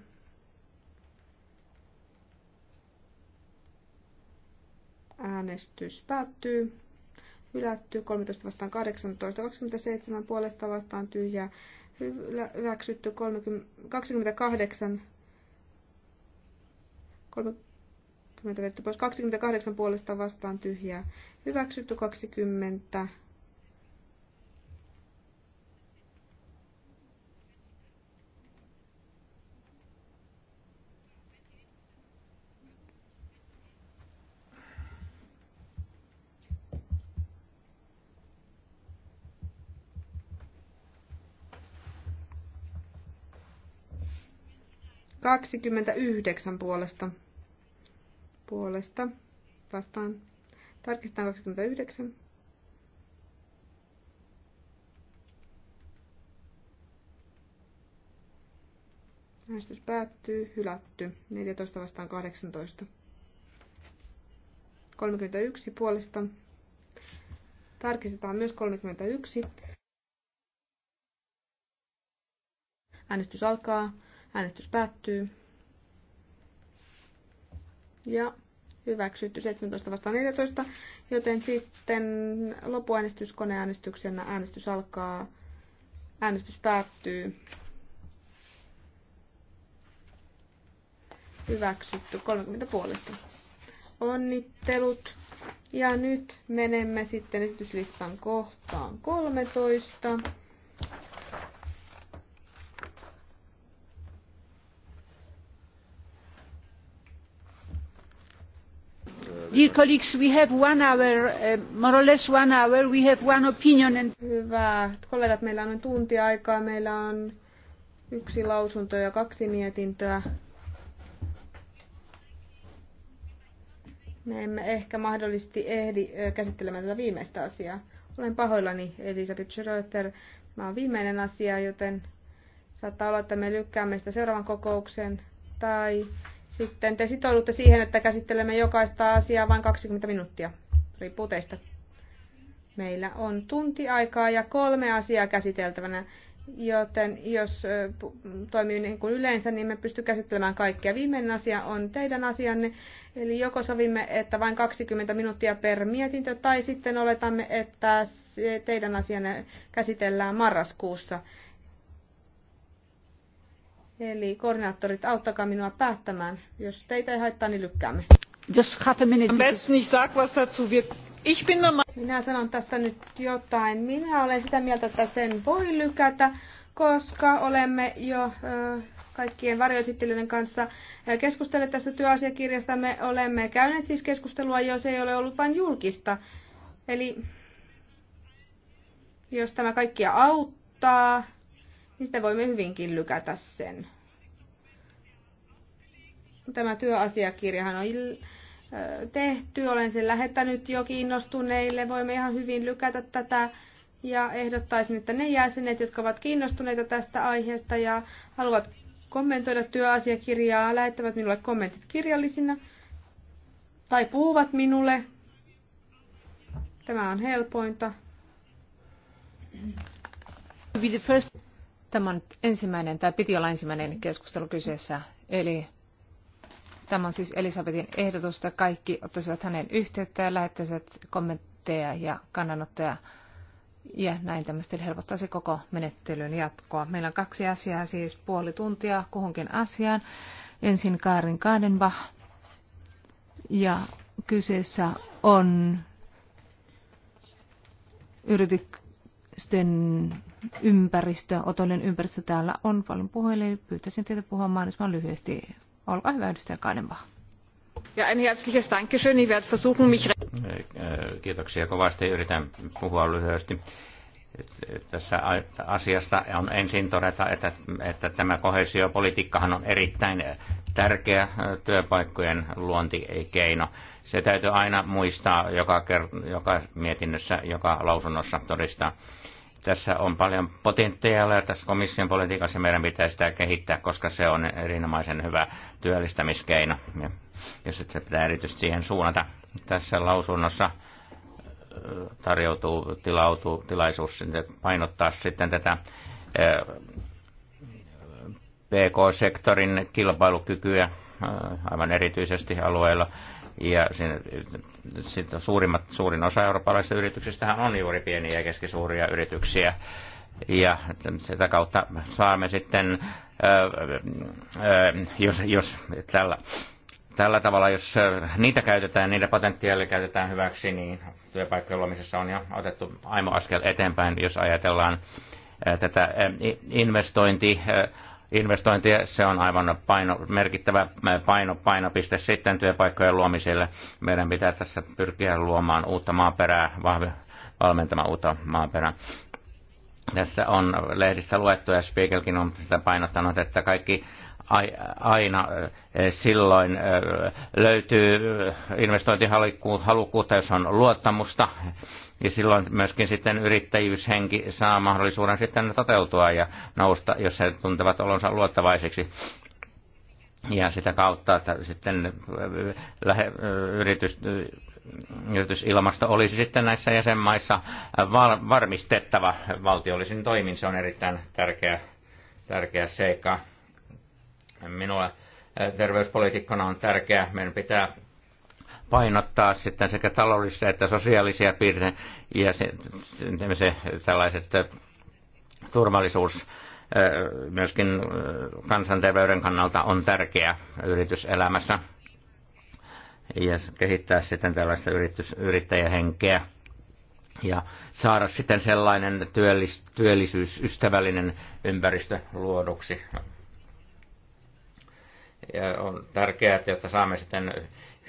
äänestys päättyy, hylätty, 13 vastaan 18, 27 puolesta vastaan tyhjää, hyväksytty 30, 28, 30 pois, 28 puolesta vastaan tyhjää, hyväksytty 20, 29 puolesta. Puolesta. Vastaan. Tarkistetaan 29. Äänestys päättyy. Hylätty. 14 vastaan 18. 31 puolesta. Tarkistetaan myös 31. Äänestys alkaa. Äänestys päättyy. Ja hyväksytty 17 vasta 14, joten sitten lopuäänestys koneäänestyksenä äänestys alkaa, äänestys päättyy. Hyväksytty 30 puolesta. Onnittelut. Ja nyt menemme sitten esityslistan kohtaan 13. Dear colleagues, we have one hour, uh, more or less one hour, we have one opinion and... hyvät Kollegat, meillä on tunti aikaa, meillä on yksi lausunto ja kaksi mietintöä. Me emme ehkä mahdollisesti ehdi käsittelemään tätä viimeistä asiaa. Olen pahoillani, Elisabeth Schröter. Tämä on viimeinen asia, joten saattaa olla, että me lykkäämme sitä seuraavan kokouksen tai sitten te sitoudutte siihen, että käsittelemme jokaista asiaa vain 20 minuuttia. Riippuu teistä. Meillä on tunti aikaa ja kolme asiaa käsiteltävänä, joten jos toimii niin kuin yleensä, niin me pysty käsittelemään kaikkia Viimeinen asia on teidän asianne, eli joko sovimme, että vain 20 minuuttia per mietintö, tai sitten oletamme, että teidän asianne käsitellään marraskuussa. Eli koordinaattorit, auttakaa minua päättämään. Jos teitä ei haittaa, niin lykkäämme. Minä sanon tästä nyt jotain. Minä olen sitä mieltä, että sen voi lykätä, koska olemme jo kaikkien varjoesittelyiden kanssa keskustelleet tästä työasiakirjasta. Me olemme käyneet siis keskustelua, jos ei ole ollut vain julkista. Eli jos tämä kaikkia auttaa, niin sitä voimme hyvinkin lykätä sen. Tämä työasiakirjahan on tehty, olen sen lähettänyt jo kiinnostuneille, voimme ihan hyvin lykätä tätä ja ehdottaisin, että ne jäsenet, jotka ovat kiinnostuneita tästä aiheesta ja haluavat kommentoida työasiakirjaa, lähettävät minulle kommentit kirjallisina tai puhuvat minulle. Tämä on helpointa. Be the first. Tämä on ensimmäinen, tai piti olla ensimmäinen keskustelu kyseessä, eli tämä on siis Elisabetin ehdotus, että kaikki ottaisivat hänen yhteyttä ja lähettäisivät kommentteja ja kannanottoja. Ja näin tämmöisesti helpottaisi koko menettelyn jatkoa. Meillä on kaksi asiaa, siis puoli tuntia kuhunkin asiaan. Ensin Kaarin Kaadenbach. Ja kyseessä on yritysten ympäristö, otollinen ympäristö täällä on paljon puheille. Pyytäisin teitä puhua mahdollisimman lyhyesti. Olkaa hyvä, edustaja Kaidenbach. Ja ein herzliches Dankeschön. Ich werde versuchen, mich... Kiitoksia kovasti. Yritän puhua lyhyesti tässä asiasta on ensin todeta, että, että tämä kohesiopolitiikkahan on erittäin tärkeä työpaikkojen luontikeino. Se täytyy aina muistaa joka, joka mietinnössä, joka lausunnossa todistaa. Tässä on paljon potentiaalia tässä komission politiikassa ja meidän pitää sitä kehittää, koska se on erinomaisen hyvä työllistämiskeino. Ja, ja se pitää erityisesti siihen suunnata. Tässä lausunnossa äh, tarjoutuu tilautuu, tilaisuus painottaa sitten tätä äh, PK-sektorin kilpailukykyä äh, aivan erityisesti alueilla, ja sitten suurimmat, suurin osa eurooppalaisista yrityksistä on juuri pieniä ja keskisuuria yrityksiä. Ja sitä kautta saamme sitten, jos, jos tällä, tällä tavalla, jos niitä käytetään, niitä potentiaalia käytetään hyväksi, niin työpaikkojen luomisessa on jo otettu aimo askel eteenpäin, jos ajatellaan tätä investointi investointeja. Se on aivan paino, merkittävä paino, painopiste sitten työpaikkojen luomiselle. Meidän pitää tässä pyrkiä luomaan uutta maaperää, vahvi, valmentamaan uutta maaperää. Tässä on lehdistä luettu ja Spiegelkin on sitä painottanut, että kaikki aina silloin löytyy investointihalukkuutta, jos on luottamusta, ja silloin myöskin sitten yrittäjyyshenki saa mahdollisuuden sitten toteutua ja nousta, jos he tuntevat olonsa luottavaiseksi. Ja sitä kautta, että sitten lähe, yritys, yritysilmasto olisi sitten näissä jäsenmaissa varmistettava valtiollisin toimin. Se on erittäin tärkeä, tärkeä seikka Minulle terveyspolitiikkana on tärkeää. Meidän pitää painottaa sitten sekä taloudellisia että sosiaalisia piirteitä ja se, se, tällaiset turvallisuus myöskin kansanterveyden kannalta on tärkeä yrityselämässä ja kehittää sitten tällaista yritys, yrittäjähenkeä ja saada sitten sellainen työllis, työllisyysystävällinen ympäristö luoduksi ja on tärkeää, että saamme sitten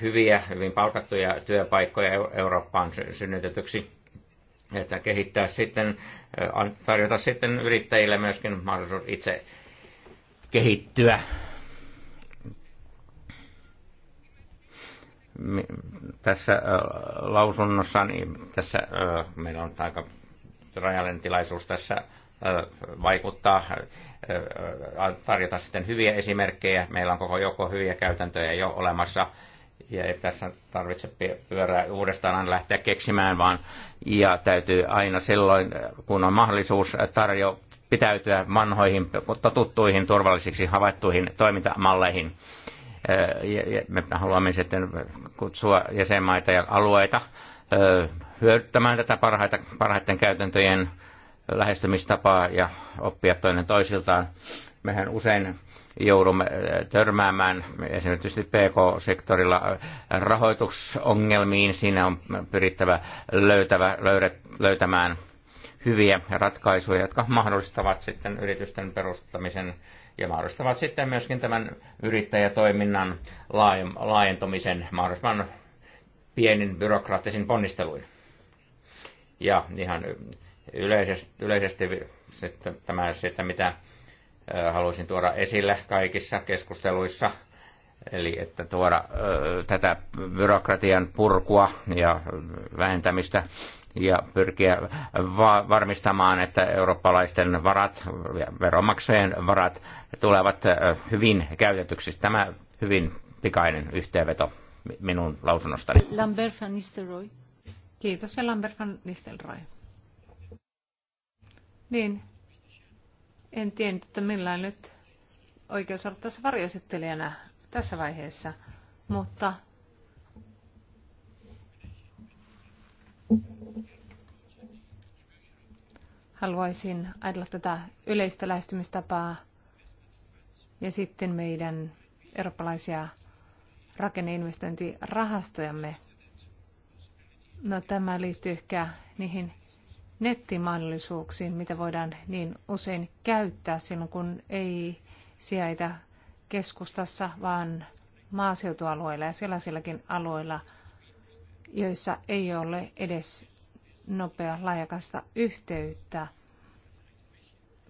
hyviä, hyvin palkattuja työpaikkoja Eurooppaan synnytetyksi. Että kehittää sitten, tarjota sitten yrittäjille myöskin mahdollisuus itse kehittyä. Tässä lausunnossa, niin tässä meillä on aika rajallinen tilaisuus tässä vaikuttaa tarjota sitten hyviä esimerkkejä. Meillä on koko joukko hyviä käytäntöjä jo olemassa ja ei tässä tarvitse pyörää uudestaan aina lähteä keksimään, vaan ja täytyy aina silloin, kun on mahdollisuus tarjo, pitäytyä vanhoihin, totuttuihin, turvallisiksi havaittuihin toimintamalleihin. Me haluamme sitten kutsua jäsenmaita ja alueita hyödyttämään tätä parhaita, parhaiten käytäntöjen lähestymistapaa ja oppia toinen toisiltaan. Mehän usein joudumme äh, törmäämään esimerkiksi PK-sektorilla äh, rahoitusongelmiin. Siinä on pyrittävä löytävä, löydet, löytämään hyviä ratkaisuja, jotka mahdollistavat sitten yritysten perustamisen ja mahdollistavat sitten myöskin tämän yrittäjätoiminnan laajentumisen mahdollisimman pienin byrokraattisin ponnisteluin. Ja ihan yleisesti, yleisesti sitten tämä siitä, mitä haluaisin tuoda esille kaikissa keskusteluissa, eli että tuoda tätä byrokratian purkua ja vähentämistä ja pyrkiä va- varmistamaan, että eurooppalaisten varat, veronmaksajien varat tulevat hyvin käytetyksi. Tämä hyvin pikainen yhteenveto minun lausunnostani. Lambert van Nistelrooy. Kiitos ja Lambert van Nistelrooy. Niin, en tiennyt, että millään nyt oikeus olla tässä varjoesittelijänä tässä vaiheessa, mutta haluaisin ajatella tätä yleistä lähestymistapaa ja sitten meidän eurooppalaisia rakenneinvestointirahastojamme. No tämä liittyy ehkä niihin nettimahdollisuuksiin, mitä voidaan niin usein käyttää silloin, kun ei sijaita keskustassa, vaan maaseutualueilla ja sellaisillakin alueilla, joissa ei ole edes nopea laajakasta yhteyttä.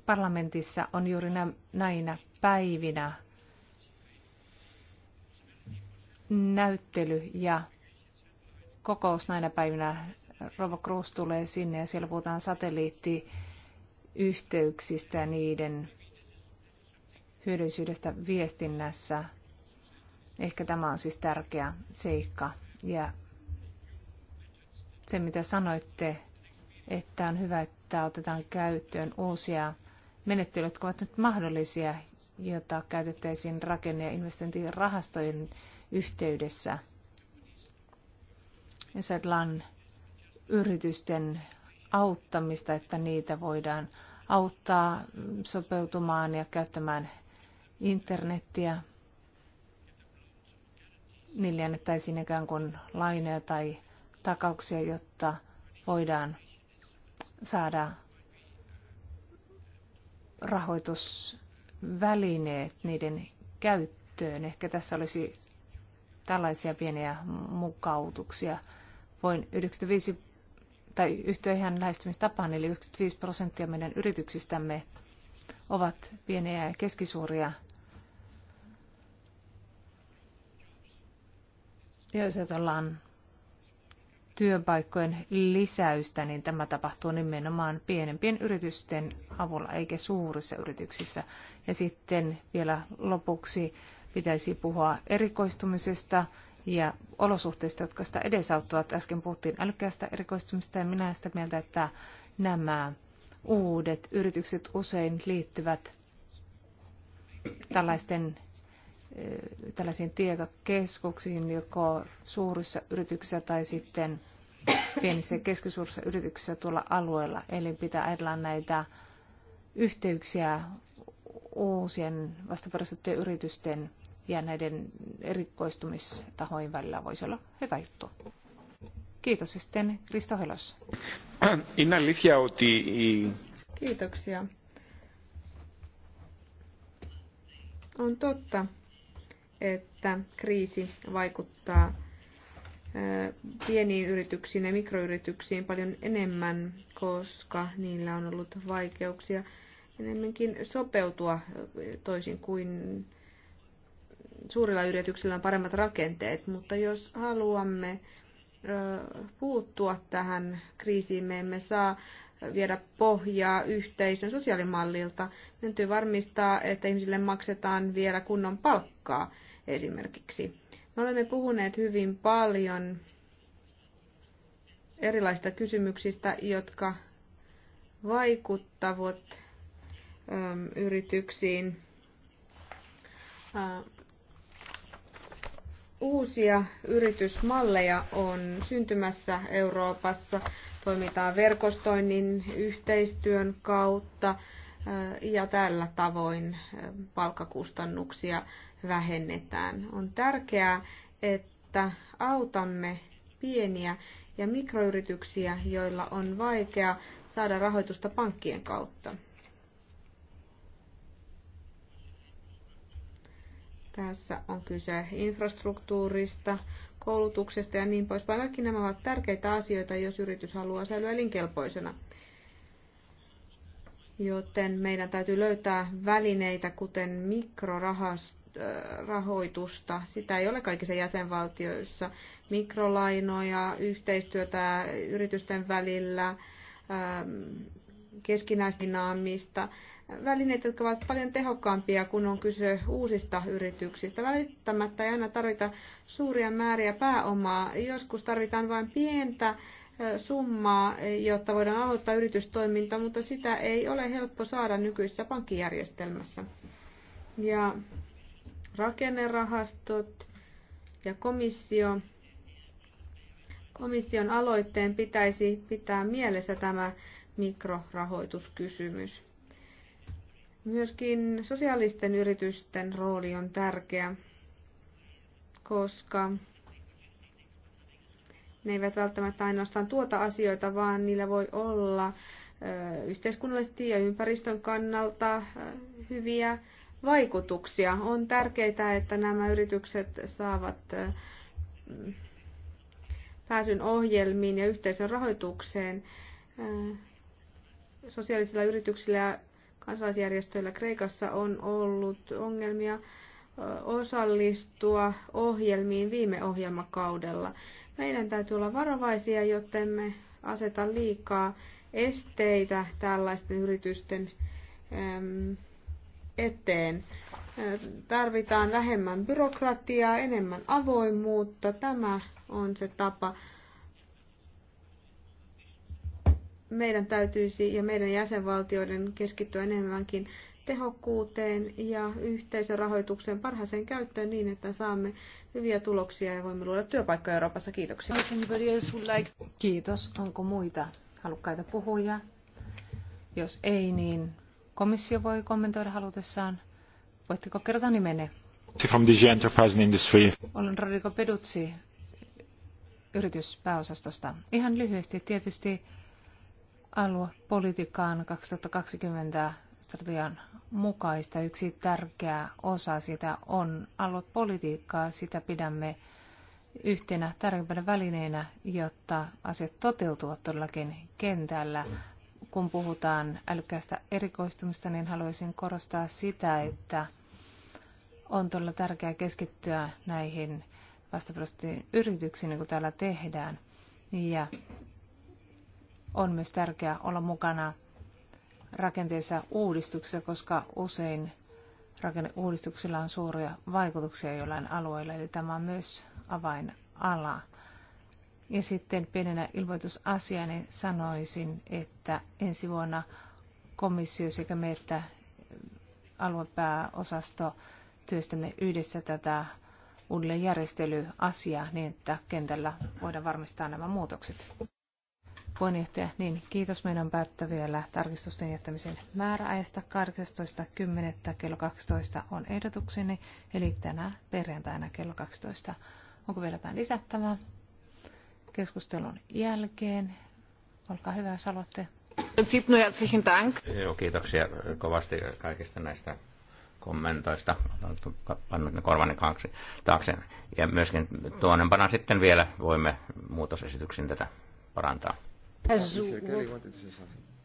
Parlamentissa on juuri näinä päivinä näyttely ja kokous näinä päivinä Rova Cruz tulee sinne ja siellä puhutaan satelliittiyhteyksistä ja niiden hyödyllisyydestä viestinnässä. Ehkä tämä on siis tärkeä seikka. Ja se, mitä sanoitte, että on hyvä, että otetaan käyttöön uusia menettelyjä, jotka ovat nyt mahdollisia, joita käytettäisiin rakenne- ja investointirahastojen yhteydessä. Jos ajatellaan yritysten auttamista, että niitä voidaan auttaa sopeutumaan ja käyttämään internettiä. Niille annettaisiin ikään kuin lainoja tai takauksia, jotta voidaan saada rahoitusvälineet niiden käyttöön. Ehkä tässä olisi tällaisia pieniä mukautuksia. Voin 95 tai yhtiöihän lähestymistapaan, eli 95 prosenttia meidän yrityksistämme ovat pieniä ja keskisuuria. Ja jos ajatellaan työpaikkojen lisäystä, niin tämä tapahtuu nimenomaan pienempien yritysten avulla, eikä suurissa yrityksissä. Ja sitten vielä lopuksi pitäisi puhua erikoistumisesta ja olosuhteista, jotka sitä edesauttavat. Äsken puhuttiin älykkäästä erikoistumista ja minä sitä mieltä, että nämä uudet yritykset usein liittyvät tällaisten eh, tällaisiin tietokeskuksiin, joko suurissa yrityksissä tai sitten pienissä ja keskisuurissa yrityksissä tuolla alueella. Eli pitää ajatella näitä yhteyksiä uusien vastaperustettujen yritysten ja näiden erikoistumistahojen välillä voisi olla hyvä juttu. Kiitos sitten Kristo Helos. Kiitoksia. On totta, että kriisi vaikuttaa pieniin yrityksiin ja mikroyrityksiin paljon enemmän, koska niillä on ollut vaikeuksia enemmänkin sopeutua toisin kuin suurilla yrityksillä on paremmat rakenteet, mutta jos haluamme puuttua tähän kriisiin, me emme saa viedä pohjaa yhteisön sosiaalimallilta. Meidän täytyy varmistaa, että ihmisille maksetaan vielä kunnon palkkaa esimerkiksi. Me olemme puhuneet hyvin paljon erilaisista kysymyksistä, jotka vaikuttavat yrityksiin. Uusia yritysmalleja on syntymässä Euroopassa. Toimitaan verkostoinnin yhteistyön kautta ja tällä tavoin palkkakustannuksia vähennetään. On tärkeää, että autamme pieniä ja mikroyrityksiä, joilla on vaikea saada rahoitusta pankkien kautta. Tässä on kyse infrastruktuurista, koulutuksesta ja niin poispäin. Kaikki nämä ovat tärkeitä asioita, jos yritys haluaa säilyä elinkelpoisena. Joten meidän täytyy löytää välineitä, kuten mikrorahoitusta. Äh, Sitä ei ole kaikissa jäsenvaltioissa. Mikrolainoja, yhteistyötä yritysten välillä, ähm, keskinäisdinaamista, välineitä, jotka ovat paljon tehokkaampia, kun on kyse uusista yrityksistä. Välittämättä ei aina tarvita suuria määriä pääomaa. Joskus tarvitaan vain pientä summaa, jotta voidaan aloittaa yritystoiminta, mutta sitä ei ole helppo saada nykyisessä pankkijärjestelmässä. Ja rakennerahastot ja komissio. Komission aloitteen pitäisi pitää mielessä tämä mikrorahoituskysymys. Myöskin sosiaalisten yritysten rooli on tärkeä, koska ne eivät välttämättä ainoastaan tuota asioita, vaan niillä voi olla yhteiskunnallisesti ja ympäristön kannalta hyviä vaikutuksia. On tärkeää, että nämä yritykset saavat pääsyn ohjelmiin ja yhteisön rahoitukseen sosiaalisilla yrityksillä ja kansalaisjärjestöillä Kreikassa on ollut ongelmia osallistua ohjelmiin viime ohjelmakaudella. Meidän täytyy olla varovaisia, joten me aseta liikaa esteitä tällaisten yritysten eteen. Tarvitaan vähemmän byrokratiaa, enemmän avoimuutta. Tämä on se tapa meidän täytyisi ja meidän jäsenvaltioiden keskittyä enemmänkin tehokkuuteen ja yhteisörahoituksen parhaaseen käyttöön niin, että saamme hyviä tuloksia ja voimme luoda työpaikkoja Euroopassa. Kiitoksia. Kiitos. Onko muita halukkaita puhujia? Jos ei, niin komissio voi kommentoida halutessaan. Voitteko kertoa nimenne? From DG Enterprise and Industry. Olen Rodrigo Peduzzi yrityspääosastosta. Ihan lyhyesti tietysti aluepolitiikkaan 2020 strategian mukaista. Yksi tärkeä osa sitä on aluepolitiikkaa. Sitä pidämme yhtenä tärkeimpänä välineenä, jotta asiat toteutuvat todellakin kentällä. Kun puhutaan älykkäästä erikoistumista, niin haluaisin korostaa sitä, että on todella tärkeää keskittyä näihin vastaprosenttiin yrityksiin, niin kuin täällä tehdään. Ja on myös tärkeää olla mukana rakenteessa uudistuksessa, koska usein rakenneuudistuksilla on suuria vaikutuksia jollain alueella, eli tämä on myös avainala. Ja sitten pienenä ilmoitusasiani niin sanoisin, että ensi vuonna komissio sekä me että aluepääosasto työstämme yhdessä tätä uudelleenjärjestelyasiaa niin, että kentällä voidaan varmistaa nämä muutokset. Puheenjohtaja, niin kiitos. Meidän on vielä tarkistusten jättämisen määräajasta 18.10. kello 12 on ehdotukseni, eli tänä perjantaina kello 12. Onko vielä jotain lisättävää? Keskustelun jälkeen. Olkaa hyvä, jos haluatte. No, Joo, kiitoksia kovasti kaikista näistä kommentoista. Oletko pannut ne korvani taakse. Ja myöskin tuonnempana sitten vielä voimme muutosesityksin tätä parantaa. As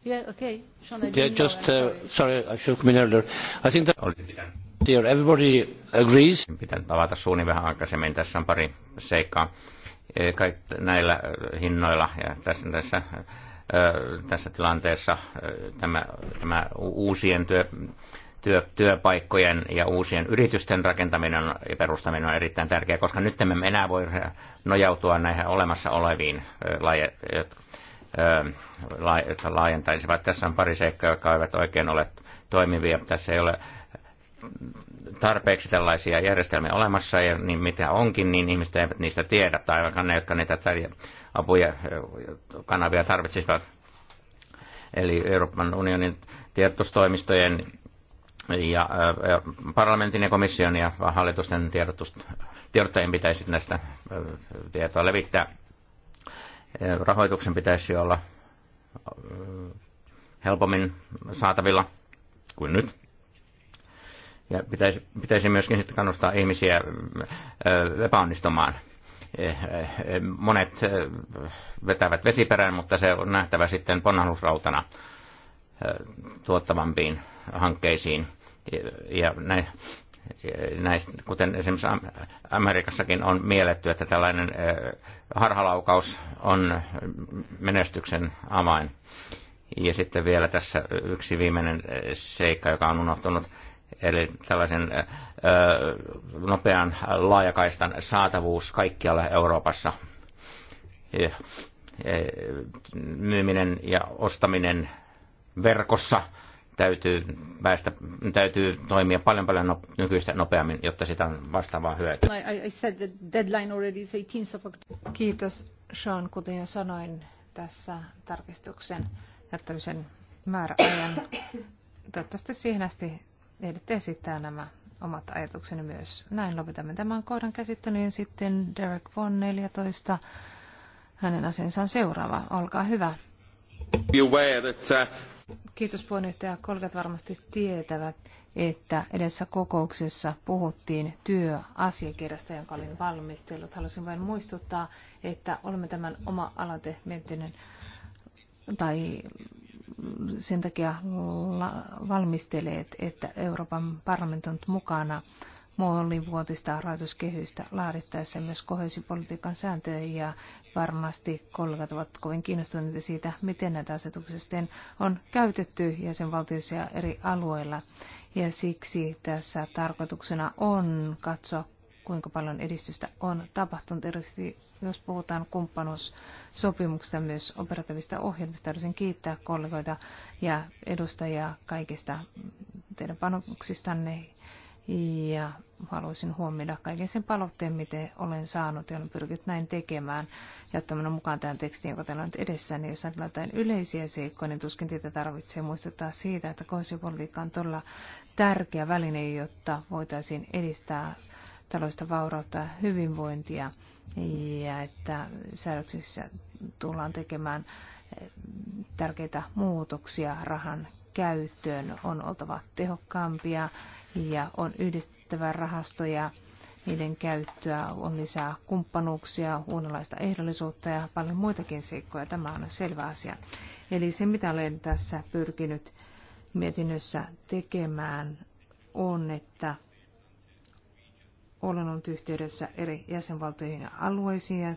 yeah, okay. Sean, I yeah, just uh, sorry, I should come in earlier. I think that dear, everybody agrees. Pitää avata suuni vähän aikaisemmin. Tässä on pari seikkaa. E, Kaikki näillä hinnoilla ja tässä, tässä tässä tilanteessa tämä, tämä uusien työ, työ, työpaikkojen ja uusien yritysten rakentaminen ja perustaminen on erittäin tärkeää, koska nyt emme enää voi nojautua näihin olemassa oleviin lajeihin laajentaisivat. Tässä on pari seikkaa, jotka eivät oikein ole toimivia. Tässä ei ole tarpeeksi tällaisia järjestelmiä olemassa, ja niin mitä onkin, niin ihmiset eivät niistä tiedä, tai vaikka ne, jotka niitä apuja, kanavia tarvitsisivat. Eli Euroopan unionin tiedotustoimistojen ja parlamentin ja komission ja hallitusten tiedottajien pitäisi näistä tietoa levittää rahoituksen pitäisi olla helpommin saatavilla kuin nyt. Ja pitäisi, pitäisi myöskin sitten kannustaa ihmisiä epäonnistumaan. E, e, e, monet vetävät vesiperään, mutta se on nähtävä sitten ponnahdusrautana tuottavampiin hankkeisiin. Ja näistä, kuten esimerkiksi Amerikassakin on mielletty, että tällainen harhalaukaus on menestyksen avain. Ja sitten vielä tässä yksi viimeinen seikka, joka on unohtunut, eli tällaisen nopean laajakaistan saatavuus kaikkialla Euroopassa. Myyminen ja ostaminen verkossa – täytyy, päästä, täytyy toimia paljon paljon nykyistä nopeammin, jotta sitä on vastaavaa hyötyä. Kiitos Sean, kuten jo sanoin tässä tarkistuksen jättämisen määräajan. Toivottavasti siihen asti ehditte esittää nämä omat ajatukseni myös. Näin lopetamme tämän kohdan käsittelyyn. Sitten Derek Von 14. Hänen asiansa on seuraava. Olkaa hyvä. Be aware that, uh, Kiitos puheenjohtaja. Kollegat varmasti tietävät, että edessä kokouksessa puhuttiin työasiakirjasta, jonka olin valmistellut. Halusin vain muistuttaa, että olemme tämän oma aloite tai sen takia valmisteleet, että Euroopan parlamentti on mukana monivuotista rahoituskehystä laadittaessa myös kohesipolitiikan sääntöjä ja varmasti kollegat ovat kovin kiinnostuneita siitä, miten näitä asetuksia sitten on käytetty jäsenvaltioissa ja eri alueilla. Ja siksi tässä tarkoituksena on katsoa kuinka paljon edistystä on tapahtunut, erityisesti jos puhutaan kumppanuussopimuksesta, myös operatiivista ohjelmista. Haluaisin kiittää kollegoita ja edustajia kaikista teidän panoksistanne ja haluaisin huomioida kaiken sen palautteen, miten olen saanut ja olen pyrkinyt näin tekemään ja ottamana mukaan tämän tekstin joka teillä on edessä. Niin jos ajatellaan jotain yleisiä seikkoja, niin tuskin tietä tarvitsee muistuttaa siitä, että kohesiopolitiikka on todella tärkeä väline, jotta voitaisiin edistää taloudellista vaurautta ja hyvinvointia ja että säädöksissä tullaan tekemään eh, tärkeitä muutoksia rahan käyttöön, on oltava tehokkaampia ja on yhdist- käytettävä rahastoja, niiden käyttöä, on lisää kumppanuuksia, uudenlaista ehdollisuutta ja paljon muitakin seikkoja. Tämä on selvä asia. Eli se, mitä olen tässä pyrkinyt mietinnössä tekemään, on, että olen ollut yhteydessä eri jäsenvaltioihin ja alueisiin ja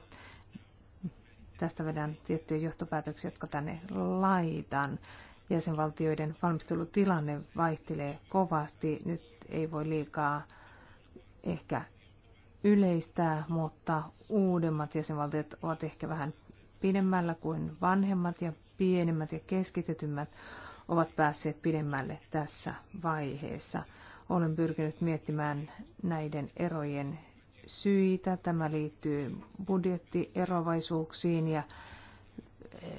tästä vedän tiettyjä johtopäätöksiä, jotka tänne laitan. Jäsenvaltioiden valmistelutilanne vaihtelee kovasti. Nyt ei voi liikaa ehkä yleistää, mutta uudemmat jäsenvaltiot ovat ehkä vähän pidemmällä kuin vanhemmat ja pienemmät ja keskitetymmät ovat päässeet pidemmälle tässä vaiheessa. Olen pyrkinyt miettimään näiden erojen syitä. Tämä liittyy budjettierovaisuuksiin ja eh,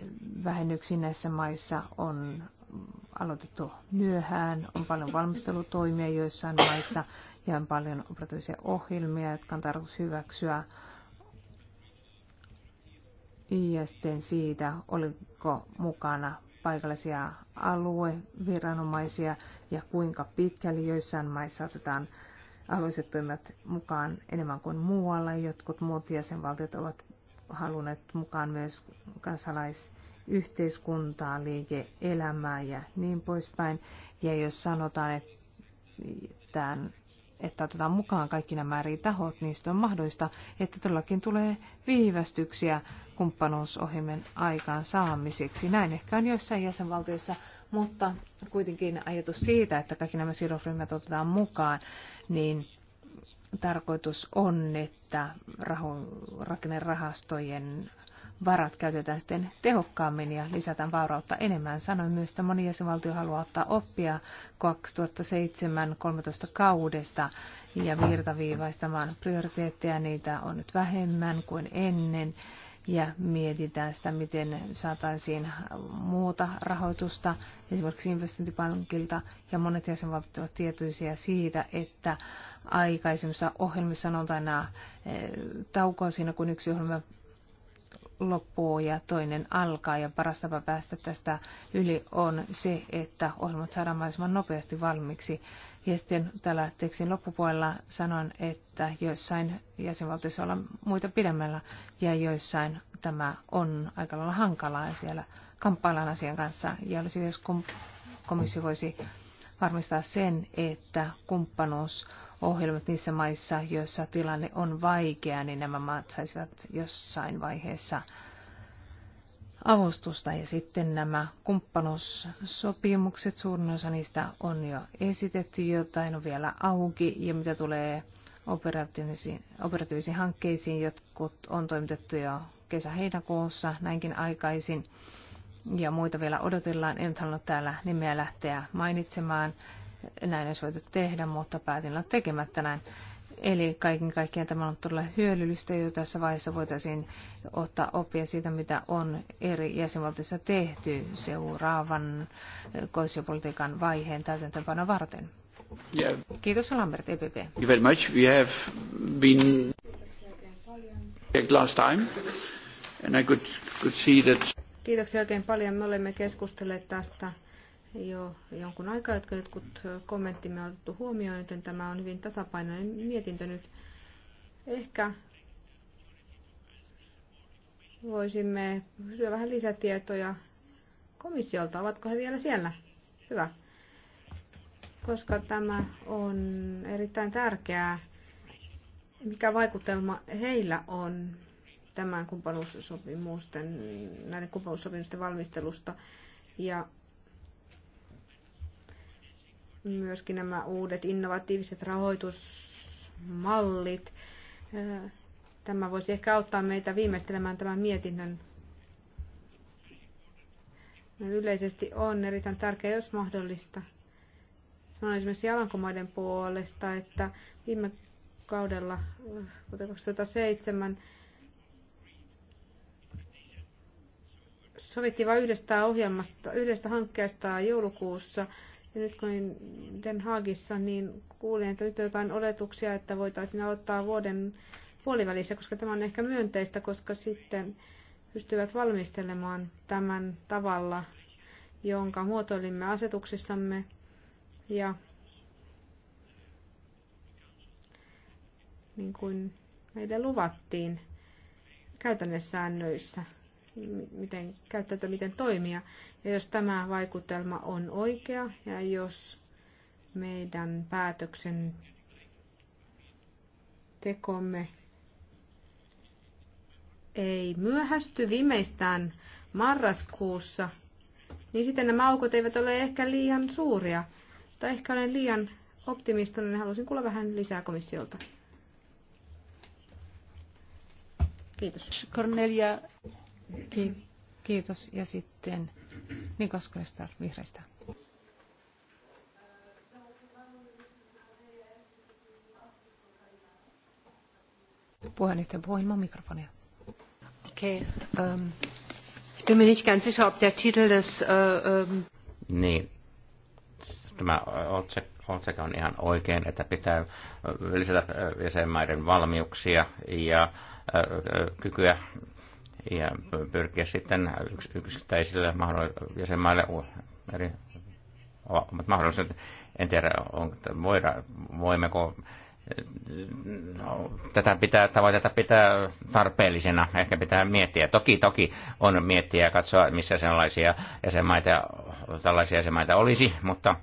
vähennyksiin näissä maissa on aloitettu myöhään, on paljon valmistelutoimia joissain maissa ja on paljon operatiivisia ohjelmia, jotka on tarkoitus hyväksyä. Ja sitten siitä, oliko mukana paikallisia alueviranomaisia ja kuinka pitkälle joissain maissa otetaan alueiset toimijat mukaan enemmän kuin muualla. Jotkut muut jäsenvaltiot ovat halunneet mukaan myös kansalaisyhteiskuntaa, liike-elämää ja niin poispäin. Ja jos sanotaan, että, tämän, että otetaan mukaan kaikki nämä eri tahot, niin on mahdollista, että todellakin tulee viivästyksiä kumppanuusohjelmien aikaan saamiseksi. Näin ehkä on joissain jäsenvaltioissa, mutta kuitenkin ajatus siitä, että kaikki nämä sidosryhmät otetaan mukaan, niin – tarkoitus on, että rakennerahastojen varat käytetään sitten tehokkaammin ja lisätään vaurautta enemmän. Sanoin myös, että moni jäsenvaltio haluaa ottaa oppia 2007-2013 kaudesta ja virtaviivaistamaan prioriteetteja. Niitä on nyt vähemmän kuin ennen ja mietitään sitä, miten saataisiin muuta rahoitusta esimerkiksi investointipankilta ja monet jäsenvaltiot ovat tietoisia siitä, että aikaisemmissa ohjelmissa on no aina eh, taukoa siinä, kun yksi ohjelma loppuu ja toinen alkaa. Ja paras tapa päästä tästä yli on se, että ohjelmat saadaan mahdollisimman nopeasti valmiiksi. Ja sitten täällä tekstin loppupuolella sanon, että joissain jäsenvaltioissa olla muita pidemmällä ja joissain tämä on aika lailla hankalaa ja siellä kamppaillaan asian kanssa. Ja olisi myös komissio voisi varmistaa sen, että kumppanuusohjelmat niissä maissa, joissa tilanne on vaikea, niin nämä maat saisivat jossain vaiheessa avustusta ja sitten nämä kumppanuussopimukset, suurin osa niistä on jo esitetty, jotain on vielä auki ja mitä tulee operatiivisiin, operatiivisiin hankkeisiin, jotkut on toimitettu jo kesä-heinäkuussa näinkin aikaisin ja muita vielä odotellaan. En halunnut täällä nimeä lähteä mainitsemaan, näin olisi voitu tehdä, mutta päätin olla tekemättä näin. Eli kaiken kaikkiaan tämä on todella hyödyllistä, jo tässä vaiheessa voitaisiin ottaa oppia siitä, mitä on eri jäsenvaltioissa tehty seuraavan koisiopolitiikan vaiheen täytäntöönpanoa varten. Yeah. Kiitos Lambert, EPP. Thank you very much. We have been last time, and I could, could see that... Kiitoksia oikein paljon. Me olemme keskustelleet tästä jo jonkun aikaa, jotka jotkut kommenttimme on otettu huomioon, joten tämä on hyvin tasapainoinen mietintö nyt. Ehkä voisimme kysyä vähän lisätietoja komissiolta. Ovatko he vielä siellä? Hyvä. Koska tämä on erittäin tärkeää, mikä vaikutelma heillä on tämän kumppanuussopimusten, näiden kumppanuussopimusten valmistelusta. Ja myöskin nämä uudet innovatiiviset rahoitusmallit. Tämä voisi ehkä auttaa meitä viimeistelemään tämän mietinnön. No, yleisesti on erittäin tärkeää, jos mahdollista. Sanoin esimerkiksi jalankomaiden puolesta, että viime kaudella vuoteen 2007 sovittiin vain yhdestä ohjelmasta, yhdestä hankkeesta joulukuussa – ja nyt kun Den Haagissa, niin kuulin, että nyt on jotain oletuksia, että voitaisiin aloittaa vuoden puolivälissä, koska tämä on ehkä myönteistä, koska sitten pystyvät valmistelemaan tämän tavalla, jonka muotoilimme asetuksissamme. Ja niin kuin meille luvattiin käytännössäännöissä, miten, käyttäytyä, miten toimia. Ja jos tämä vaikutelma on oikea ja jos meidän päätöksen tekomme ei myöhästy viimeistään marraskuussa, niin sitten nämä aukot eivät ole ehkä liian suuria. Tai ehkä olen liian optimistinen ja haluaisin kuulla vähän lisää komissiolta. Kiitos. Cornelia. Ki- kiitos. Ja sitten Nikos niin, Krestar, vihreistä. Puheenjohtaja puhuin mun mikrofonia. Okei. Okay, um, ich bin mir nicht ganz sicher, ob der Titel des... Uh, um... Niin. Tämä otsikko on ihan oikein, että pitää äh, lisätä äh, jäsenmaiden valmiuksia ja kykyä ja pyrkiä sitten yks, yksittäisille jäsenmaille eri omat mahdollisuudet. En tiedä, on, voida, voimmeko No, tätä pitää, tavoitetta pitää tarpeellisena, ehkä pitää miettiä. Toki, toki on miettiä ja katsoa, missä sellaisia jäsenmaita, tällaisia jäsenmaita olisi, mutta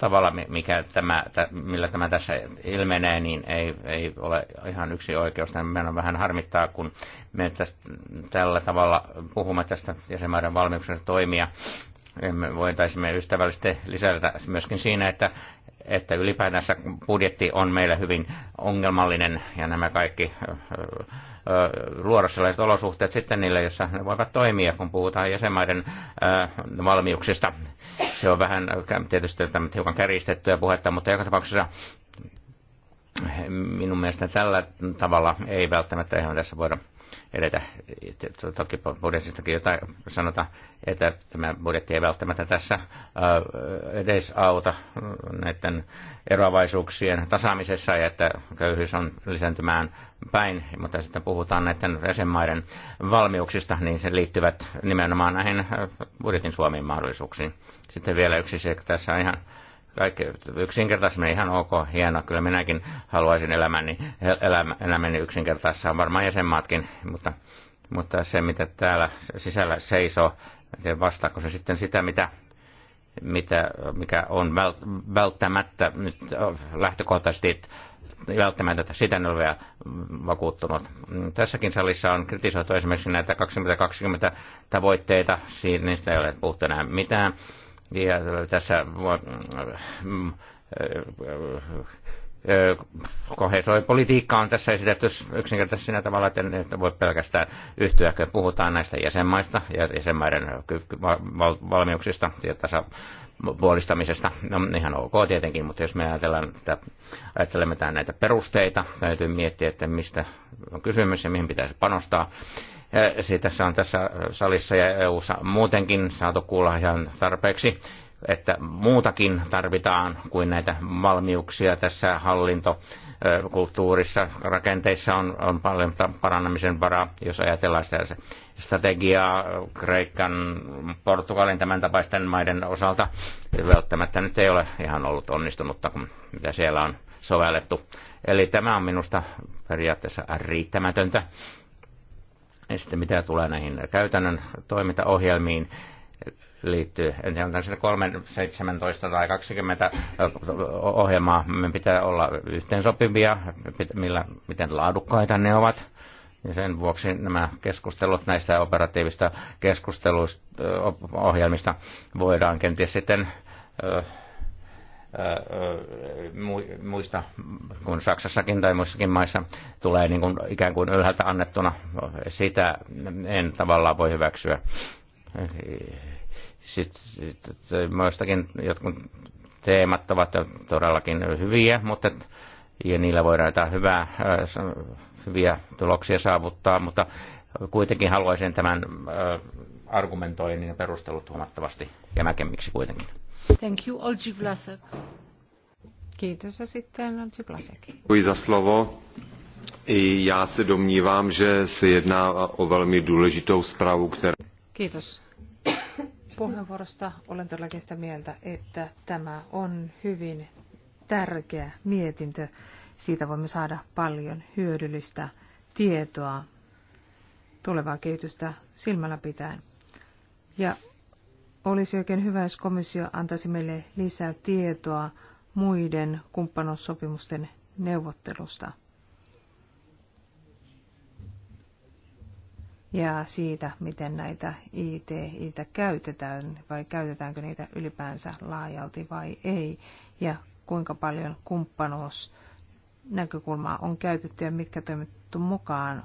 tavalla, mikä tämä, millä tämä tässä ilmenee, niin ei, ei ole ihan yksi oikeus. Meidän on vähän harmittaa, kun me tästä, tällä tavalla puhumme tästä jäsenmaiden valmiuksesta toimia. Me voitaisimme ystävällisesti lisätä myöskin siinä, että että ylipäätänsä budjetti on meille hyvin ongelmallinen ja nämä kaikki luodossalaiset olosuhteet sitten niille, jossa ne voivat toimia, kun puhutaan jäsenmaiden valmiuksista. Se on vähän tietysti hiukan kärjistettyä puhetta, mutta joka tapauksessa mm, minun mielestä tällä tavalla ei välttämättä ihan tässä voida edetä. Toki budjetistakin jotain sanota, että tämä budjetti ei välttämättä tässä edes auta, näiden eroavaisuuksien tasaamisessa ja että köyhyys on lisääntymään päin, mutta sitten puhutaan näiden jäsenmaiden valmiuksista, niin se liittyvät nimenomaan näihin budjetin suomiin mahdollisuuksiin. Sitten vielä yksi se, että tässä on ihan kaikki yksinkertaisemmin ihan ok, hieno. Kyllä minäkin haluaisin elämäni, elämä, elämäni yksinkertaisessa, varmaan jäsenmaatkin, mutta, mutta se, mitä täällä sisällä seisoo, vastaako se sitten sitä, mitä, mitä, mikä on välttämättä nyt lähtökohtaisesti välttämättä sitä en ole vielä vakuuttunut. Tässäkin salissa on kritisoitu esimerkiksi näitä 2020 tavoitteita, niistä ei ole puhuttu enää mitään ja äh, tässä mm, äh, äh, politiikka on tässä esitetty yksinkertaisesti siinä tavalla, että voi pelkästään yhtyä, kun puhutaan näistä jäsenmaista ja jäsenmaiden valmiuksista ja tasapuolistamisesta. No ihan ok tietenkin, mutta jos me ajatellaan, että ajattelemme näitä perusteita, täytyy miettiä, että mistä on kysymys ja mihin pitäisi panostaa. Siitä on tässä salissa ja EUssa muutenkin saatu kuulla ihan tarpeeksi, että muutakin tarvitaan kuin näitä valmiuksia tässä hallinto kulttuurissa, rakenteissa on, on paljon parannamisen varaa, jos ajatellaan sitä strategiaa Kreikan, Portugalin, tämän tapaisten maiden osalta. Välttämättä nyt ei ole ihan ollut onnistunutta, kun mitä siellä on sovellettu. Eli tämä on minusta periaatteessa riittämätöntä. Ja sitten mitä tulee näihin käytännön toimintaohjelmiin, liittyy. En tiedä, 3, 17 tai 20 ohjelmaa. Me pitää olla yhteensopivia, millä, miten laadukkaita ne ovat. Ja sen vuoksi nämä keskustelut näistä operatiivista ohjelmista voidaan kenties sitten muista kun Saksassakin tai muissakin maissa tulee niin kuin ikään kuin ylhäältä annettuna. Sitä en tavallaan voi hyväksyä. Sitten muistakin jotkut teemat ovat todellakin hyviä, mutta ja niillä voidaan jotain hyvää, hyviä tuloksia saavuttaa, mutta kuitenkin haluaisin tämän argumentoinnin ja perustelut huomattavasti jämäkemmiksi kuitenkin. Thank you, Olgi Vlasek. Kiitos ja sitten Olgi Vlasek. Děkuji za slovo. I já se domnívám, že se jedná o velmi důležitou zprávu, která... Kiitos puheenvuorosta. Olen todellakin sitä mieltä, että tämä on hyvin tärkeä mietintö. Siitä voimme saada paljon hyödyllistä tietoa tulevaa kehitystä silmällä pitäen. Ja olisi oikein hyvä, jos komissio antaisi meille lisää tietoa muiden kumppanuussopimusten neuvottelusta ja siitä, miten näitä itä käytetään vai käytetäänkö niitä ylipäänsä laajalti vai ei ja kuinka paljon kumppanuus näkökulmaa on käytetty ja mitkä toimittu mukaan,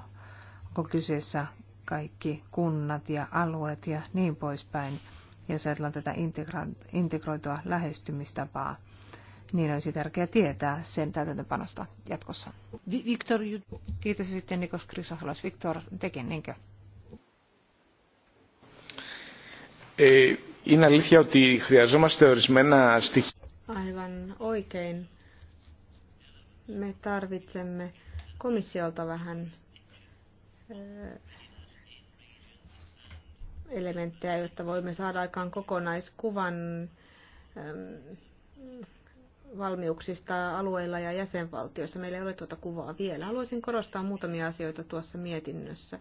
onko kyseessä kaikki kunnat ja alueet ja niin poispäin jos ajatellaan tätä integroitua lähestymistapaa, niin olisi tärkeää tietää sen täytäntöpanosta jatkossa. Viktor, kiitos sitten Nikos Krisohalas. Viktor, tekin, niinkö? Aivan oikein. Me tarvitsemme komissiolta vähän elementtejä, jotta voimme saada aikaan kokonaiskuvan ähm, valmiuksista alueilla ja jäsenvaltioissa. Meillä ei ole tuota kuvaa vielä. Haluaisin korostaa muutamia asioita tuossa mietinnössä.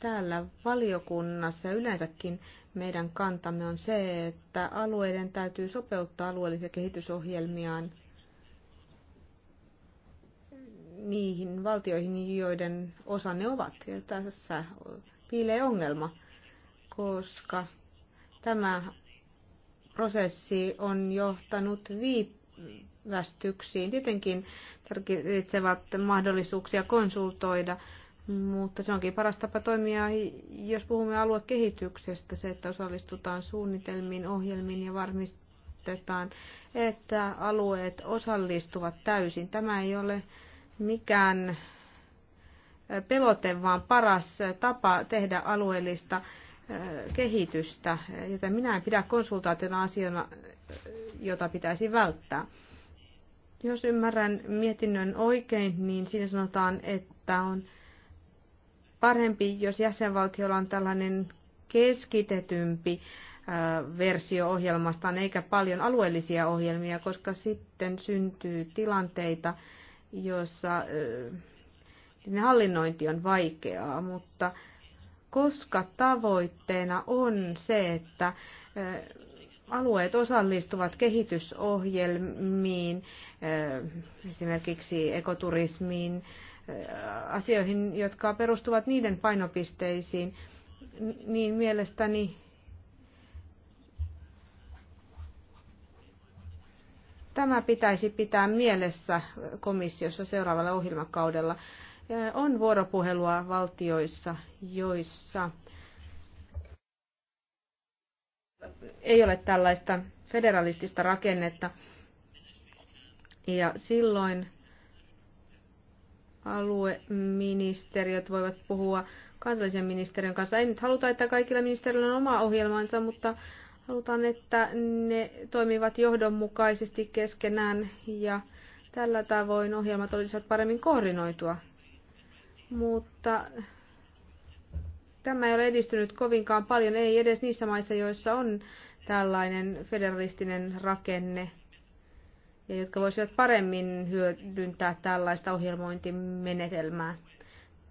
Täällä valiokunnassa ja yleensäkin meidän kantamme on se, että alueiden täytyy sopeuttaa alueellisia kehitysohjelmiaan niihin valtioihin, joiden osa ne ovat. Ja tässä piilee ongelma koska tämä prosessi on johtanut viivästyksiin. Tietenkin tarvitsevat mahdollisuuksia konsultoida, mutta se onkin paras tapa toimia, jos puhumme aluekehityksestä, se, että osallistutaan suunnitelmiin, ohjelmiin ja varmistetaan, että alueet osallistuvat täysin. Tämä ei ole mikään pelote, vaan paras tapa tehdä alueellista kehitystä, joten minä en pidä konsultaationa asiana, jota pitäisi välttää. Jos ymmärrän mietinnön oikein, niin siinä sanotaan, että on parempi, jos jäsenvaltiolla on tällainen keskitetympi versio ohjelmastaan, eikä paljon alueellisia ohjelmia, koska sitten syntyy tilanteita, joissa ne hallinnointi on vaikeaa, mutta koska tavoitteena on se, että alueet osallistuvat kehitysohjelmiin, esimerkiksi ekoturismiin, asioihin, jotka perustuvat niiden painopisteisiin, niin mielestäni tämä pitäisi pitää mielessä komissiossa seuraavalla ohjelmakaudella on vuoropuhelua valtioissa, joissa ei ole tällaista federalistista rakennetta. Ja silloin alueministeriöt voivat puhua kansallisen ministeriön kanssa. Ei nyt haluta, että kaikilla ministeriöillä on oma ohjelmansa, mutta halutaan, että ne toimivat johdonmukaisesti keskenään ja tällä tavoin ohjelmat olisivat paremmin koordinoitua mutta tämä ei ole edistynyt kovinkaan paljon, ei edes niissä maissa, joissa on tällainen federalistinen rakenne ja jotka voisivat paremmin hyödyntää tällaista ohjelmointimenetelmää.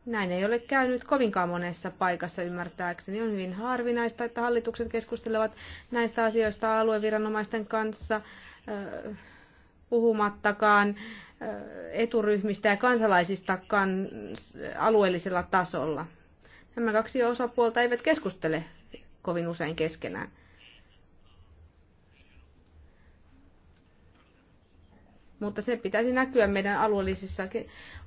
Näin ei ole käynyt kovinkaan monessa paikassa ymmärtääkseni. On hyvin harvinaista, että hallitukset keskustelevat näistä asioista alueviranomaisten kanssa puhumattakaan eturyhmistä ja kansalaisista kans, alueellisella tasolla. Nämä kaksi osapuolta eivät keskustele kovin usein keskenään. Mutta se pitäisi näkyä meidän alueellisissa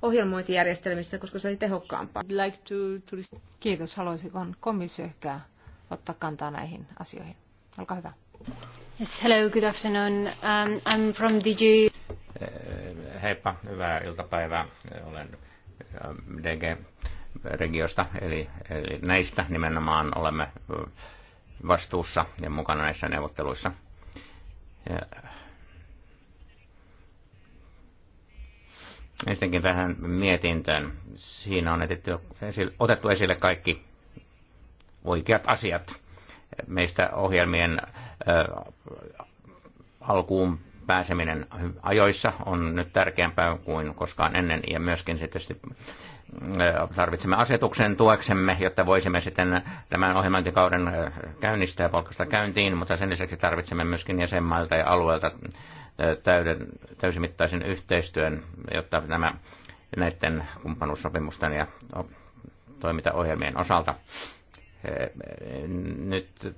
ohjelmointijärjestelmissä, koska se oli tehokkaampaa. Like to, to... Kiitos. Haluaisiko komissio ehkä ottaa kantaa näihin asioihin? Olkaa hyvä. Yes, hello, good afternoon. Um, I'm from DG. Eh, heippa, hyvää iltapäivää. Olen eh, DG-regiosta, eli, eli näistä nimenomaan olemme eh, vastuussa ja mukana näissä neuvotteluissa. Ja ensinnäkin tähän mietintöön. Siinä on etetty, esille, otettu esille kaikki oikeat asiat meistä ohjelmien ö, alkuun pääseminen ajoissa on nyt tärkeämpää kuin koskaan ennen ja myöskin sitten äh, tarvitsemme asetuksen tueksemme, jotta voisimme sitten tämän ohjelmointikauden äh, käynnistää polkasta käyntiin, mutta sen lisäksi tarvitsemme myöskin jäsenmailta ja alueelta äh, täyden, täysimittaisen yhteistyön, jotta nämä näiden kumppanuussopimusten ja toimintaohjelmien osalta nyt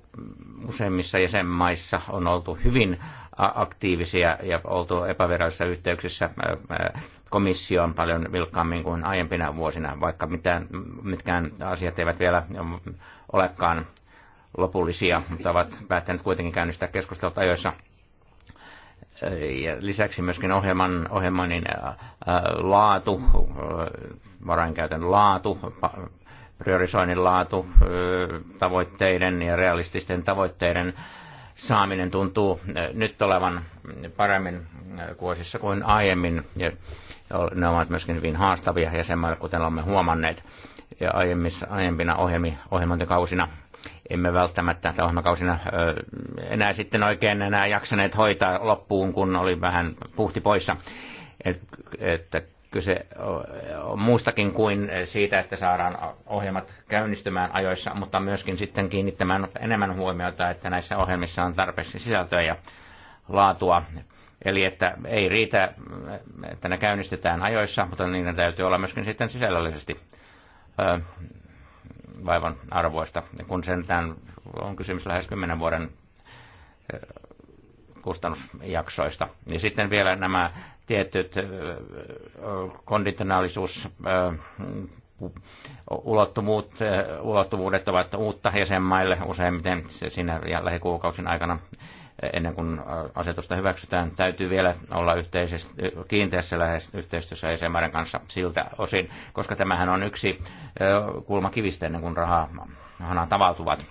useimmissa jäsenmaissa on oltu hyvin aktiivisia ja oltu epävirallisissa yhteyksissä komissioon paljon vilkkaammin kuin aiempina vuosina, vaikka mitään, mitkään asiat eivät vielä olekaan lopullisia, mutta ovat päättäneet kuitenkin käynnistää keskustelut ajoissa. Ja lisäksi myöskin ohjelman, ohjelman niin, ää, laatu, varainkäytön laatu priorisoinnin laatu, tavoitteiden ja realististen tavoitteiden saaminen tuntuu nyt olevan paremmin kuosissa kuin aiemmin. Ja ne ovat myöskin hyvin haastavia jäsenmaille, kuten olemme huomanneet. Ja aiemmissa, aiempina ohjelmi, ohjelmointikausina emme välttämättä ohjelmakausina enää sitten oikein enää jaksaneet hoitaa loppuun, kun oli vähän puhti poissa. Et, kyse on muustakin kuin siitä, että saadaan ohjelmat käynnistymään ajoissa, mutta myöskin sitten kiinnittämään enemmän huomiota, että näissä ohjelmissa on tarpeeksi sisältöä ja laatua. Eli että ei riitä, että ne käynnistetään ajoissa, mutta niiden täytyy olla myöskin sitten sisällöllisesti vaivan arvoista. Kun sentään on kysymys lähes kymmenen vuoden kustannusjaksoista. Ja niin sitten vielä nämä tietyt konditionaalisuus ulottuvuudet, ulottuvuudet ovat uutta jäsenmaille useimmiten siinä lähikuukausin aikana ennen kuin asetusta hyväksytään, täytyy vielä olla kiinteässä lähes yhteistyössä jäsenmaiden kanssa siltä osin, koska tämähän on yksi kulmakivistä ennen kuin rahaa hanaan tavautuvat.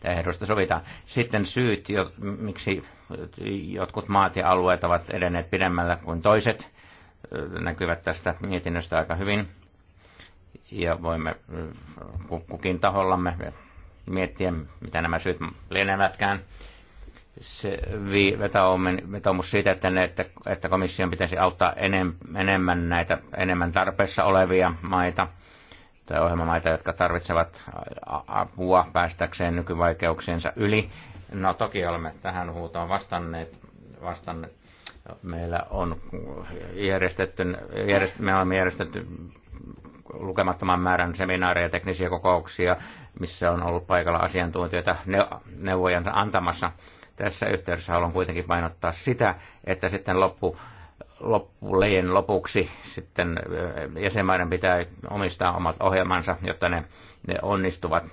Tämä ehdosta sovitaan. Sitten syyt, jo, miksi Jotkut maat ja alueet ovat edenneet pidemmällä kuin toiset. Näkyvät tästä mietinnöstä aika hyvin. Ja voimme kukin tahollamme miettiä, mitä nämä syyt lienevätkään. Se vetoomus siitä, että, ne, että, että komission pitäisi auttaa enem, enemmän näitä enemmän tarpeessa olevia maita tai ohjelmamaita, jotka tarvitsevat apua päästäkseen nykyvaikeuksiensa yli. No toki olemme tähän huutoon vastanneet, vastanneet meillä on järjestetty, järjest, me olemme järjestetty lukemattoman määrän seminaareja, teknisiä kokouksia, missä on ollut paikalla asiantuntijoita neuvojan antamassa. Tässä yhteydessä haluan kuitenkin painottaa sitä, että sitten loppu, loppulejen lopuksi sitten jäsenmaiden pitää omistaa omat ohjelmansa, jotta ne, ne onnistuvat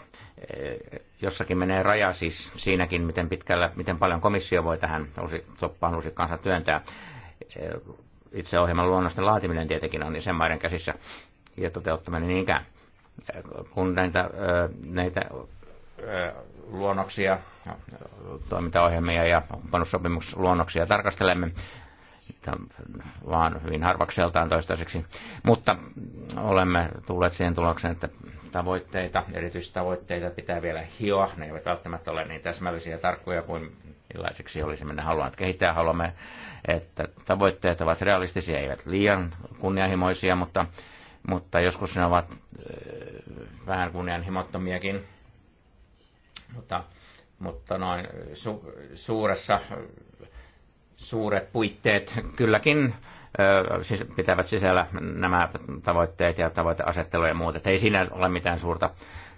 Eh, jossakin menee raja siis siinäkin, miten pitkällä, miten paljon komissio voi tähän soppaan lusikkaansa työntää. Eh, Itse ohjelman luonnosten laatiminen tietenkin on maiden käsissä ja toteuttaminen niinkään. Eh, kun näitä, näitä luonnoksia, toimintaohjelmia ja pannussopimusluonnoksia tarkastelemme, vaan hyvin harvakseltaan toistaiseksi. Mutta olemme tulleet siihen tulokseen, että tavoitteita, erityistavoitteita pitää vielä hioa. Ne eivät välttämättä ole niin täsmällisiä ja tarkkoja kuin millaiseksi olisimme ne haluaneet kehittää. Haluamme, että tavoitteet ovat realistisia, eivät liian kunnianhimoisia, mutta, mutta joskus ne ovat äh, vähän kunnianhimottomiakin. Mutta, mutta noin su, suuressa suuret puitteet kylläkin Siis pitävät sisällä nämä tavoitteet ja tavoiteasettelu ja muut. Että ei siinä ole mitään suurta,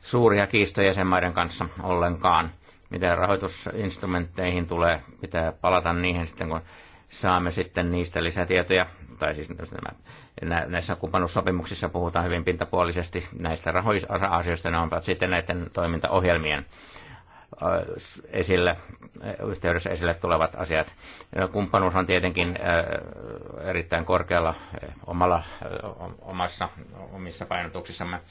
suuria kiistoja jäsenmaiden kanssa ollenkaan. Mitä rahoitusinstrumentteihin tulee, pitää palata niihin sitten, kun saamme sitten niistä lisätietoja, tai siis näissä kumppanuussopimuksissa puhutaan hyvin pintapuolisesti näistä rahoista, ne on sitten näiden toimintaohjelmien Äh, esille, äh, yhteydessä esille tulevat asiat. Kumppanuus on tietenkin äh, erittäin korkealla omalla, omassa, omissa painotuksissamme.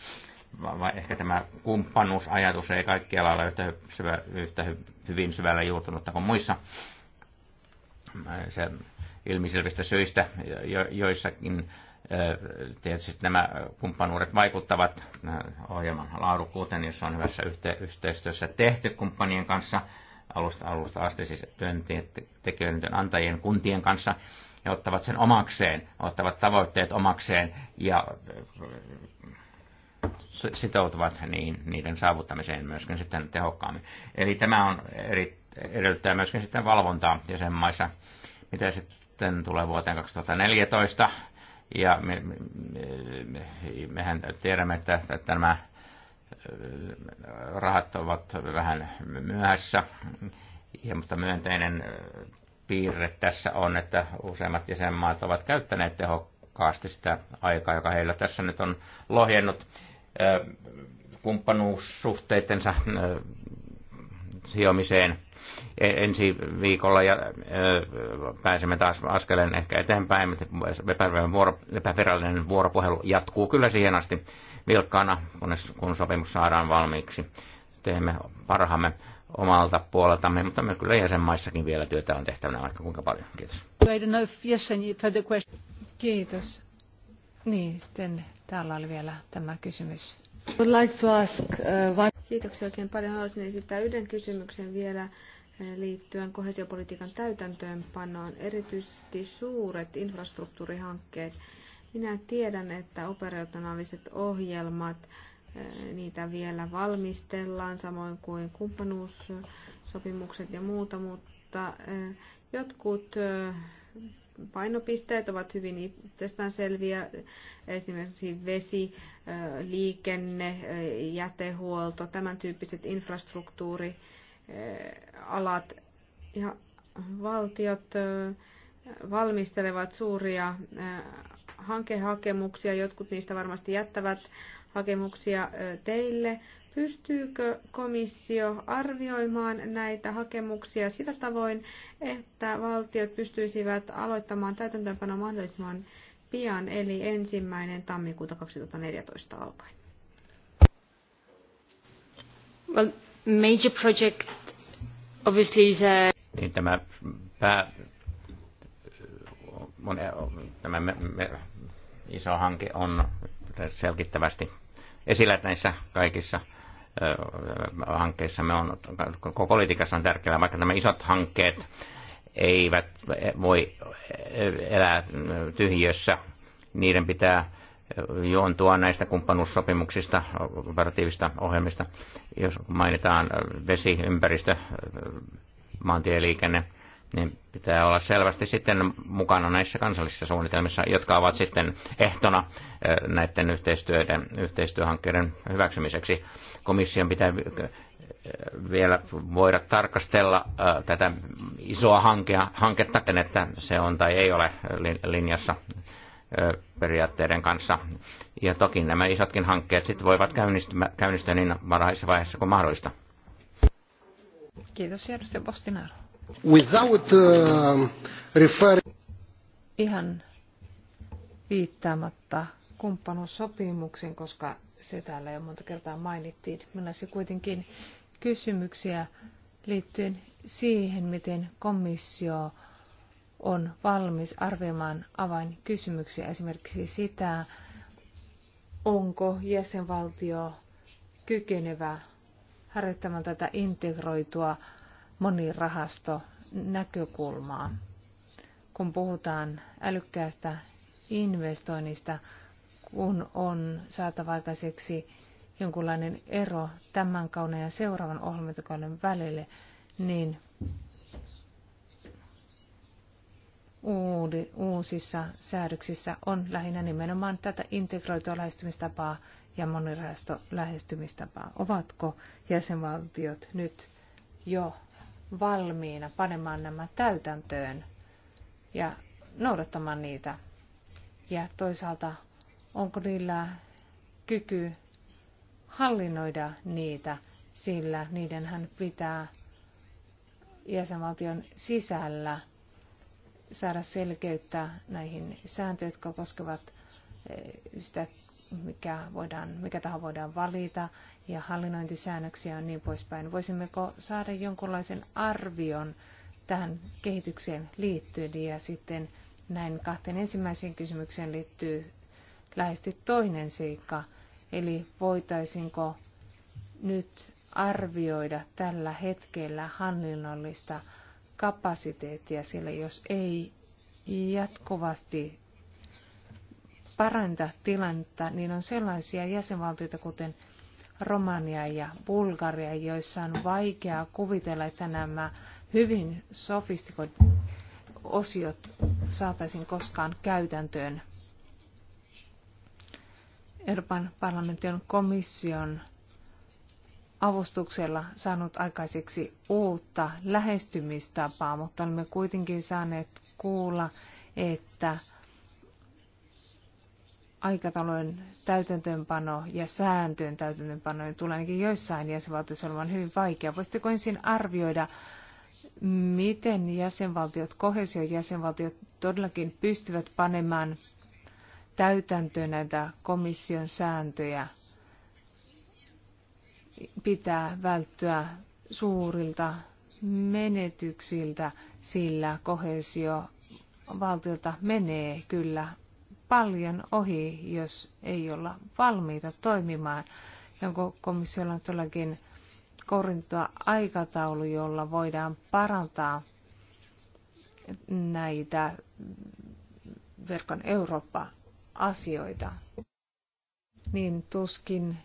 Ehkä tämä kumppanuusajatus ei kaikkialla ole yhtä, syvä, yhtä hyvin syvällä juurtunutta kuin muissa. Se ilmiselvistä syistä, joissakin Tietysti nämä kumppanuudet vaikuttavat ohjelman laadukkuuteen, jossa on hyvässä yhteistyössä tehty kumppanien kanssa alusta, alusta asti, siis työntekijöiden, työnantajien, kuntien kanssa. ja ottavat sen omakseen, ottavat tavoitteet omakseen ja sitoutuvat niihin, niiden saavuttamiseen myöskin sitten tehokkaammin. Eli tämä on eri, edellyttää myöskin sitten valvontaa jäsenmaissa. Mitä sitten tulee vuoteen 2014, ja me, me, me, mehän tiedämme, että, että nämä äh, rahat ovat vähän myöhässä, ja, mutta myönteinen äh, piirre tässä on, että useimmat jäsenmaat ovat käyttäneet tehokkaasti sitä aikaa, joka heillä tässä nyt on lohjennut äh, kumppanuussuhteidensa hiomiseen – E- ensi viikolla ja e, pääsemme taas askeleen ehkä eteenpäin. Vuoro, epävirallinen vuoropuhelu jatkuu kyllä siihen asti vilkkaana, kunnes kun sopimus saadaan valmiiksi. Teemme parhaamme omalta puoleltamme, mutta me kyllä jäsenmaissakin vielä työtä on tehtävänä vaikka kuinka paljon. Kiitos. Kiitos. Niin, sitten täällä oli vielä tämä kysymys. Uh, Kiitoksia oikein paljon. Haluaisin esittää yhden kysymyksen vielä eh, liittyen kohesiopolitiikan täytäntöönpanoon, erityisesti suuret infrastruktuurihankkeet. Minä tiedän, että operationaaliset ohjelmat, eh, niitä vielä valmistellaan, samoin kuin kumppanuussopimukset ja muuta, mutta eh, jotkut painopisteet ovat hyvin itsestäänselviä, esimerkiksi vesi, liikenne, jätehuolto, tämän tyyppiset infrastruktuurialat. Ja valtiot valmistelevat suuria hankehakemuksia, jotkut niistä varmasti jättävät hakemuksia teille. Pystyykö komissio arvioimaan näitä hakemuksia sillä tavoin, että valtiot pystyisivät aloittamaan täytäntöönpano mahdollisimman pian, eli ensimmäinen tammikuuta 2014 alkaen? Well, major project obviously is a... Uh, niin tämä pää, mone, tämä me, me, iso hanke on selkittävästi esillä näissä kaikissa me on, koko politiikassa on tärkeää, vaikka nämä isot hankkeet eivät voi elää tyhjössä, niiden pitää juontua näistä kumppanuussopimuksista, operatiivista ohjelmista, jos mainitaan vesi, ympäristö, maantieliikenne – niin pitää olla selvästi sitten mukana näissä kansallisissa suunnitelmissa, jotka ovat sitten ehtona näiden yhteistyöiden, yhteistyöhankkeiden hyväksymiseksi. Komission pitää vielä voida tarkastella tätä isoa hankea, hanketta, että se on tai ei ole linjassa periaatteiden kanssa. Ja toki nämä isotkin hankkeet sitten voivat käynnistyä, käynnistyä niin varhaisessa vaiheessa kuin mahdollista. Kiitos, edustaja Postinaro. Without, uh, refer... Ihan viittaamatta kumppanuussopimuksiin, koska se täällä jo monta kertaa mainittiin. Minulla olisi kuitenkin kysymyksiä liittyen siihen, miten komissio on valmis arvioimaan avainkysymyksiä, esimerkiksi sitä, onko jäsenvaltio kykenevä harjoittamaan tätä integroitua monirahasto näkökulmaa. Kun puhutaan älykkäästä investoinnista, kun on saatava aikaiseksi jonkunlainen ero tämän kauden ja seuraavan ohjelmatokauden välille, niin uusissa säädöksissä on lähinnä nimenomaan tätä integroitua lähestymistapaa ja monirahasto lähestymistapaa. Ovatko jäsenvaltiot nyt jo valmiina panemaan nämä täytäntöön ja noudattamaan niitä. Ja toisaalta, onko niillä kyky hallinnoida niitä, sillä niidenhän pitää jäsenvaltion sisällä saada selkeyttä näihin sääntöihin, jotka koskevat eh, sitä mikä, voidaan, mikä taho voidaan valita ja hallinnointisäännöksiä ja niin poispäin. Voisimmeko saada jonkunlaisen arvion tähän kehitykseen liittyen ja sitten näin kahteen ensimmäiseen kysymykseen liittyy lähesti toinen seikka, eli voitaisinko nyt arvioida tällä hetkellä hallinnollista kapasiteettia, sille, jos ei jatkuvasti parantaa tilannetta, niin on sellaisia jäsenvaltioita, kuten Romania ja Bulgaria, joissa on vaikeaa kuvitella, että nämä hyvin sofistikoidut osiot saataisiin koskaan käytäntöön. Euroopan parlamentti on komission avustuksella saanut aikaiseksi uutta lähestymistapaa, mutta olemme kuitenkin saaneet kuulla, että aikataulujen täytäntöönpano ja sääntöjen täytäntöönpano niin tulee ainakin joissain jäsenvaltioissa olemaan hyvin vaikea. Voisitteko ensin arvioida, miten jäsenvaltiot, kohesion jäsenvaltiot todellakin pystyvät panemaan täytäntöön näitä komission sääntöjä? Pitää välttyä suurilta menetyksiltä, sillä kohesio valtiolta menee kyllä paljon ohi, jos ei olla valmiita toimimaan. Ja onko komissiolla on todellakin korintoa aikataulu, jolla voidaan parantaa näitä verkon Eurooppa-asioita? Niin tuskin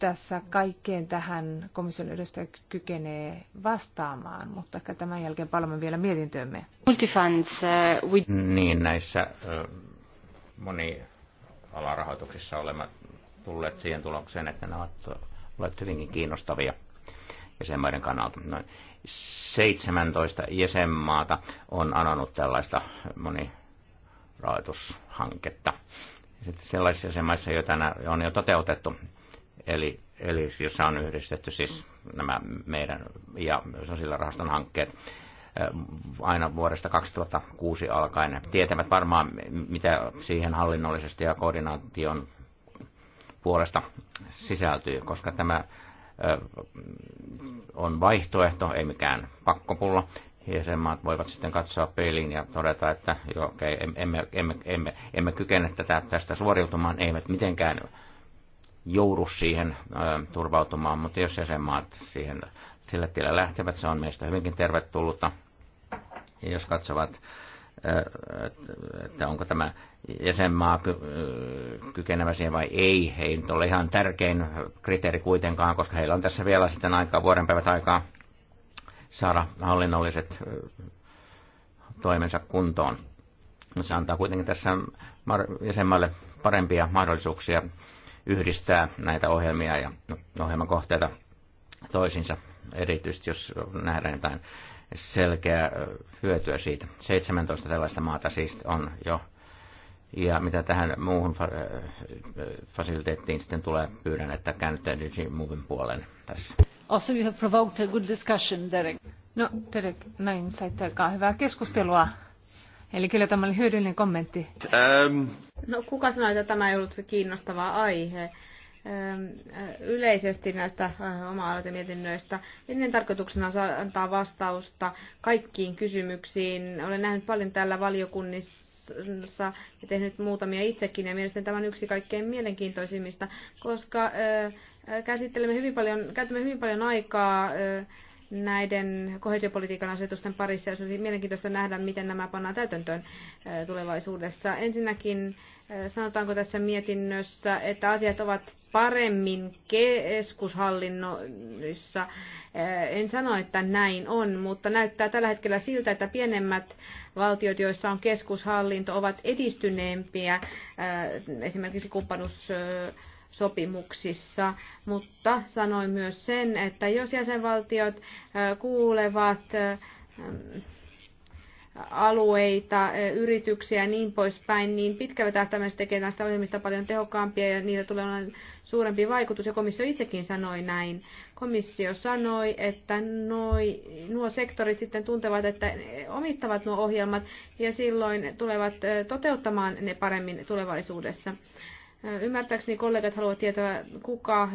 tässä kaikkeen tähän komission edustaja kykenee vastaamaan, mutta ehkä tämän jälkeen palaamme vielä mietintöömme. Multifunds, uh, we... Niin, näissä uh, moni alarahoituksissa olemme tulleet siihen tulokseen, että nämä ovat olleet hyvinkin kiinnostavia jäsenmaiden kannalta. Noin 17 jäsenmaata on anonut tällaista moni rahoitushanketta. Sitten sellaisissa jäsenmaissa, joita on jo toteutettu, Eli, eli siis jossa on yhdistetty siis nämä meidän ja sosiaalirahaston hankkeet eh, aina vuodesta 2006 alkaen. Tietävät varmaan, mitä siihen hallinnollisesti ja koordinaation puolesta sisältyy, koska tämä eh, on vaihtoehto, ei mikään pakkopulla. Jäsenmaat voivat sitten katsoa peiliin ja todeta, että joo, okei, okay, emme, emme, emme, emme kykene tätä, tästä suoriutumaan, eivät mitenkään joudu siihen turvautumaan, mutta jos jäsenmaat siihen sillä tiellä lähtevät, se on meistä hyvinkin tervetullutta. Ja jos katsovat, että onko tämä jäsenmaa kykenevä siihen vai ei, ei nyt ole ihan tärkein kriteeri kuitenkaan, koska heillä on tässä vielä sitten aikaa, vuoden päivät aikaa saada hallinnolliset toimensa kuntoon. Se antaa kuitenkin tässä jäsenmaalle parempia mahdollisuuksia yhdistää näitä ohjelmia ja ohjelmakohteita toisinsa, erityisesti jos nähdään jotain selkeää hyötyä siitä. 17 tällaista maata siis on jo. Ja mitä tähän muuhun fa- fasiliteettiin sitten tulee, pyydän, että käännytte Digimovin puolen tässä. Also you have provoked a good discussion, Derek. No, Derek, näin saitte aikaan hyvää keskustelua. Eli kyllä tämä oli hyödyllinen kommentti. Ähm. No kuka sanoi, että tämä ei ollut kiinnostava aihe? Ähm, äh, yleisesti näistä äh, oma-aloitemietinnöistä. Ennen tarkoituksena on antaa vastausta kaikkiin kysymyksiin. Olen nähnyt paljon täällä valiokunnissa ja tehnyt muutamia itsekin ja mielestäni tämä on yksi kaikkein mielenkiintoisimmista, koska äh, käsittelemme hyvin paljon, käytämme hyvin paljon aikaa näiden kohesiopolitiikan asetusten parissa, ja olisi mielenkiintoista nähdä, miten nämä pannaan täytäntöön tulevaisuudessa. Ensinnäkin sanotaanko tässä mietinnössä, että asiat ovat paremmin keskushallinnoissa. En sano, että näin on, mutta näyttää tällä hetkellä siltä, että pienemmät valtiot, joissa on keskushallinto, ovat edistyneempiä esimerkiksi kumppanuus sopimuksissa, mutta sanoi myös sen, että jos jäsenvaltiot kuulevat alueita, yrityksiä ja niin poispäin, niin pitkällä tähtäimellä tekee näistä ohjelmista paljon tehokkaampia ja niillä tulee olla suurempi vaikutus. Ja komissio itsekin sanoi näin. Komissio sanoi, että noi, nuo sektorit sitten tuntevat, että omistavat nuo ohjelmat ja silloin tulevat toteuttamaan ne paremmin tulevaisuudessa. Ymmärtääkseni kollegat haluavat tietää, kuka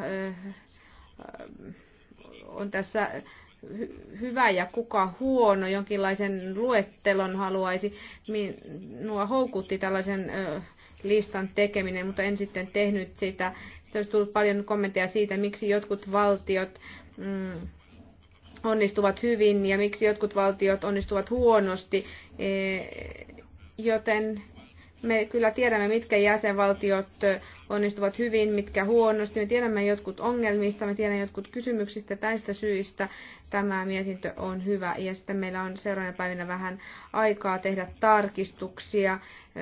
on tässä hyvä ja kuka huono, jonkinlaisen luettelon haluaisi. Minua houkutti tällaisen listan tekeminen, mutta en sitten tehnyt sitä. Sitten olisi tullut paljon kommentteja siitä, miksi jotkut valtiot mm, onnistuvat hyvin ja miksi jotkut valtiot onnistuvat huonosti. E, joten me kyllä tiedämme, mitkä jäsenvaltiot onnistuvat hyvin, mitkä huonosti. Me tiedämme jotkut ongelmista, me tiedämme jotkut kysymyksistä. Tästä syistä tämä mietintö on hyvä. Ja sitten meillä on seuraavana päivinä vähän aikaa tehdä tarkistuksia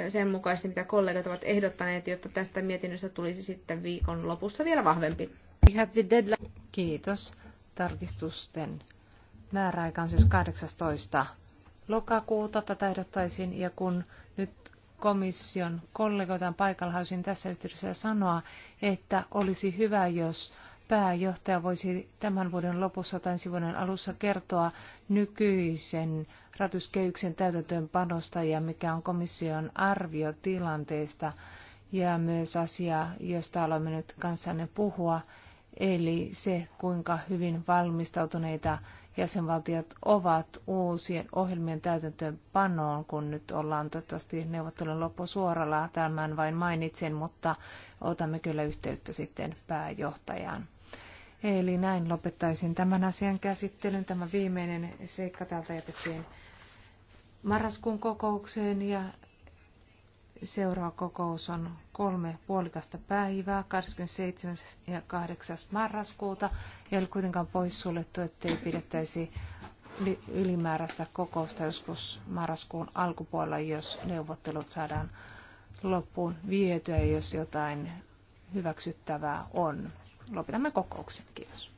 sen mukaisesti, mitä kollegat ovat ehdottaneet, jotta tästä mietinnöstä tulisi sitten viikon lopussa vielä vahvempi. Kiitos. Tarkistusten määräaika on siis 18 lokakuuta tätä ehdottaisin ja kun nyt komission kollegoitaan paikalla, haluaisin tässä yhteydessä sanoa, että olisi hyvä, jos pääjohtaja voisi tämän vuoden lopussa tai ensi vuoden alussa kertoa nykyisen ratuskehyksen täytäntöönpanosta ja mikä on komission arvio tilanteesta ja myös asia, josta olemme nyt kanssanne puhua, eli se, kuinka hyvin valmistautuneita jäsenvaltiot ovat uusien ohjelmien täytäntöönpanoon, kun nyt ollaan toivottavasti neuvottelun loppusuoralla. Tämän vain mainitsen, mutta otamme kyllä yhteyttä sitten pääjohtajaan. Eli näin lopettaisin tämän asian käsittelyn. Tämä viimeinen seikka täältä jätettiin marraskuun kokoukseen ja Seuraava kokous on kolme puolikasta päivää, 27. ja 8. marraskuuta. Ei ole kuitenkaan poissuljettu, ettei pidettäisi ylimääräistä kokousta joskus marraskuun alkupuolella, jos neuvottelut saadaan loppuun vietyä, jos jotain hyväksyttävää on. Lopetamme kokouksen. Kiitos.